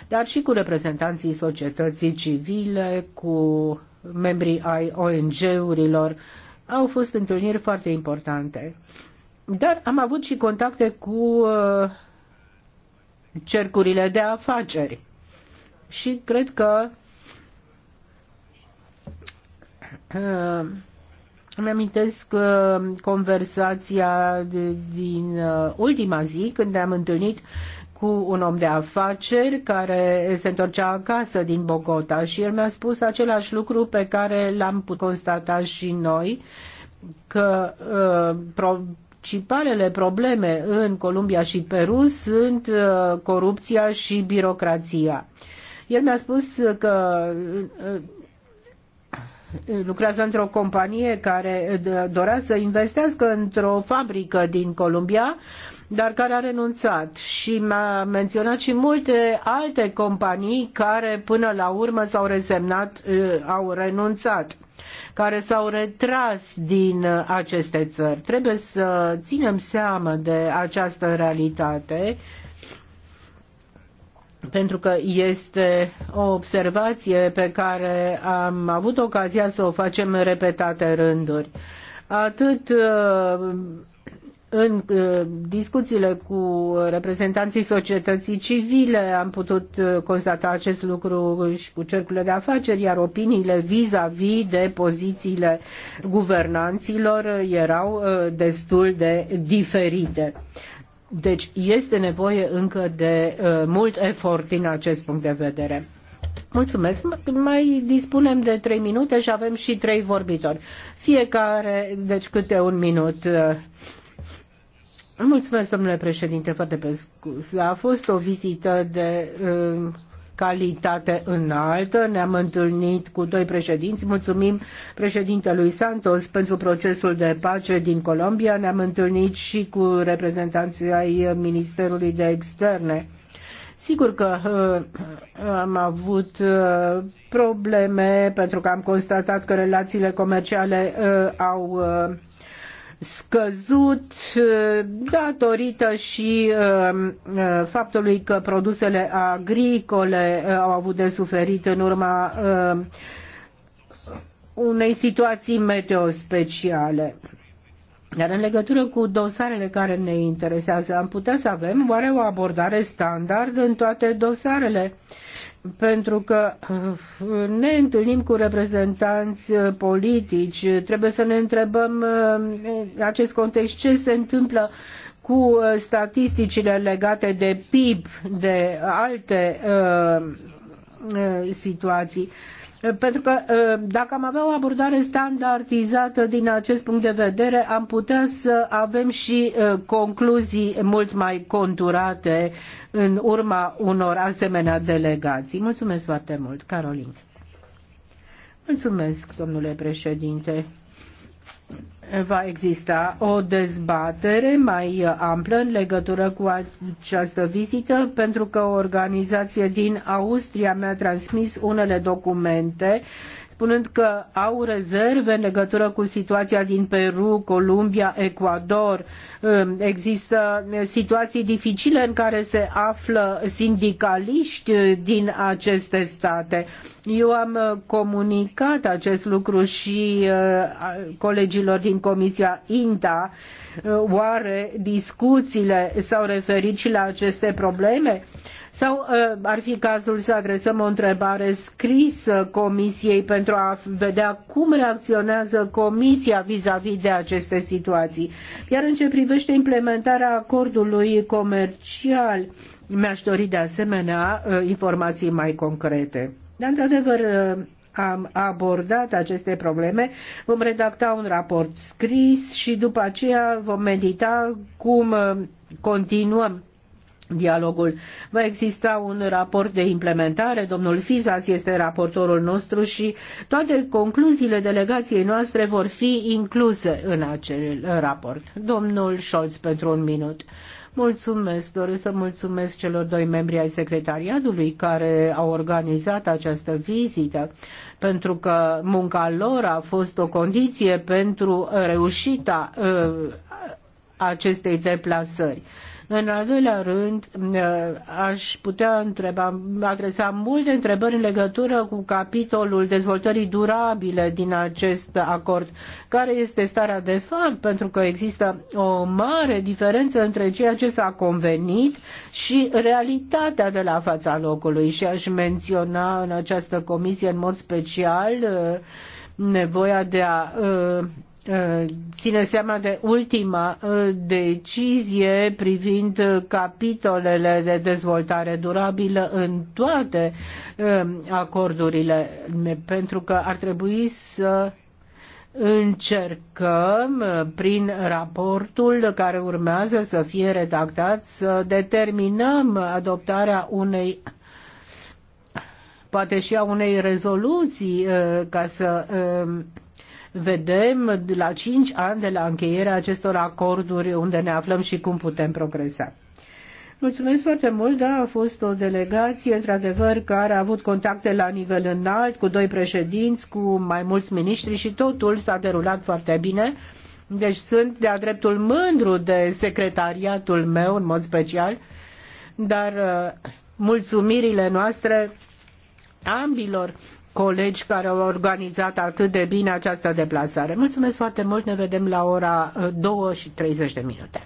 [SPEAKER 1] dar și cu reprezentanții societății civile, cu membrii ai ONG-urilor. Au fost întâlniri foarte importante. Dar am avut și contacte cu uh, cercurile de afaceri. Și cred că uh, îmi amintesc uh, conversația din uh, ultima zi când ne-am întâlnit cu un om de afaceri care se întorcea acasă din Bogota și el mi-a spus același lucru pe care l-am constatat și noi, că uh, pro- principalele probleme în Columbia și Peru sunt uh, corupția și birocrația. El mi-a spus că uh, lucrează într-o companie care dorea să investească într-o fabrică din Columbia, dar care a renunțat și mi-a menționat și multe alte companii care până la urmă s-au resemnat, au renunțat care s-au retras din aceste țări. Trebuie să ținem seama de această realitate pentru că este o observație pe care am avut ocazia să o facem în repetate rânduri. Atât uh, în uh, discuțiile cu reprezentanții societății civile am putut uh, constata acest lucru și cu cercurile de afaceri, iar opiniile vis-a-vis -vis de pozițiile guvernanților erau destul de diferite. Deci este nevoie încă de uh, mult efort din acest punct de vedere. Mulțumesc. Mai dispunem de trei minute și avem și trei vorbitori. Fiecare, deci câte un minut. Uh, mulțumesc, domnule președinte, foarte pe scurs. A fost o vizită de uh, calitate înaltă. Ne-am întâlnit cu doi președinți. Mulțumim președintelui Santos pentru procesul de pace din Colombia. Ne-am întâlnit și cu reprezentanții ai Ministerului de Externe. Sigur că uh, am avut uh, probleme pentru că am constatat că relațiile comerciale uh, au uh, scăzut uh, datorită și uh, uh, faptului că produsele agricole au avut de suferit în urma unei situații meteo speciale. Dar în legătură cu dosarele care ne interesează, am putea să avem oare o abordare standard în toate dosarele? Uh, pentru că uh, ne întâlnim cu reprezentanți uh, politici, uh, trebuie să ne întrebăm în acest context ce se întâmplă cu statisticile legate de PIB, de alte uh, situații. Uh, pentru că ă, dacă am avea o abordare standardizată din acest punct de vedere, am putea să avem și ă, concluzii mult mai conturate în urma unor asemenea delegații. Mulțumesc foarte mult, Carolin. Mulțumesc, domnule președinte va exista o dezbatere mai amplă în legătură cu această vizită, pentru că o organizație din Austria mi-a transmis unele documente uh, spunând că au rezerve în legătură cu situația din Peru, Columbia, Ecuador. Există situații dificile în care se află sindicaliști din aceste state. Eu am comunicat acest lucru și uh, colegilor din Comisia INTA. Uh, oare discuțiile s-au referit și la aceste probleme? Sau uh, ar fi cazul să adresăm o întrebare scrisă Comisiei pentru a vedea cum reacționează Comisia vis-a-vis de aceste situații. Iar în ce privește implementarea acordului comercial, mi-aș dori de asemenea uh, informații mai concrete. Dar, într-adevăr, uh, am abordat aceste probleme, vom redacta un raport scris și după aceea vom medita cum continuăm dialogul. Va exista un raport de implementare, domnul Fizas este raportorul nostru și toate concluziile delegației noastre vor fi incluse în acel raport. Domnul Scholz, pentru un minut. Mulțumesc, doresc să mulțumesc celor doi membri ai secretariatului care au organizat această vizită, pentru că munca lor a fost o condiție pentru reușita uh, acestei deplasări. Uh, în al doilea rând, eh, aș putea întreba, adresa multe întrebări în legătură cu capitolul dezvoltării durabile din acest acord. Care este starea de fapt? Pentru că există o mare diferență între ceea ce s-a convenit și realitatea de la fața locului. Și aș menționa în această comisie în mod special eh, nevoia de a eh, Uh, ține seama de ultima uh, decizie privind uh, capitolele de dezvoltare durabilă în toate um, acordurile, pentru că ar trebui să încercăm prin raportul care urmează să fie redactat să determinăm adoptarea unei poate și a unei rezoluții ca să um, vedem la 5 ani de la încheierea acestor acorduri unde ne aflăm și cum putem progresa. Mulțumesc foarte mult, da, a fost o delegație, într-adevăr, care a avut contacte la nivel înalt, cu doi președinți, cu mai mulți miniștri și totul s-a derulat foarte bine. Deci sunt de-a dreptul mândru de secretariatul meu, în mod special, dar uh, mulțumirile noastre ambilor colegi care au organizat atât de bine această deplasare. Mulțumesc foarte mult, ne vedem la ora 2 uh, și 30 de minute.